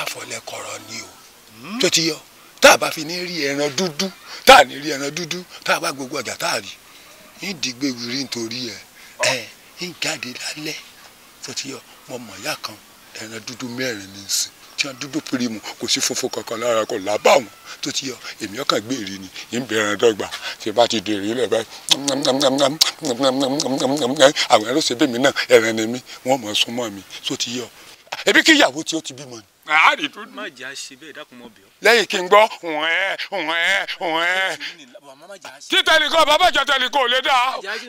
àfọlẹ́kọ̀rọ̀ ni o hmm? tó ti yọ tá a bá fi ní rí ẹran dúdú tá a ní rí ẹran dúdú tá a bá gbogbo ọjà tá a rí ní ìdígbé wírí nítorí ẹ ẹ ń jáde lálẹ́ tó ti yọ mo mọ̀ ya kan ẹran dúdú mẹ́rin ní sìn tí wọn dúdú péré mu kò sí funfun kankan lára kò lábà wọn tó ti yọ èmi ọkàn gbé èrè ni ń bẹ̀rẹ̀ dọ́gba tí bá ti dèrè lẹ̀ báyìí àwọn ẹ̀rọ ṣẹbẹ̀ mi náà ẹ̀rẹ̀ ni mi wọ́n mọ̀ súnmọ́ mi tó ti yọ ebi kí ìyàwó tí ó ti bímọ ni. a lè tó bẹ́ẹ̀ dákun mọ́ bí lẹ́yìn kí n gbọ́ wẹ́ẹ́ wẹ́ẹ́ wẹ́ẹ́ títẹ̀lì kan bàbá ìjọ tẹ̀lì kan ò lè dáa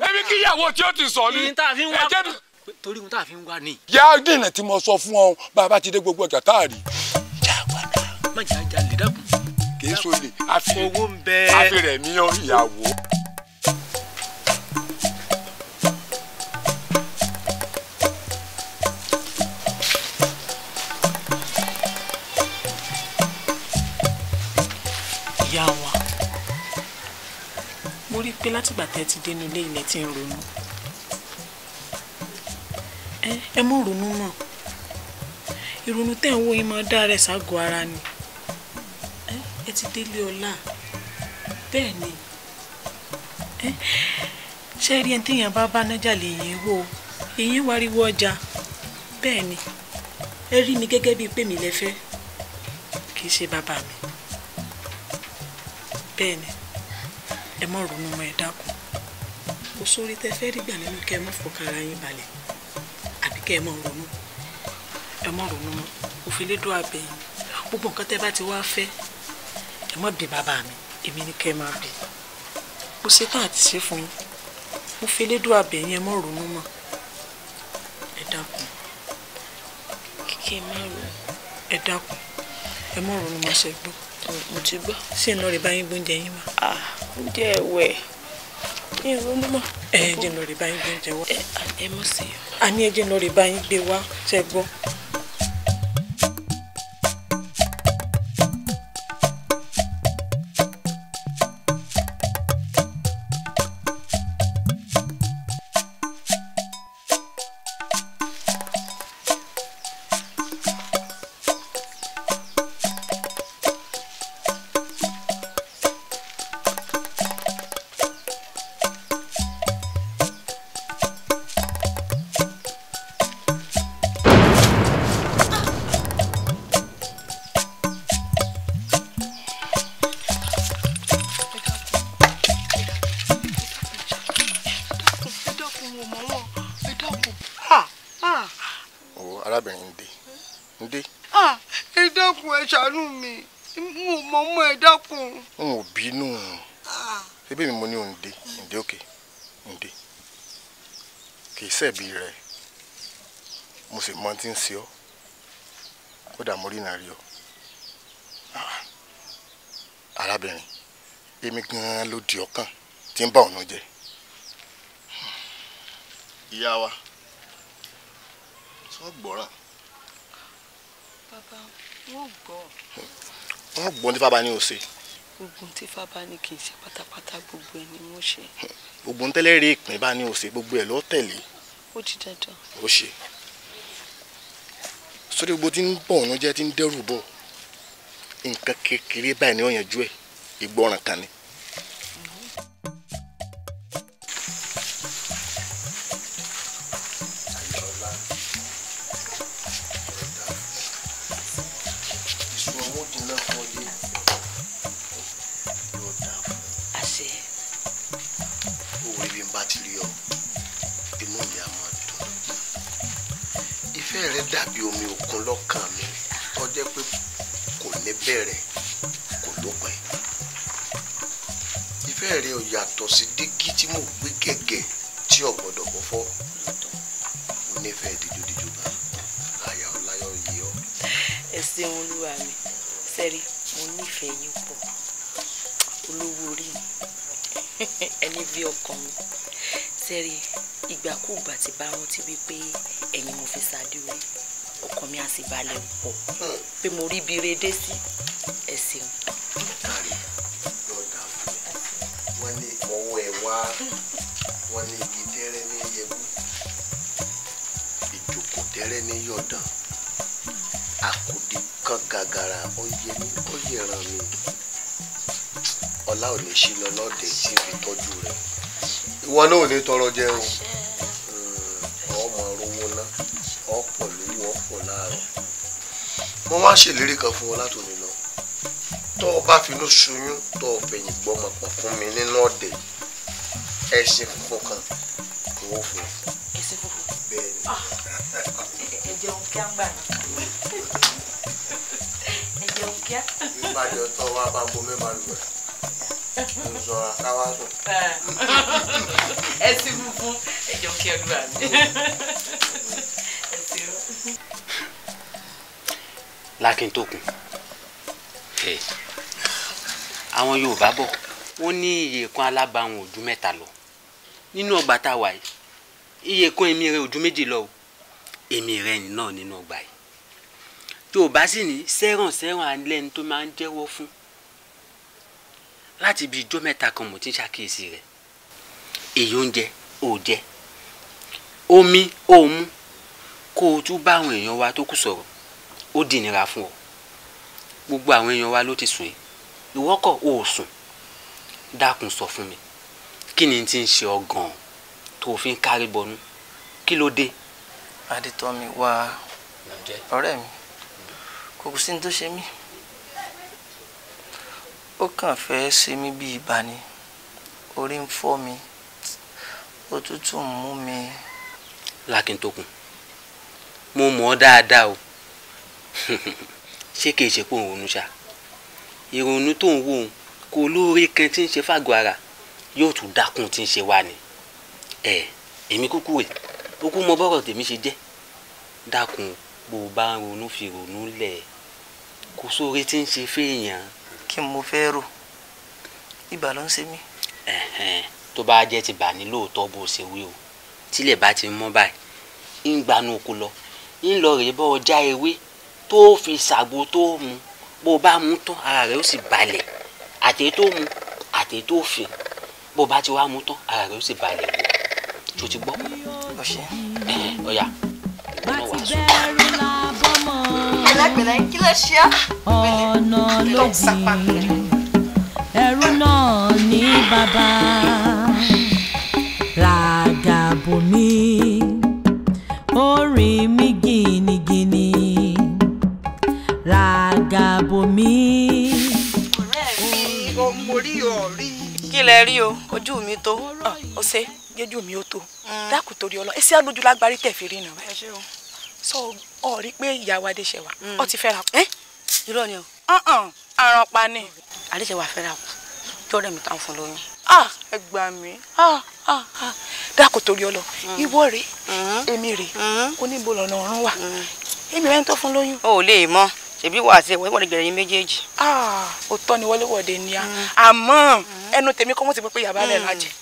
ebi kí ìyàwó tí ó ti sọ ni ẹ̀jẹ̀ mi torí ohun tá a fi ń wá ni. yá dìnnà tí mo sọ fún ọ bàbá ti dé gbogbo ọjà tá a rí. má jà jà lè dákun. kì í so ilé owó ń bẹ. àfi rẹ̀ mí yan ìyàwó. ìyá wa mo rí i pé látìgbà tẹ́ ti dénú ilé ilẹ̀ tí ń ronú ẹ mọ̀ ronú mọ̀ ìrònú tẹ̀ ń wo yín máa dá rẹ̀ ságọ́ ara ni ẹ ti délé ọlá bẹ́ẹ̀ ni ṣé rí ẹni téèyàn bá bá nájà lè yín wò ó èyí wariwo ọjà bẹ́ẹ̀ ni ẹ rí mi gẹ́gẹ́ bíi pé mi lẹ fẹ́ kì í ṣe bàbá mi bẹ́ẹ̀ ni ẹ mọ̀ ronú mọ́ ẹ dákun òṣèré tẹ fẹ́ rí gbà nínú kẹ́ ẹ mọ̀ fọkàrà yín balẹ̀ kẹ́ ẹ mọ̀ ronú ẹ mọ̀ ronú mọ́ òfin lédò abẹ́yìn gbogbo nǹkan tẹ́ bá ti wá fẹ́ ẹ mọ̀ bí bàbá mi èmi ni kẹ́ ẹ máa bí mo ṣe tán àti ṣe fún yín mo fi lédò abẹ́yìn ẹ mọ̀ ronú mọ́ ẹ dákun kí n má ronú ẹ dákun ẹ mọ̀ ronú mọ́ ṣe gbọ́ mo ti gbọ́ sí iná rẹ̀ bá gbóúnjẹ yín wá. Ah, oúnjẹ ẹ̀wẹ̀ ìrònú mọ́. ẹ jẹ́ n lọ rí báyìí gbé oúnjẹ wá. ẹ mọ̀ sí i. a ní ẹ jẹ́ lọ rí báyìí gbé wá ṣẹ́ tí ń ṣe ọ́ ó dà mọ́ rí náà rí ọ́ ah, arábìnrin èmi gan-an ló di ọkàn tí ń bá ọ̀nà jẹ. ìyá wa sọ gbọ́ràn. bàbá wọn gbọ́. wọn gbọ́ ní fábá ní o ṣe. ogun tí fábá ní kì í ṣe pátápátá gbogbo ẹ̀ ni mo ṣe. ogun tẹ́lẹ̀ rí ìpín bá ní o ṣe gbogbo ẹ̀ ló tẹ̀lé. ó ti dandan. ó ṣe sórí gbogbo tí ń bọ̀ ọ̀nà jẹ́ tí ń dẹ́rù bọ̀ nǹkan kékeré báyìí ni ó yanjú ẹ̀ ìgbọràn kan ni. tí bá rántí wípé ẹ̀yin mo fi ṣàdúró ọkàn mi á sì balẹ̀ pọ̀ pé mo rí ibi redé sí ẹ ṣeun. kárí lọ́dà fún mi wọ́n ní ọwọ́ ẹ̀ wá wọ́n ní igi tẹ́rẹ́ ní yẹ̀wò ìjòkó tẹ́rẹ́ ní yọ̀dàn àkùdí kan gàgàrà ọyẹ ní ọyẹ ràn mí ọlá ò ní ṣí lọ lọ́dẹ tí n fi ìwọ náà ò ní tọrọ jẹ o. mo wá ṣèlérí kan fún ọ látòní lọ tọ́ ọ bá finú ṣoyún tọ́ ọ fẹ̀yìn gbọ́mọ pọ̀ fún mi nínú ọ̀dẹ̀ ẹṣin funfun kan kò wó fún ọ. ẹṣin funfun bẹ́ẹ̀ ni. Ah. ẹ jẹun kí á gbà náà ẹ jẹun kíá. ìbàdàn tó wá bá bo mẹ́ma lù ẹ́ nsọra káwá sùn. ẹ funfun ẹ jẹun kí ẹ lù àná. lákíntókun àwọn Yorùbá bọ̀ wọ́n ní iye kan alábàáhùn ojú mẹ́ta lọ nínú ọgbà tá a wà yìí iye kan èmi rẹ ojú méjì lọ o èmi rẹ náà nínú ọgbà yìí Yorùbá sì ní sẹ́ràn sẹ́ràn alẹ́ ní tó máa ń jẹ́wọ́ fún láti ibi ijó mẹ́ta kan mo ti ń ṣàkíyèsí rẹ̀ èyí oúnjẹ ò jẹ omi ò mu kó o tún bá àwọn èèyàn wa tó kù sọ̀rọ̀ ó dì nira fún ọ gbogbo àwọn èèyàn wa ló ti sùn yìí ìwọ kọ́ ò sùn dákun sọ fún mi kí ni ti ń ṣe ọ gan tó fi ń kárí bọnú kí ló dé. adétọ́mi wá ọ̀rẹ́ mi kò kù sí ní tó ṣe mí ó kàn fẹ́ ṣe mí bí ibà ni orí ń fọ́ mi òtútù ń mú mi. lákìntókùn mo mọ̀ ọ́ dáadáa o ṣé kìí ṣe pé òun ronú ṣá ìrònú tó ń wò ó kò lóore kan tí ń ṣe fàgọ́ ara yóò tún dákun tí ń ṣe wá ni ẹ èmi kúkú rè ó kú mọ bọ́rọ̀ tèmi ṣe jẹ́ dákun bó o bá ń ronú fi ronú lẹ̀ kò sóore tí ń ṣe fèèyàn. kí n mo fẹ́ rò ibà ló ń ṣe mí. tó bá jẹ́ ti bà ní lóòótọ́ bó ṣe wí o tílẹ̀ bá ti mọ́ báyìí ń gbanú oko lọ ń lọ rèé bọ́ ọjà ewé tó fi ṣàgbo tó mu bó o bá mu tán ara rẹ ó sì balẹ̀ àti tó mu àti tó fi bó o bá ti wá mu tán ara rẹ ó sì balẹ̀ wò tó ti gbọ́. ọ̀sẹ̀ ọ̀yà ìgbóná wàá sùn. pẹ̀lẹ́pẹ̀lẹ́ kí ló ṣe ọ́ pẹ̀lẹ́ tó ń sapá pẹ̀lẹ́ ẹrú náà ní bàbá ràgàbò mi orin mi gìn lẹ rí o ojú mi tó ọ ah, ṣe jẹjú mi ó tó mm. dákun torí Ọlọ́run èsì alójú lágbárí tẹ̀ fi rí nà báyìí sọ ọ rí pé ìyàwó adéṣẹwà ọ ti fẹ́ra kù. Eh? irọ́ ni o. Uh-uh. aràn pa ni. adéṣẹwà fẹ́ra kù jọ́rẹ́ mi tán fún lóyún. Ah, ẹ gbà mí ah, dákun torí Ọlọ́run mm. ìwọ rèé mm-hmm. èmi rèé oníbo mm-hmm. lọ́nà ọ̀run wà mm-hmm. èmi rẹ̀ ń tọ́ fún lóyún. o ò lè mọ̀ ṣèbí wà sí ẹwọ́n ìgbẹ̀rẹ̀ yín méjèèjì. Ah, òótọ́ ni wọléwọ̀de ni a mm. àmọ́ mm. ẹnu tèmi kọ́ wọ́n ti pé pé yàrá rẹ̀ lájẹ mm.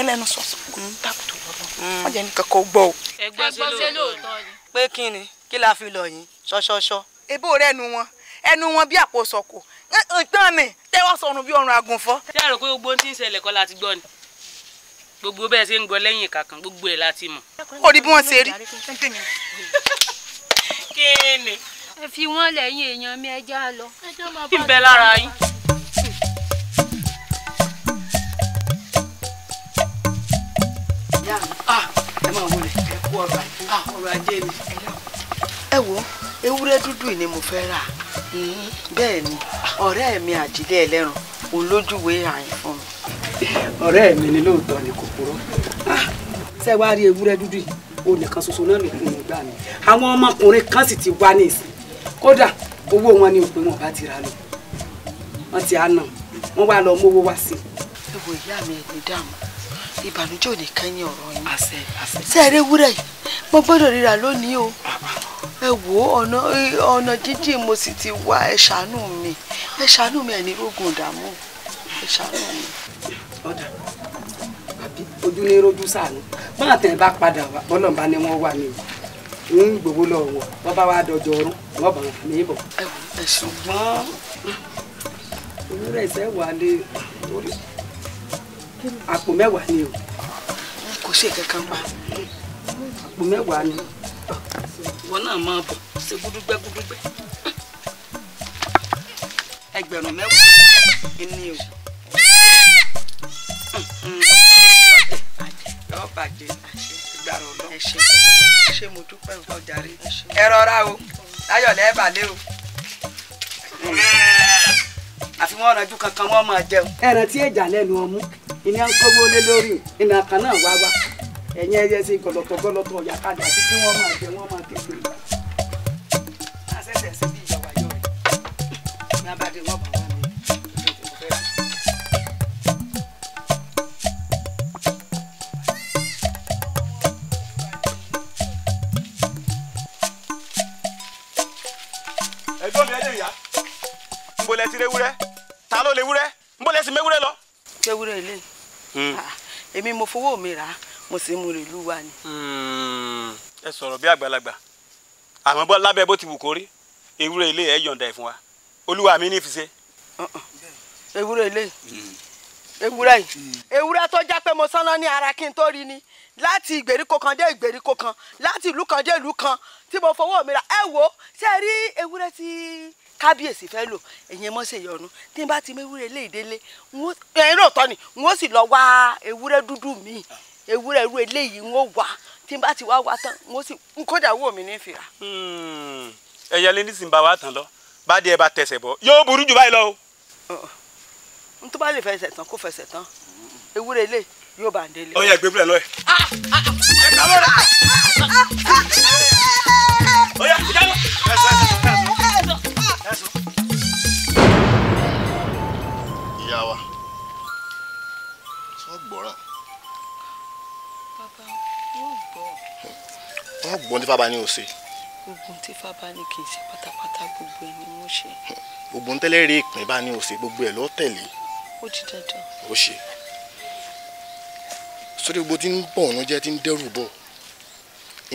ẹlẹ́nu sọ̀sọ̀ kò dákùtù lọ́dọ̀ wọ́n jẹ́ nìkan kó gbọ́ o. ẹgbẹ́ ṣe lóòótọ́ ni. pé kí ni kí la fi lọ yín ṣọṣọṣọ. ebo rẹ nu wọn ẹnu wọn bí àpò sọkò nǹkan mi tẹ́wọ́ sọnù bí ọrùn àgùnfọ́. ṣé àrò pé gbogbo tí ń ṣẹlẹ̀ kọ́ la ti gbọ́ ni gbogbo bẹ́ẹ̀ ṣe ń gbọ́ lẹ́yìn kankan gbogbo ẹ̀ la mọ̀. ó rí bí wọ́n ṣe rí. kí ni ẹ fi wọ́n lẹ́yìn èèyàn mi ẹja lọ. kí n bẹ lára yín. Ah, ẹ máa wọlé ẹ kú ọrọ̀ ah, ọrọ̀ ajé ni. ẹ wo ewúrẹ́ dúdú ni mo fẹ́ rà bẹ́ẹ̀ ni ọ̀rẹ́ mi àjílẹ̀ ẹlẹ́ran òun lójúwe àyìn fún mi. ọ̀rẹ́ mi ni lóòótọ́ ni kòkòrò ah, ṣé wàá rí ewúrẹ́ dúdú yìí òun nìkan ṣoṣo náà ló kún un gbà mí àwọn ọmọkùnrin kan sì ti wá ní ìsìn kódà owó wọn ni òpin wọn bá ti ra lọ wọn ti àná wọn wá lọ mówó wá sí. ẹ wo ìyá mi ní dààmú ìbànújẹ́ ò ní kẹ́yìn ọ̀rọ̀ yín àṣẹ àṣẹ. ṣé ẹ rí mo gbọ́dọ̀ ríra lónìí o ẹ wo ọ̀nà ọ̀nà jíjìn mo sì ti wá ẹ ṣàánú mi ẹ ṣàánú mi ẹ ní rògùn ìdààmú ẹ ṣàánú mi. ọ̀dà àbí ojú ní rojú sáà ni bọ́lá tẹ̀ bá padà wá bọ́lọ̀ bá ní wọ́n wà ní ń gbowó lọ́wọ́ wọn wọ́n bá wá dọjọ́ ọrún wọ́n bá wọn ní ibọ̀. ṣùgbọ́n olúrẹ̀ ìṣẹ́ wà lé orí àpò mẹ́wàá ni o. kò ṣe kankan pa àpò mẹ́wàá ni. wọn náà máa bọ̀ ṣe gúdúgbẹ́ gúdúgbẹ́ ẹgbẹ̀rún mẹ́wàá ni o. yọ bàjẹ́ àṣẹ. lágbára Ọlọ́run ṣe mo dúpẹ́ nǹkan ẹ rọra o láyọ̀ lẹ́ẹ̀bàlẹ́ o àfi wọn rànjú kankan wọn máa jẹun. ẹran tí èjà lẹnu ọmú iná ń kówó lé lórí ìnà náà wá wá ẹ̀yìn ọ̀yà èmi mo fowó mi rà á mo sì mú rèlú wa ni. Hmm. ẹ sọ̀rọ̀ bí àgbàlagbà àmọ́ bọ́ lábẹ́ bó ti wù kó ewúrẹ́ ilé ẹ̀ yọ̀ǹda ẹ̀ fún wa olúwa mi ní ìfisẹ́. Uh-uh. ewúrẹ́ ilé hmm. ewúrẹ́ yìí hmm. ewúrẹ́ tó já pé mo sánná ní ara kí n tó rí ni láti ìgbèríko kan dé ìgbèríko kan láti ìlú kan dé ìlú kan tí mo fowó mi rà ẹ wò ó ṣe rí ewúrẹ́ tí. Ti kábíyèsí fẹ́ lò ẹ̀yin mọ́ ṣe yọnu tí n bá ti méwúrẹ́ ilé ìdélé ẹ̀yin lóòótọ́ ni n ó sì lọ wá ewúrẹ́ dúdú mi ewúrẹ́ irú eléyìí n ó wá tí n bá ti wá wá tán n ó sì n kódà wò mí ní fìrà. Hmm. ẹyẹ lé nísìnyí bá wa tán lọ bá díẹ̀ bá tẹsẹ̀ bọ̀ yóò burú jù báyìí lọ o. n tó bá lè fẹsẹ̀ tán kó fẹsẹ̀ tán ewúrẹ́ ilé yóò bá ń délé. ọyà gbé bílẹ̀ ah, ah, ah. lọ ẹ̀. ẹ kà mọ́ra. ọyà ìjà ìyá wa sọ gbọ́ràn. bàbá yóò gbọ́. wọ́n gbọ́n tí fábá ní o ṣe. ogun tí fábá ní kì í ṣe pátápátá gbogbo ẹ̀ ni mo ṣe. ogun tẹ́lẹ̀ rí ìpín bá ní o ṣe gbogbo ẹ̀ ló tẹ̀lé. ó ti dandan. ó ṣe sórí gbogbo tí ń bọ̀ ọ̀nà jẹ́ tí ń dẹ́rù bọ̀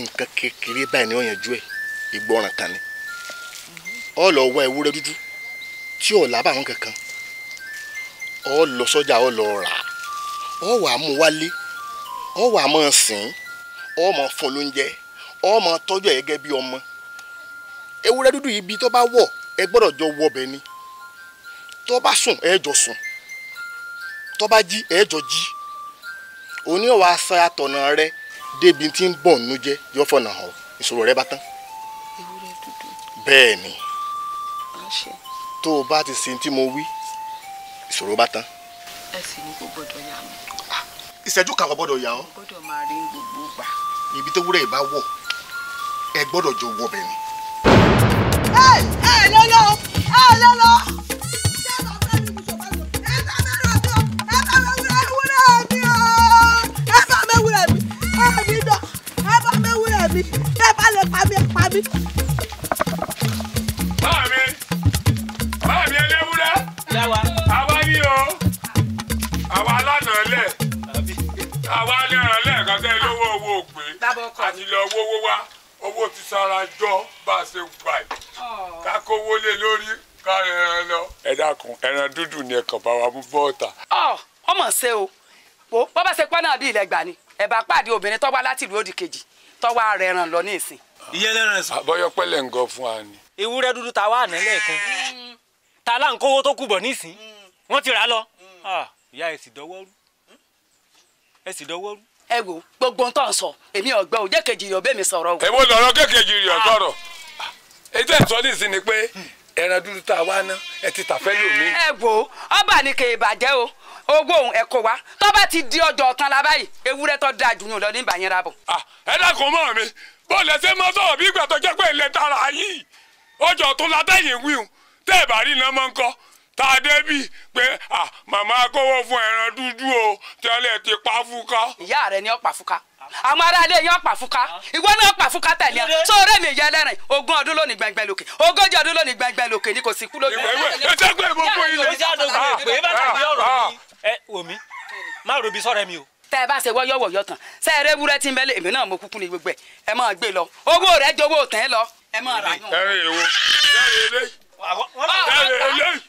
nǹkan kékeré báyìí ni ó yanjú ẹ̀ ìgbọràn kan ni. Mm-hmm. ó lọ wá ewúrẹ́ dúdú tí ò lábàwọn kankan ọ lọ sọ́jà ọ lọ rà ọ wà mú wálé ọ wà mọ sìn ọ mọ fún lóúnjẹ ọ mọ tọ́jú ẹ gẹ́gẹ́ bí ọmọ ewúrẹ́ dúdú ibi tó bá wọ̀ ẹ gbọ́dọ̀ jọ wọ ọbẹ̀ ni tó bá sùn ẹ jọ sùn tó bá jí ẹ jọ jí òní ọ̀wà asa àtọ̀nà rẹ débi tí ń bọ̀ nínú jẹ́ yọ fọ̀nà hàn ìṣòro rẹ bá tán bẹ́ẹ̀ tó o bá ti sin tí mo wí ìṣòro bá tán. ẹ sì ní kò gbọ́dọ̀ yà mí. Ah, ìṣẹ́jú kan kò gbọ́dọ̀ yà ọ́. gbọ́dọ̀ máa rí gbogbo gbà. ibi tó wúrẹ́ ìbá wọ̀ ẹ gbọ́dọ̀ jọ wọ bẹ̀ ni. ẹ ẹ lọ́lọ́ ẹ lọ́lọ́. mi ẹ bá lè pa mí ẹ pa mí. báwo ni Awa àwa lánàá àwa lẹ́ràn lẹ́ẹ̀kan lówó owó pé àti owó wá owó ti sara jọ bá a ṣe gbà yìí lórí lọ. ẹ dákun ẹran dúdú ni ẹkọ bá wa mú bọ́ọ̀tà. ọ ọmọ o wo ṣe náà ni ẹ̀bà pàdé obìnrin láti ìlú òdì kejì lọ ní iye lẹ́ràn sí. fún wa ni. ewúrẹ́ dúdú ta nílẹ̀ kan ta láǹkówó tó kù bọ̀ wọ́n ti rà á lọ mm. ah, ìyá ẹ̀ sì dọwọ́ rú ẹ̀ sì dọwọ́ rú. ẹ wo gbogbo ohun tó ń sọ èmi ọgbẹ́ òjẹ́ kejì yọ̀ bẹ́ẹ̀ mi sọ̀rọ̀ o. èwo lọ̀rọ̀ kékejì yọ̀ ah. sọ̀rọ̀ ètò ẹ̀sọ́ ní ìsìn ni pé ẹran dúdú tá a wá ná ẹ ti tàfẹ́ lómi. ẹ wo ọba ni kè é bàjẹ́ o owó òun ẹ̀kọ́ wa tó bá ti di ọjọ́ ọ̀tán la báyìí ewúrẹ́ tó dáa jù yín lọ ní ìbàyẹn rabọ̀. Ah, ẹ dákun mọ́ mi bọ́ọ̀lù ẹsẹ̀ máa sọ̀rọ̀ bí ìgbà tó jẹ́ pé ilẹ̀ tara yìí ọjọ́ ọ̀tún la tẹ̀yìn wíwù tẹ́ ẹ̀ bá rí iná máa ń kọ́ tá a débi pé màmá kówó fún ẹran dúdú o tẹ́lẹ̀ ti pa fúnká. ìyá rẹ ni ó pa fúnká àwọn aráalé yẹn ó pa fúnká ìwọ náà pa fúnká tẹ̀lé tó rẹ́ mi yẹ lẹ́rìn ogún ọdún lónìí gbẹngbẹ lókè ogójì ọdún lónìí gbẹngbẹ lókè ni kò sí kú lókè. ẹ jẹ́ pé mo fún ilé. Ah, ah, ah. ẹ wò mí má robi sọ̀rọ̀ bá ṣe wọ́yọ́ wọ̀yọ́ tán ṣe eré wúrẹ́ tí ń bẹ́lẹ̀ èmi náà mo kúkú ní gbogbo ẹ̀ ẹ máa gbé lọ owó rẹ̀ jọ̀wọ́ tẹ́ lọ ẹ máa rà yún. ẹ rìn èwo lẹ́yìn eléyìí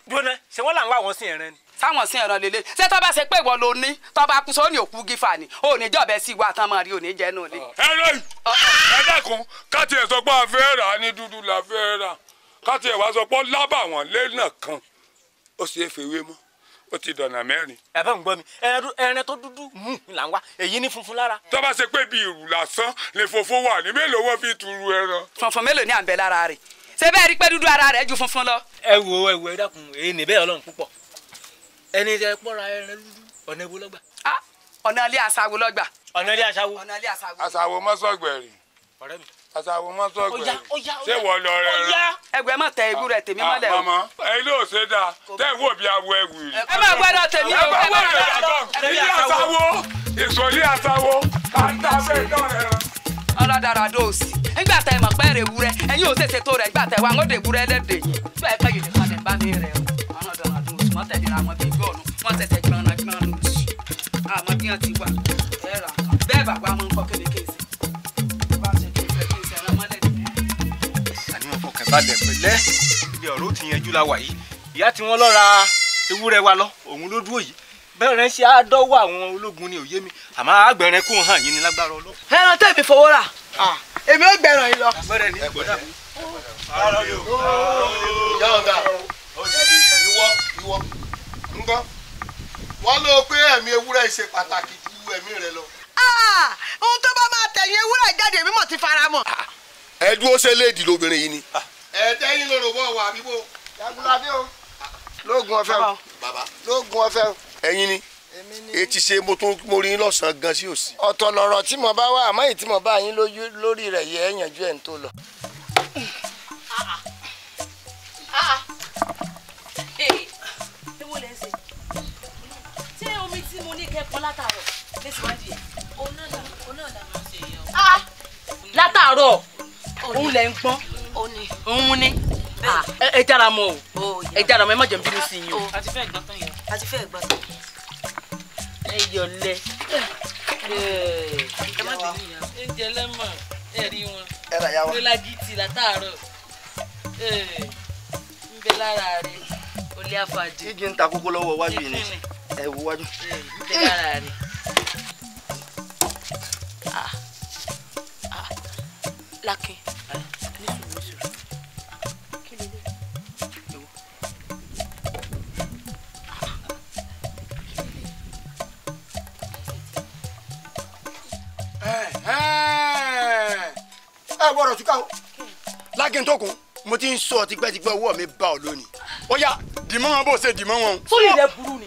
gbóná ṣé wọ́n là ń wá àwọn sí ẹran ni. sáwọn sí ẹran lélẹ̀ ṣé tó bá ṣe pé ìwọ ló ní tó bá kú sóní òkú gífà ni ò ní jọ̀bẹ sí ìwà tán máa rí òní jẹ́ nù lé. ẹ lóyún ẹ dákun ká tiẹ̀ sọ pé a fẹ́ rà á ní dúdú la fẹ́ rà ká tiẹ̀ wá sọ pé lábà wọn lé náà kan ó sì é fèwé mọ́ ó ti dọ̀nà mẹ́rin. ẹ̀fẹ̀ ń gbọ́ mi ẹran tó dúdú mú là ń wá èyí ní funfun lára. tó bá ṣe pé bí ìrù lásán lè fòfó wà ní mélòó wọ́n fi turu ẹran. fọ̀nfọ̀n mélòó ni à ń bẹ lára rẹ̀ ṣé bẹ́ẹ̀ rí pé dúdú ara rẹ̀ ju funfun lọ. ẹ wo ẹ wo ẹ dákun èyí ni bẹ́ẹ̀ ọlọ́run púpọ̀ ẹni tẹ pọ́ra ẹran dúdú ọ̀nà ewu lọ́gbà. Ah, ọ̀nà ilé aṣawo lọ́gbà. ọ̀nà ilé aṣawo. ọ̀nà ilé aṣawo. aṣawo mọ́sọ̀gbẹ̀rì. ọ̀rẹ́ mi. aṣawo mọ́sọ̀gbẹ̀rì. ṣé wọ́n lọ rẹ rẹ. ẹgbẹ́ mọ̀ tẹ ewu rẹ ah, tèmi mọ́lẹ̀ o. mama ẹyin ló ṣe dáa tẹ ìwú òbí awọ ẹwù yìí. ẹ má gbọ́dọ̀ tèmi o. ẹ má gbọ́dọ̀ tèmi o. ilé aṣawo kàńtà bẹ́ẹ̀ dọ̀rẹ́ ọlọ́dàrà dóòsì nígbà tẹ mọ̀ pé èrè wúrẹ́ ẹ̀yin ò tètè tó rẹ̀ nígbà tẹ wà ń òde wúrẹ́ lédè yìí bẹ́ẹ̀ pẹ́ yìí nìkan lẹ̀ ń mi rẹ̀ o ọlọ́dàrà dóòsì wọ́n tẹ̀lé ra wọn bíi gbọ́ọ̀nù wọ́n tẹ̀tẹ̀ gbọ́nà gbọ́nà lóṣù àmọ́ bí wọ́n ti wà bẹ́ẹ̀ bàbá wọn ń kọ́ kéékèèké balẹ̀ pẹ̀lẹ́ ilé ọ̀rọ̀ ti yanjú la wà yìí ìyá bẹ́ẹ̀rẹ̀ ṣe á dọ́wọ́ àwọn ológun ni òye mi àmọ́ àgbẹ̀rẹ̀ kò hàn yín ní lágbára ọlọ́. ẹran tẹ̀mí fowó rà èmi ò gbẹ̀ràn yìí lọ. bẹ́ẹ̀rẹ̀ ni ìgbọ̀dà mi. yọ̀ọ̀gà ìwọ ìwọ ńgọ́ wọ́n ló pé ẹ̀mí ewúrẹ́ ṣe pàtàkì ju ẹ̀mí rẹ lọ. ohun tó bá máa tẹ̀yìn ewúrẹ́ jáde mímọ̀ ti fara mọ́. ẹ dúró ṣe léèdì lóbìnrin yìí ni. ẹ tẹ́yìn lọ́rọ̀ bọ́ wà bíbó. jagunlabi o lóògùn ọ̀fẹ́ o lóògùn ọ̀fẹ́ o ẹ̀yin ni etí ṣe mo tún mo rí lọ́sàn-án gan sí òsì. ọ̀tọ̀ lọ̀rọ̀ tí mo bá wà àmọ́ èyí tí mo bá yín lórí rẹ̀ yẹ ẹ̀ yànjú ẹ̀ ń tó lọ. ewo lẹ ń ṣe ṣé omi tí mo ní kẹ́kọ̀ọ́ látàárọ̀ lẹ́sìwájú yẹn. òun náà o. Ah! látàárọ̀ ń gbọ́n òun ni ah. ẹ jára mọ o ẹ jára mọ ẹ má jẹ́ n bínú sí yín o. a ti fẹ́ gbọ́ tán yẹn. a ti fẹ́ gbọ́ tán. ẹ yọlẹ ẹ má bínú yà ẹ jẹ lẹ́mọ̀ ẹ rí wọn ẹ rà yà wọn. lọ́lájì ti látàárọ̀ ń bẹ lára rẹ olè àfàjì. jíjí ń ta kókó lọ́wọ́ wájú yìí ni ẹ wo wájú. ń bẹ lára rẹ. Ah. Ah. Lakin gbọ́dọ̀ túká o lágéntókun mo ti ń sọ tipẹ́tipẹ́ ọwọ́ mi bá ọ lónìí ó yá dìmọ́ wọn bó ṣe dìmọ́ wọn. sórí rẹ burú ni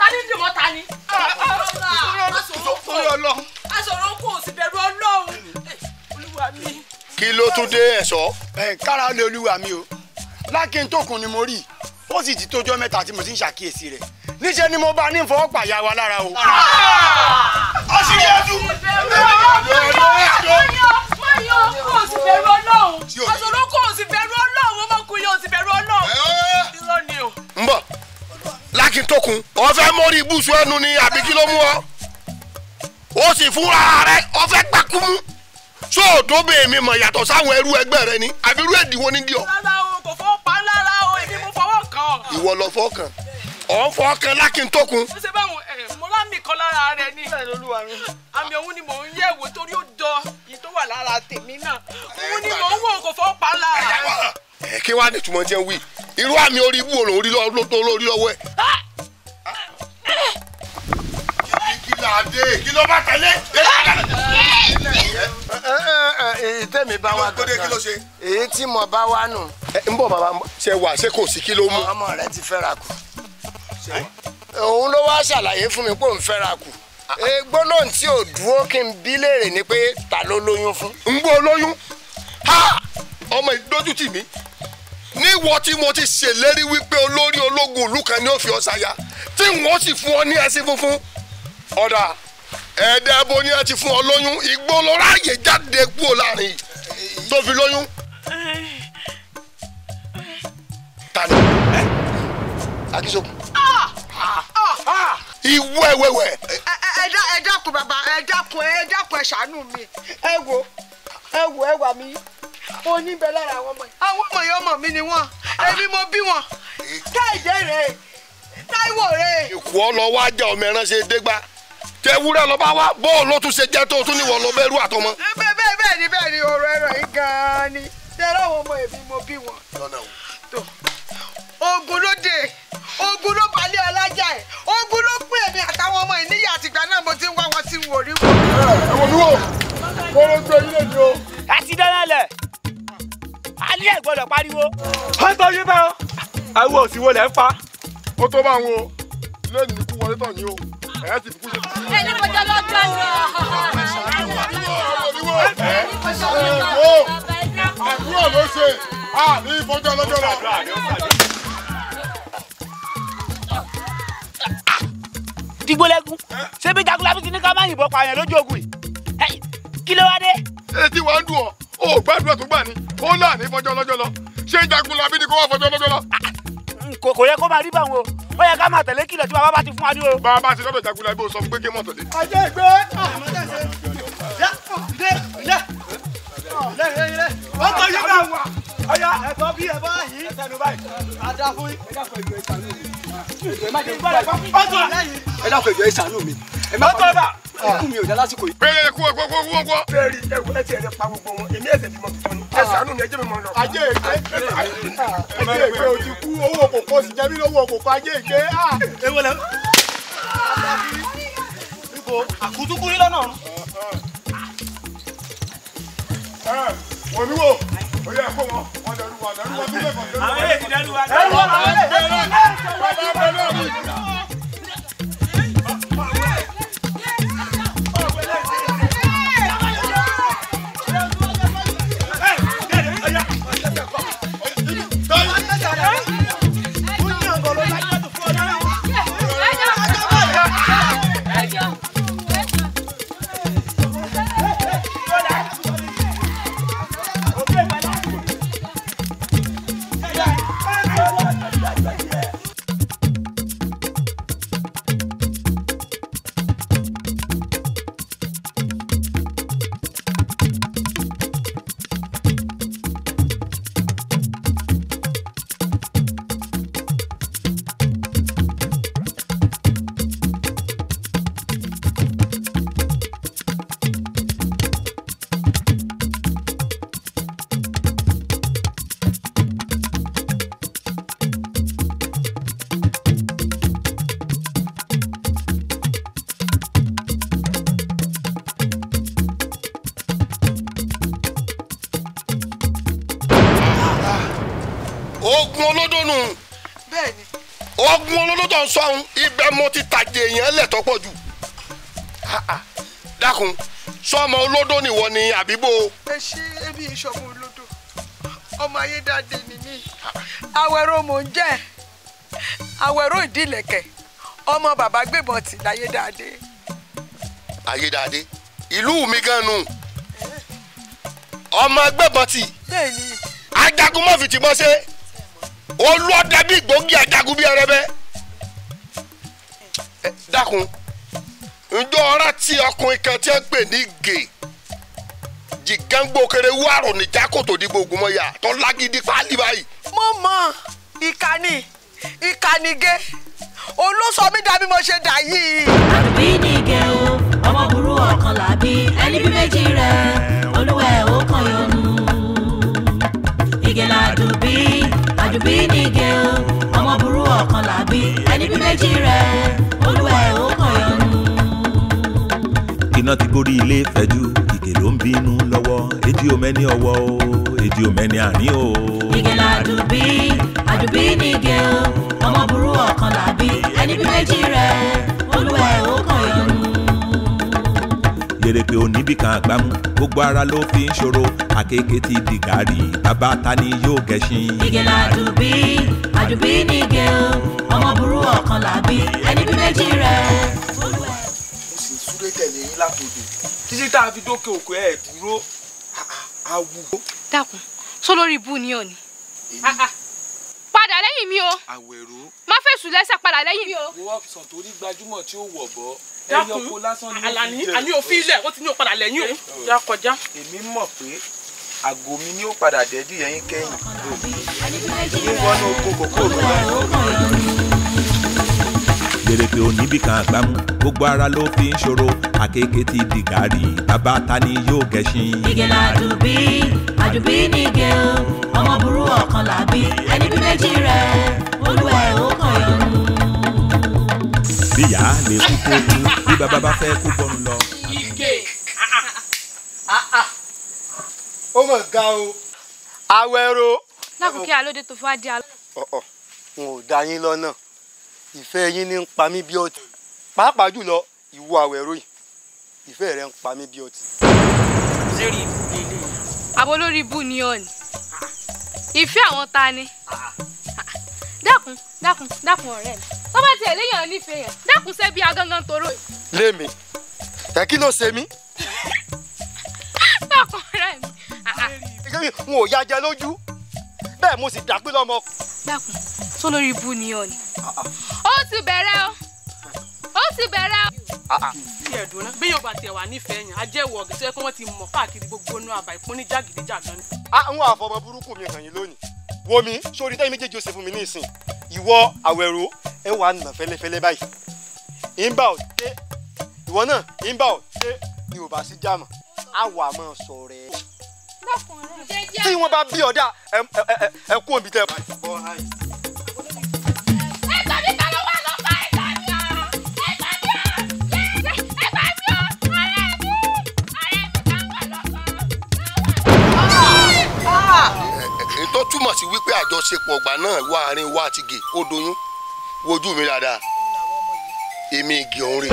tani dì mọ́ tani. asọ̀rọ̀ ń kó o sì bẹ̀rù ọlọ́run olúwa mi. kí ló tún dé ẹ̀ṣọ́. ẹ kára lé olúwa mi o lákin tókun ni mo rí ó sì ti tójọ́ mẹ́ta tí mo ti ń ṣàkíyèsí rẹ̀ níṣẹ́ ni mo bá ní ìfọwọ́pàyà wa lára o. ọ̀sìn ah! yẹn fẹ́ mórí ibùsùn ẹnu ni àbí kí ló mú ọ ó sì fúnra rẹ ọ fẹ́ gbàkú mú so tó bẹ èmi mọ̀ yàtọ̀ sáwọn ẹrú ẹgbẹ́ rẹ ni àbí irú èdìwọ ní díọ̀. rárá o kò fọ́ pa ìwọ lọ fọ́ kàn ọ̀ ń fọ́ kàn lákìntókun. ó ṣe báwọn ẹ mo lámì kan lára rẹ ni àmì òun ni mò ń yẹ̀ wò torí ó dọ yìí tó wà lára tèmi náà òun ni mò ń wò kò fọ́ pa lára. ẹ kí wàá ní tùmọ̀ jẹun wí irú àmì orí ibú òòrùn orí lọ́wọ́ ẹ. Ah! kílàdé kí ló bá tẹ̀lé. èyí bá wa gangan èyí tí mo bá wa nù. n bọ̀ bàbá ṣe wà ṣé kò sí kí ló mú. ọmọ rẹ ti fẹ́ra kù. òun ló wá ṣàlàyé fún mi pé òun fẹ́ra kù. Ah, ah. gbólóhùn tí ò dúró kí n bí léèrè ni pé ta ló lóyún fún. n gbọ́ lóyún ọmọ ìdójútì mi níwọ tí mo ti ṣèlérí wípé olórí ológun ìlú kan ni ó fi ọ ṣaya tí wọn sì fún ọ ní ẹsìn funfun ọ̀dà ẹ̀ẹ́dẹ́ bo ni ẹ ti fún ọ lóyún igbó ló ráàyè jáde kúrò láàrin tó fi lóyún. tani akíṣokùn. ìwẹ́wẹ́wẹ́. ẹ̀ẹ́dá ẹ̀ẹ́dá kun bàbá ẹ̀ẹ́dá kun ẹ̀ẹ́dá kun ẹ ṣàánú mi ẹ wo ẹ wo ẹ wà mí oníbẹ̀ lára àwọn ọmọ yìí. àwọn ọmọ yìí ọmọ mi ni wọn èmi mo bí wọn káìdé rèé táíwò rèé. ìkú ọ lọ wá jẹ ọmọ ẹran ṣe dé gbá tẹwúrẹ́ lọ bá wá bọ́ọ̀lù ló tún ṣe jẹ́ tó tún níwọ̀ lọ bẹ́ẹ̀ rú àtọmọ. bẹ́ẹ̀ bẹ́ẹ̀ bẹ́ẹ̀ ni bẹ́ẹ̀ ni ọ̀rọ̀ ẹ̀rọ yìí gan-an ni tẹ́lẹ̀ àwọn ọmọ èmi mo bí wọn. ogun ló dé ogun ló balẹ̀ ọlájà ẹ̀ ogun ló pín èmi àtàwọn ọmọ ìníyà àtìgbà náà mo ti ń wá wọn tí n wò rí wọn. ẹ ẹ wò mí wò kóró gbé ilé ni o. àti dáná lẹ̀ alẹ́ ẹ̀ gbọ́dọ̀ pariwo. ó tọ́ yín bẹ́ẹ̀ àwọn òsì wo lẹ́ ń pa. ó tó bá wọn o lẹ́yìn ikú wọlé tán ni o ẹ̀ ti kú ṣe. ẹni kò jọ lọ́gbà ni o. àdúrà ló ṣe àní ìfọ́jọ́ lọ́jọ́ lọ. dìgbòlẹ́gùn ṣé jagunlabi ti ní ká má yìnbọn pààyàn lójú ogun yìí kí ló wá dé. etí wa ń dùn ọ o gbàdúrà tó gbà ní ó láàní fọjọ́ lọ́jọ́ lọ ṣé jagun labi ni kó wà fọjọ́ lọ́jọ́ lọ. kò kò yẹ kó máa rí báwọn o ó yẹ ká máa tẹ̀lé kìlọ̀ tí bàbá bá ti fún wa ní o. bàbá ti lọ́dọ̀ jagun labi o sọ fún pé kí mọ́tò ah, dé. ọjọ́ ìgbé wọ́n tó yí bẹ́ẹ̀ wà ọ̀yà ẹ̀fọ́ bí ẹ̀fọ́ yìí ẹ̀fọ́ báyìí adá fún yìí. ẹ dákun ẹjọ ìṣàánú mi. ọ̀tọ̀ ẹ dákun ẹjọ ìṣàánú mi. ọ̀tọ̀ bá ikú mi ò dá lásìkò yìí. bẹ́ẹ̀ kú ọkọ kú ọkọ. bẹ́ẹ̀ rí ẹ̀kú ẹ̀tì ẹ̀rẹ́ pa gbogbo wọn èmi ẹ̀sẹ̀ bímọ tuntun ẹ̀ ṣàánú mi ẹjẹ́ mi mọ̀ lọ. ajé èké ajé èké o ti kú owó kòkó o sì jẹ́bi lówó kòkó ajé èké. ewu lẹ. àkútúkú yín lọ́nà wò mí wò ó yẹ kó wọn wọn dẹrù wọn dẹrù wọn tún lẹkọọ dẹrù wọn. àwọn èyí ti dẹrù wa. dẹrù wọn àwọn èyí ti dẹrù wa. ṣé ebi ìṣọmọ olódò ọmọ ayédáde ni mí awẹrọ mò ń jẹ awẹrọ ìdílẹ̀kẹ̀ ọmọ bàbá gbébọn tì láyédáde. ayédáde ìlú mi gan nù ọmọ gbébọn tì ajagun mọ́fì tí mo ṣe olóòdà bí gbòógì ajagun bí ẹrẹbẹ dákun ǹjọ́ ọ̀rá tí ọkùnrin kan ti ń pè ní gèè méjì gángbó kéré wàrò níjà kòtò dìbò ògùnmọ̀ yà tó lágídí pálí báyìí. mo mọ ìkànnì ìkànnìgé olóṣọ mi dàbí mo ṣe dà yìí. àbí nìgẹ̀ o ọmọ burú ọkàn làbí ẹni bí méjì rẹ̀ olúwẹ̀ ó kàn yọnu. ìgẹ̀ làdùbí àdùbí nìgẹ̀ o ọmọ burú ọkàn làbí ẹni bí méjì rẹ̀ olúwẹ̀ ó iná ti gorí ilé fẹ̀jú ìgè ló ń bínú lọ́wọ́ èdè omẹ́ni ọwọ́ o èdè omẹ́ni àní o. ìgè la àdùbí àdùbí ní ìgè o ọmọ burú ọ̀kan làbí ẹni bí méjì rẹ̀ olúwa ẹ̀ ó kàn yín yèrèpè oníbìkan àgbámú gbogbo ara ló fi ń ṣòro àkekèé ti di gàárì bàbá ta ni yóò gẹṣin. ìgè la àdùbí àdùbí ní ìgè o ọmọ burú ọ̀kan làbí ẹni bí méjì rẹ̀ látòdò títí tá a fi dókè òkú ẹ̀ dúró awúgbó. dákun sọ lórí ibú ni ò ní. padà lẹ́yìn mi o. àwẹ̀rọ. má fèsù lẹ́sẹ̀ padà lẹ́yìn mi o. wọ́n sàn torí gbajúmọ̀ tí ó wọ̀ bọ́ ẹyọ ko lásán ni ó fi jẹ. Àlàní àní òfin ilẹ̀ ó ti ní ó padà lẹ́yìn o. ya kọjá. èmi mọ̀ pé àgọ́ mi ni ó padà dẹ́dí ẹ̀yìn kẹ́yìn. ní wọ́n ní oko kòkó òdùnà gbèrègbè oníbìkan àgbámú gbogbo ara ló fi ń ṣòro àkekèé ti di gàárì bàbá ta ni yóò gẹṣin. ìgèlà àdùbí àdùbí ní ige o ọmọ burú ọ̀kan làbí ẹni bí méjì rẹ̀ olúwa ẹ̀ ó kàn yọnu. bíyà lè kú kó kú bí bàbá bá fẹ́ kú bọ́nu lọ. ike ó mọ̀ ga o awẹ́rò. lákòókè alóde tó fún adé alọ́. ọ̀ n ò dá yín lọ́nà ìfẹ́ yín ní ń pa mí bí ọtí pàápàá jùlọ ìwọ àwẹ̀rọ yìí ìfẹ́ rẹ ń pa mí bí ọtí. lórí ibu lélẹ̀. àbò lórí ibu ni ọ ni ìfẹ́ àwọn ta ni dákun dákun dákun ọ̀rẹ́ mi tó bá tiẹ̀ léèyàn nífẹ̀ẹ́ yẹn dákun ṣe bí agangan toró yìí. lémi ẹ kí ló ṣe mí. dákun ọ̀rẹ́ mi. n ò yájẹ lójú bẹ́ẹ̀ mo sì dàgbé lọ́mọ. dákun sólórí ibu ni ọ ni. ó ti bẹ̀rẹ̀ o ó ti bẹ̀rẹ̀ o. bí ah, ah. ẹ̀dùn náà bí yóò bá tiẹ̀ wà nífẹ̀ẹ́ yẹn ajẹ́wọ̀ ọ̀gẹ̀ sọ́yẹ́ pé wọ́n ti mọ̀ káàkiri gbogbo inú àbá ìpínlẹ̀ jàgídíjàgan ni. àwọn ah, àfọmọ burúkú mi hàn yín lónìí wo mi sórí tẹ́yìn méjèèjì ó ṣe fún mi ní ìsìn ìwọ àwẹ̀rò ẹ wà nà fẹ́lẹ́fẹ́lẹ́ báyìí ìbá ò dé ìwọ náà ìbá ò dé yorùbá sí jáàmù á wà á máa sọ rẹ. tí wọ́n bá bí ọ̀dà ẹ kú òbí tẹ́ ẹ bá yìí. àjọṣepọ̀ ọgbà náà wà àárín wa àti gè ó doyún wojú mi dáadáa èmi igi ọ̀hún rè.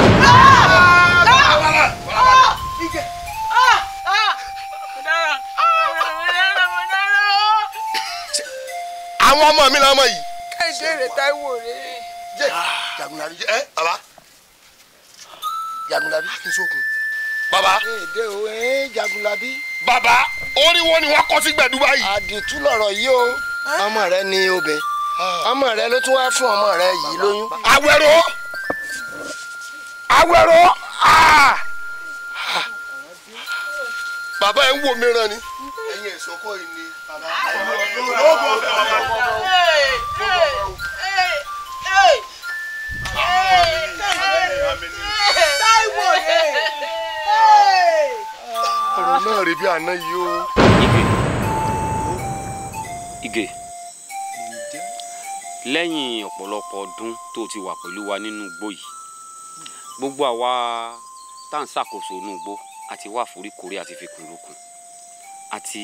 àwọn ọmọ mi lọ́mọ yìí. kẹ́hìndé rẹ̀ táìwò rẹ̀. jẹ́ jagunlabi ẹ baba jagunlabi kí n sókun. baba. èdè o ẹ jagunlabi. baba orí wọn ni wọn kọ sí gbẹdúgba yìí. àdìtú lọ̀rọ̀ yìí o. ọmọ rẹ ni obìnrin ọmọ rẹ ló tún fún ọmọ rẹ yìí lóyún. awẹ́rọ awẹ́rọ ah! bàbá ẹ̀ ń wò mí rán ni. ẹ̀yin ìsọkọ yìí ni bàbá lóògùn ọ̀fẹ́ bàbá ọ̀rọ̀ náà igé lẹ́yìn ọ̀pọ̀lọpọ̀ ọdún tó ti wà pẹ̀lú wa nínú igbó yìí gbogbo àwa tá à ń ṣàkóso inú igbó àti wá foríkorí àti fi kùnlùkùn àti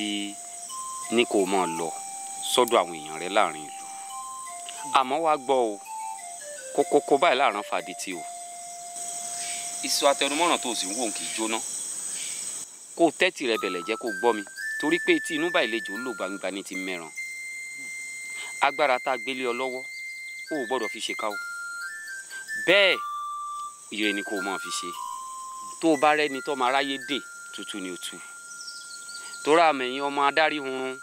ní kò mọ̀ lọ sọ́dọ̀ àwọn èèyàn rẹ láàrin ìlú àmọ́ wá gbọ́ o kókókó báyìí láàrin fàdítì o ìsọ àtẹnumọ́ràn tó o sì ń wò kì í jóná kó o tẹ́tì rẹ bẹ̀lẹ̀ jẹ́ kó o gbọ́ mi torí pé etí inú báyìí lè jò ó lò gbangba ní ti mẹ́ràn agbára tá a gbélé ọ lọ́wọ́ o ò gbọ́dọ̀ fi ṣe ká o bẹ́ẹ̀ ire ni kò mọ̀ fi ṣe tó o bá rẹ́ni tó máa ráyé dè tuntun ni o tu tóra àmẹ̀yìn ọmọ adarí hunrun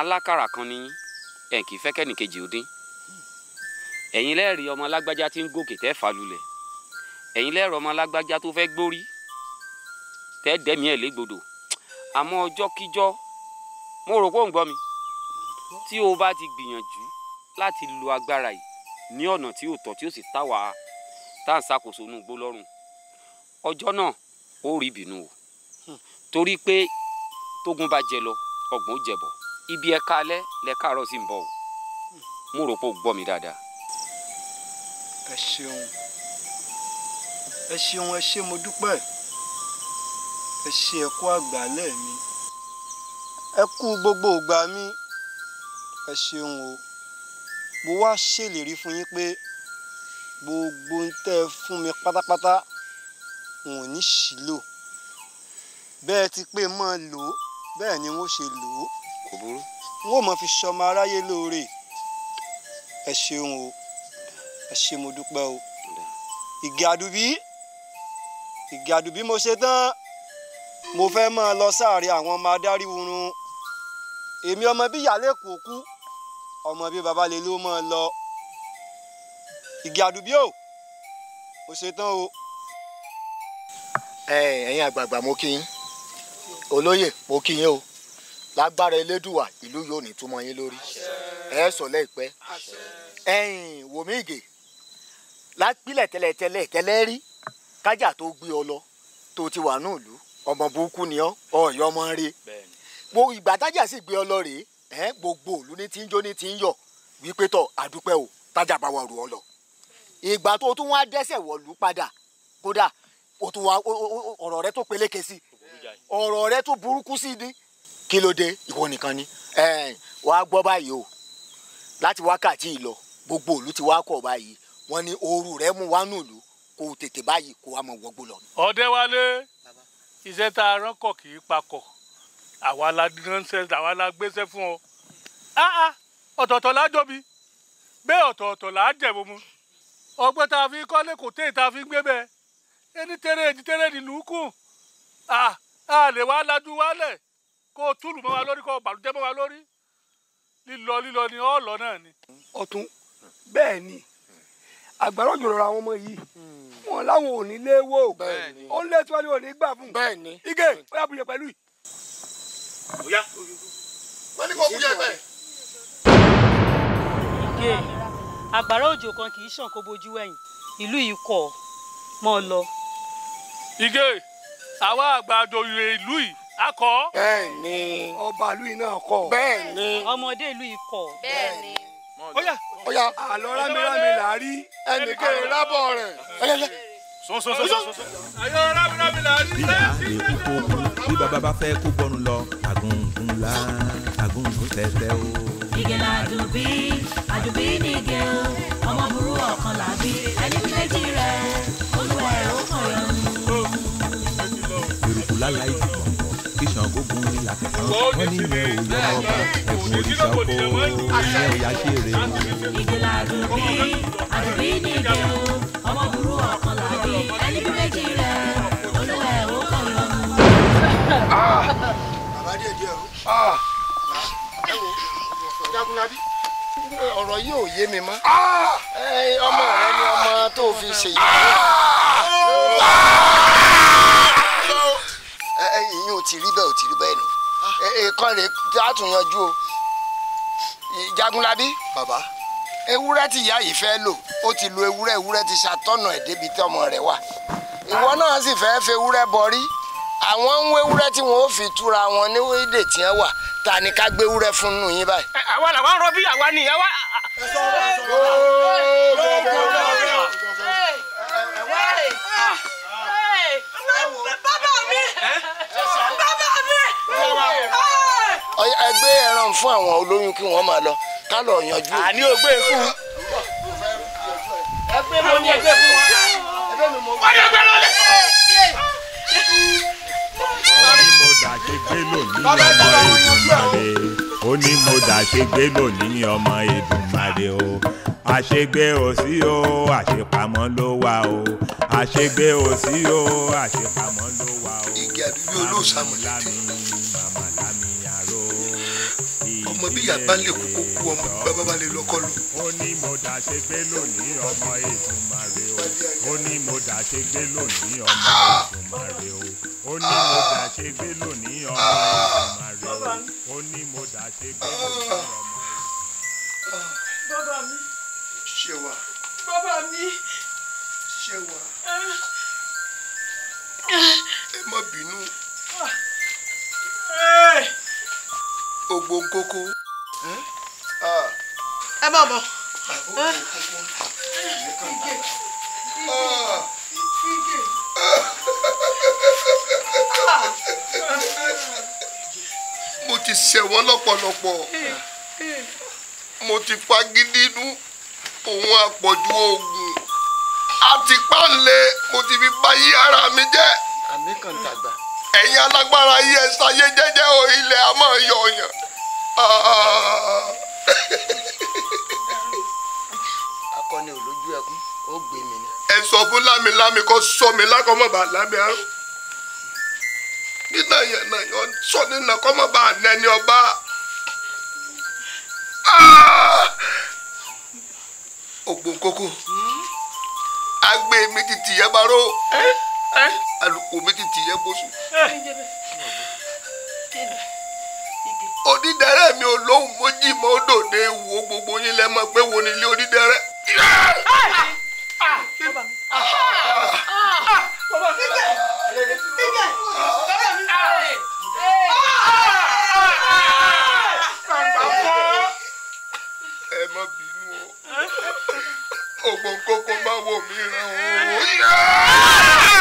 alákàrà kan ní ẹ̀ kì í fẹ́ kẹ́nìkejì ó dín ẹ̀yin lẹ́ẹ̀rí ọmọ alágbájá tí ń gòkè tẹ́ fà lulẹ̀ ẹ̀yin lẹ́ẹ̀rí ọmọ alágbájá tó fẹ́ gbórí tẹ́ dẹ́mi ẹ̀ légbodò àmọ́ ọjọ́ kíjọ́ mo rò pé ń gbọ́ mi tí o bá ti gbìyànjú láti lo agbára yìí ní ọ̀nà tí ò tọ́ tí ó sì tá wàá tá à ń ṣàkóso inú igbó lọ́rùn ọjọ́ náà ó rí ìbínú o hmm. torí pé tógun bá jẹ lọ ọgbọ́n ó jẹ̀bọ̀ ibi ẹ̀ka alẹ́ lẹ́ka àárọ̀ sì ń bọ̀ o mo rò pé o gbọ́ mi dáadáa. ẹ ṣeun ẹ ṣeun ẹ ṣe mo dúpẹ́ ẹ ṣe ẹ̀kọ́ àgbà lẹ́ẹ̀mí ẹ kú gbogbo ìgbà mi ẹ ṣeun o mo wá ṣèlérí fún yín pé gbogbo ń tẹ́ ẹ fún mi pátápátá n ò ní ṣìlò bẹ́ẹ̀ ti pé mọ́ lò ó bẹ́ẹ̀ ni wọ́n ṣe lò ó kò burú wọ́n mọ̀ fi ṣọmọ aráyé lóore ẹ ṣeun o ẹ ṣe mo dúpẹ́ o ìgè àdùbí ìgè àdùbí mo ṣe tán mo fẹ́ máa lọ sáàrin àwọn ọmọ adarí èmi ọmọ bí ìyáálé kò kú ọmọ bíi baba lè ló mọ́ ọ lọ ìgì àdúbíò mo ṣetán o. ẹ̀yin àgbààgbà mo kí yín olóyè mo kí yín o lágbára elédùà ìlú yóò ní túmọ̀ yín lórí ẹ sọ lẹ́ẹ̀pẹ́ ẹ̀yin wòmí ìgè lápilẹ̀ tẹ́lẹ̀tẹ́lẹ̀ tẹ́lẹ̀ rí kájà tó gbé ọ lọ tó ti wà ní ìlú ọmọ burúkú ni ọ ọyọ ọmọ rẹ gbogbo ìgbà tájà sì gbé ọ lọ rèé gbogbo òlu ní ti ń jó ní ti ń yọ̀ wípé tọ̀ àdúpẹ́ o tájà bá wa rò ọ lọ. ìgbà tó tún wá dẹ́sẹ̀ wọ̀lú padà kódà o tún wá ọ̀rọ̀ rẹ tó peléke sí ọ̀rọ̀ rẹ tó burúkú sí ni. kí ló dé ìwọ nìkan ni wàá gbọ́ báyìí o láti wákàtí ìlọ gbogbo òlu ti wá kọ̀ báyìí wọ́n ní ooru rẹ mú wánú ìlú kó tètè báyìí kó wá mọ̀ wọ́gbó lọ. ọ̀dẹ́wálé iṣẹ́ tá a rán kọ̀ kì í pakọ̀ àwa la ránṣẹ́ àwa la gbéṣẹ́ fún ọ ah, ah, ọ̀tọ̀ọ̀tọ̀ la jọbi bẹ́ẹ̀ ọ̀tọ̀ọ̀tọ̀ la jẹ̀bù mu ọgbẹ́ tá a fi kọ́lé kò téè tá a fi gbé bẹ́ẹ̀ ẹni tẹ́rẹ̀ èdè tẹ́rẹ̀ èdè lùkù ah, a lè wá lajú wálẹ̀ kó o túlù mọ́ wa lórí kó o bàlùjẹ́ mọ́ wa lórí lílọ lílọ ni ọ̀ọ́lọ́ náà ni. ọ̀tún bẹ́ẹ̀ ni àgbàrá òjò lọ́ra àwọn ọmọ yìí hmm. wọn láwọn ò ní léwó ó ń lé tí wọ́n ní ò ní gbà fún un ige ó yà bùyẹ̀ pẹ̀lú yìí wọ́n ní kò kú yẹpẹ. ìgè àgbàrá òjò kan kì í ṣàn kó bojú ẹ̀yìn ìlú yìí kọ̀ mọ́ ọ lọ. ìgè àwa àgbàdo ìlú yìí a kọ. bẹ́ẹ̀ni ọba ìlú yìí náà kọ. bẹ́ẹ̀ni ọmọdé ìlú yìí kọ. bẹ́ẹ̀ni. oya oya àlọ́ rámírámí là á rí ẹnìkan ìrábọ̀ rẹ̀. sọ́nsọ́nsọ́nsọ́. àyọ̀ rámírámí là bí àárẹ̀ kó bọ́nu bí bàbá bá fẹ́ kó bọ́nu lọ la agúngún tẹ́tẹ́ o. ìgè la àdùbí àdùbí ní ìgè o ọmọ burú ọ̀kan làbí ẹni méjì rẹ̀ olúwa ẹ̀ ó kàn yọ nù. eruku lálá ìdìbò kíṣàn gbógun ní làkẹ́sán wọ́n ní ìyẹn ò ọba ẹ̀bùn òrìṣà kó ìyẹn ò yá sí èrè o. la àdùbí àdùbí ní o ọmọ burú ọ̀kan làbí ẹni méjì rẹ̀. ẹ ah. ọ̀rọ̀ yìí ò yé mi mọ́ ah. ọmọ rẹ ni ọmọ tó fi ṣèyí. ìyún ah. ò ti rí bẹ́ẹ̀ ò ti rí bẹ́ẹ̀ nù èèkan rè á tún yanjú o jagunlabi bàbá ewúrẹ́ tí ìyá yìí fẹ́ lò ó ti lo ewúrẹ́ ewúrẹ́ ti ṣàtọ̀nà ẹ̀ débi tí ọmọ rẹ̀ wà ìwọ náà sì fẹ́ fewúrẹ́ bọrí àwọn ń wéwúrẹ́ tí wọ́n ó fi túra wọn ní èdè tí wọ́n wà ta ni ká gbéwúrẹ́ fún nù yín báyìí. àwa làwa ń rọbí àwa ni àwa. bàbá mi bàbá mi. ẹ gbé ẹran fún àwọn olóyún kí wọ́n máa lọ ká lọ yanjú. àní ògbé e fún un. ẹgbẹ́ mi e ni ẹgbẹ́ fún wa. ẹgbẹ́ mi mo. wọ́n yẹ gbẹ́ lọ́lẹ̀ dàṣegbé lónìí ọmọ Èdùmàrè ó ní mo dàṣegbé lónìí ọmọ o àṣegbé ò sí o àṣepamọ́ ló wà o àṣegbé ò sí o àṣepamọ́ ló wà o. ìgbà àdúgbò olóòṣà mọ̀lẹ́tẹ̀ ọmọ bí ìyá bá lè kú kó kú ọmọ bí bàbá bá lè lọ́kọ́ lọ. ó ní mo dà ṣe gbé lónìí ọmọ Èdùmàrè o ó ní mo dà ṣe gbé lónìí ọmọ Èdùmàrè o ó ní mo dà ṣe gbé lónìí ọmọ Èdùmàrè o ó ní mo dà ṣe gbé lónìí ọmọ. bàbá mi. ṣé wà. bàbá mi. ṣé wà. Ah. ẹ má bínú. Hey! Ah. Eh ògbóǹkókó. Hmm? Ah. ẹ bá bọ̀. Ah. mo ti ṣẹ̀wọ́n lọ́pọ̀lọpọ̀ mo ti fagídínú òun àpọ̀jù oògùn àtìpáǹlẹ̀ mo ti fi báyé ara mi jẹ́. àmì kan tàgbà. ẹ̀yin alágbára yìí ẹ ṣayé jẹ́jẹ́ o ilẹ̀ a máa yọ ọ̀yàn. akọni olójú ẹkún ó gbé mi ni. ẹ sọ fún lámilámi kó sọ mi lákọmọba lábẹ àrùn nínà yẹn náà yọ sọ nínà kọmọba ànẹni ọba. Ah! ògbóǹkókò hmm? agbe mi ti tìyẹ́ bá ró. Eh? alùpùpù méjì ti yẹ gbóṣù. Eh. onídàárẹ̀ mi ò lóhùn mojí mọ́ ó dòde wo gbogbo yín lẹ́mọ̀ pé wo ni ilé onídàárẹ̀. Ah! Ah! ẹ má bínú o eh? ògbóǹkókó má wò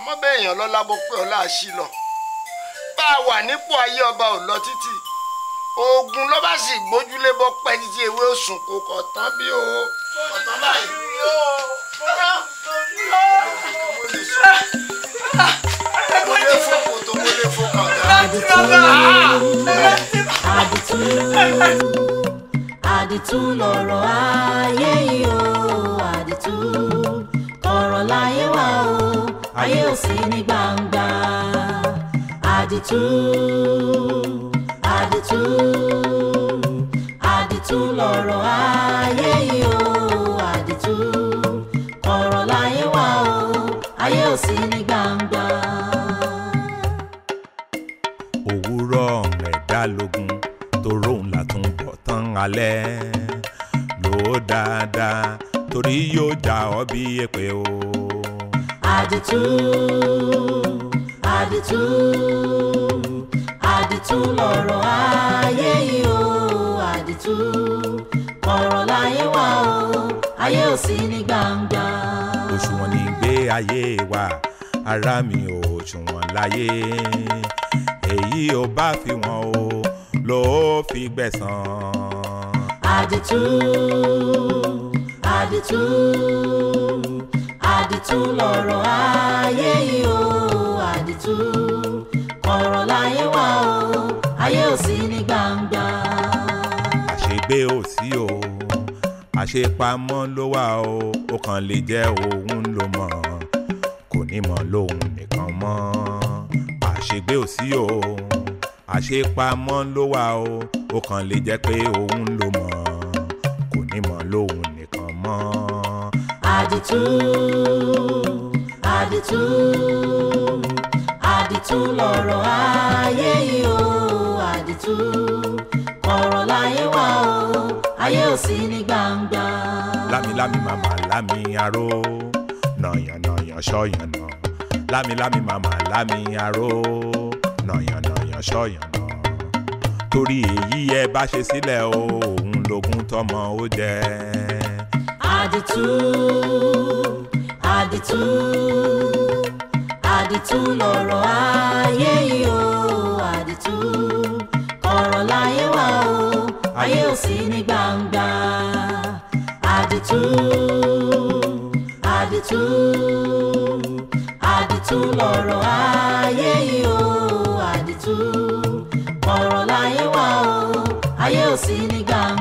àmọ́ bẹ́ẹ̀ èèyàn lọ́lá bó pé ọlá àṣìlọ bá a wà nípò ayé ọba ò lọ títì oògùn ló bá sì gbójúlé bọ́ pẹ́ títí ewé òsùn kò kọ̀ tán bí o kò tán báyìí. mo lè fún kòtò mo lè fún kàdá. àdìtú àdìtú lọ̀rọ̀ ayé yìí o àdìtú kọ̀rọ̀ láyé wa o ayé ò sí ní gbangba àdìtú àdìtú àdìtú lọ̀rọ̀ ayé yìí o àdìtú ọ̀rọ̀ láyé wá o ayé ò sí ní gbangba. òwúrọ̀ ẹ̀dá lógun toró ńlá tún bọ̀ tán alẹ́ lò ó dáadáa torí yóò já ọ bí èpè o àdìtú àdìtú àdìtú lọ̀rọ̀ ayé yìí o àdìtú ọ̀rọ̀ láyé wa o ayé ò sí ní gbangba. òṣùwọ̀n ní gbé ayé wa ara mi ò òṣùwọ̀n láyé èyí ò bá fi wọ́n o ló fi gbẹ̀san. àdìtú àdìtú àdìtú lọ̀rọ̀ ayé yìí o àdìtú kọ̀rọ̀ láyé wá o ayé ò sí ní gbangba. àṣegbé ò sí o àṣepamọ́ ló wà o ó kàn lè jẹ́ òun ló mọ̀ kò ní mọ̀ lóun nìkan mọ́ àṣegbé ò sí o àṣepamọ́ ló wà o ó kàn lè jẹ́ pé òun ló mọ̀ kò ní mọ̀ lóun nìkan mọ́ àdìtú àdìtú àdìtú lọ̀rọ̀ ayé yìí o àdìtú ọ̀rọ̀ láyé wá o ayé ò sí ní gbangba. lámilámi màmá lámi aró nàyànnàyàn ṣọyànnà lámilámi màmá lámi aró nàyànnàyàn ṣọyànnà torí èyí ẹ bá ṣe sílẹ̀ o òun lógún tọmọ ó jẹ́ àdìtú àdìtú àdìtú lọ̀rọ̀ ayé yìí o àdìtú ọ̀rọ̀ láyé wa o ayé ò sí ní gbangba àdìtú àdìtú àdìtú lọ̀rọ̀ ayé yìí o àdìtú ọ̀rọ̀ láyé wa o ayé ò sí ní gbangba.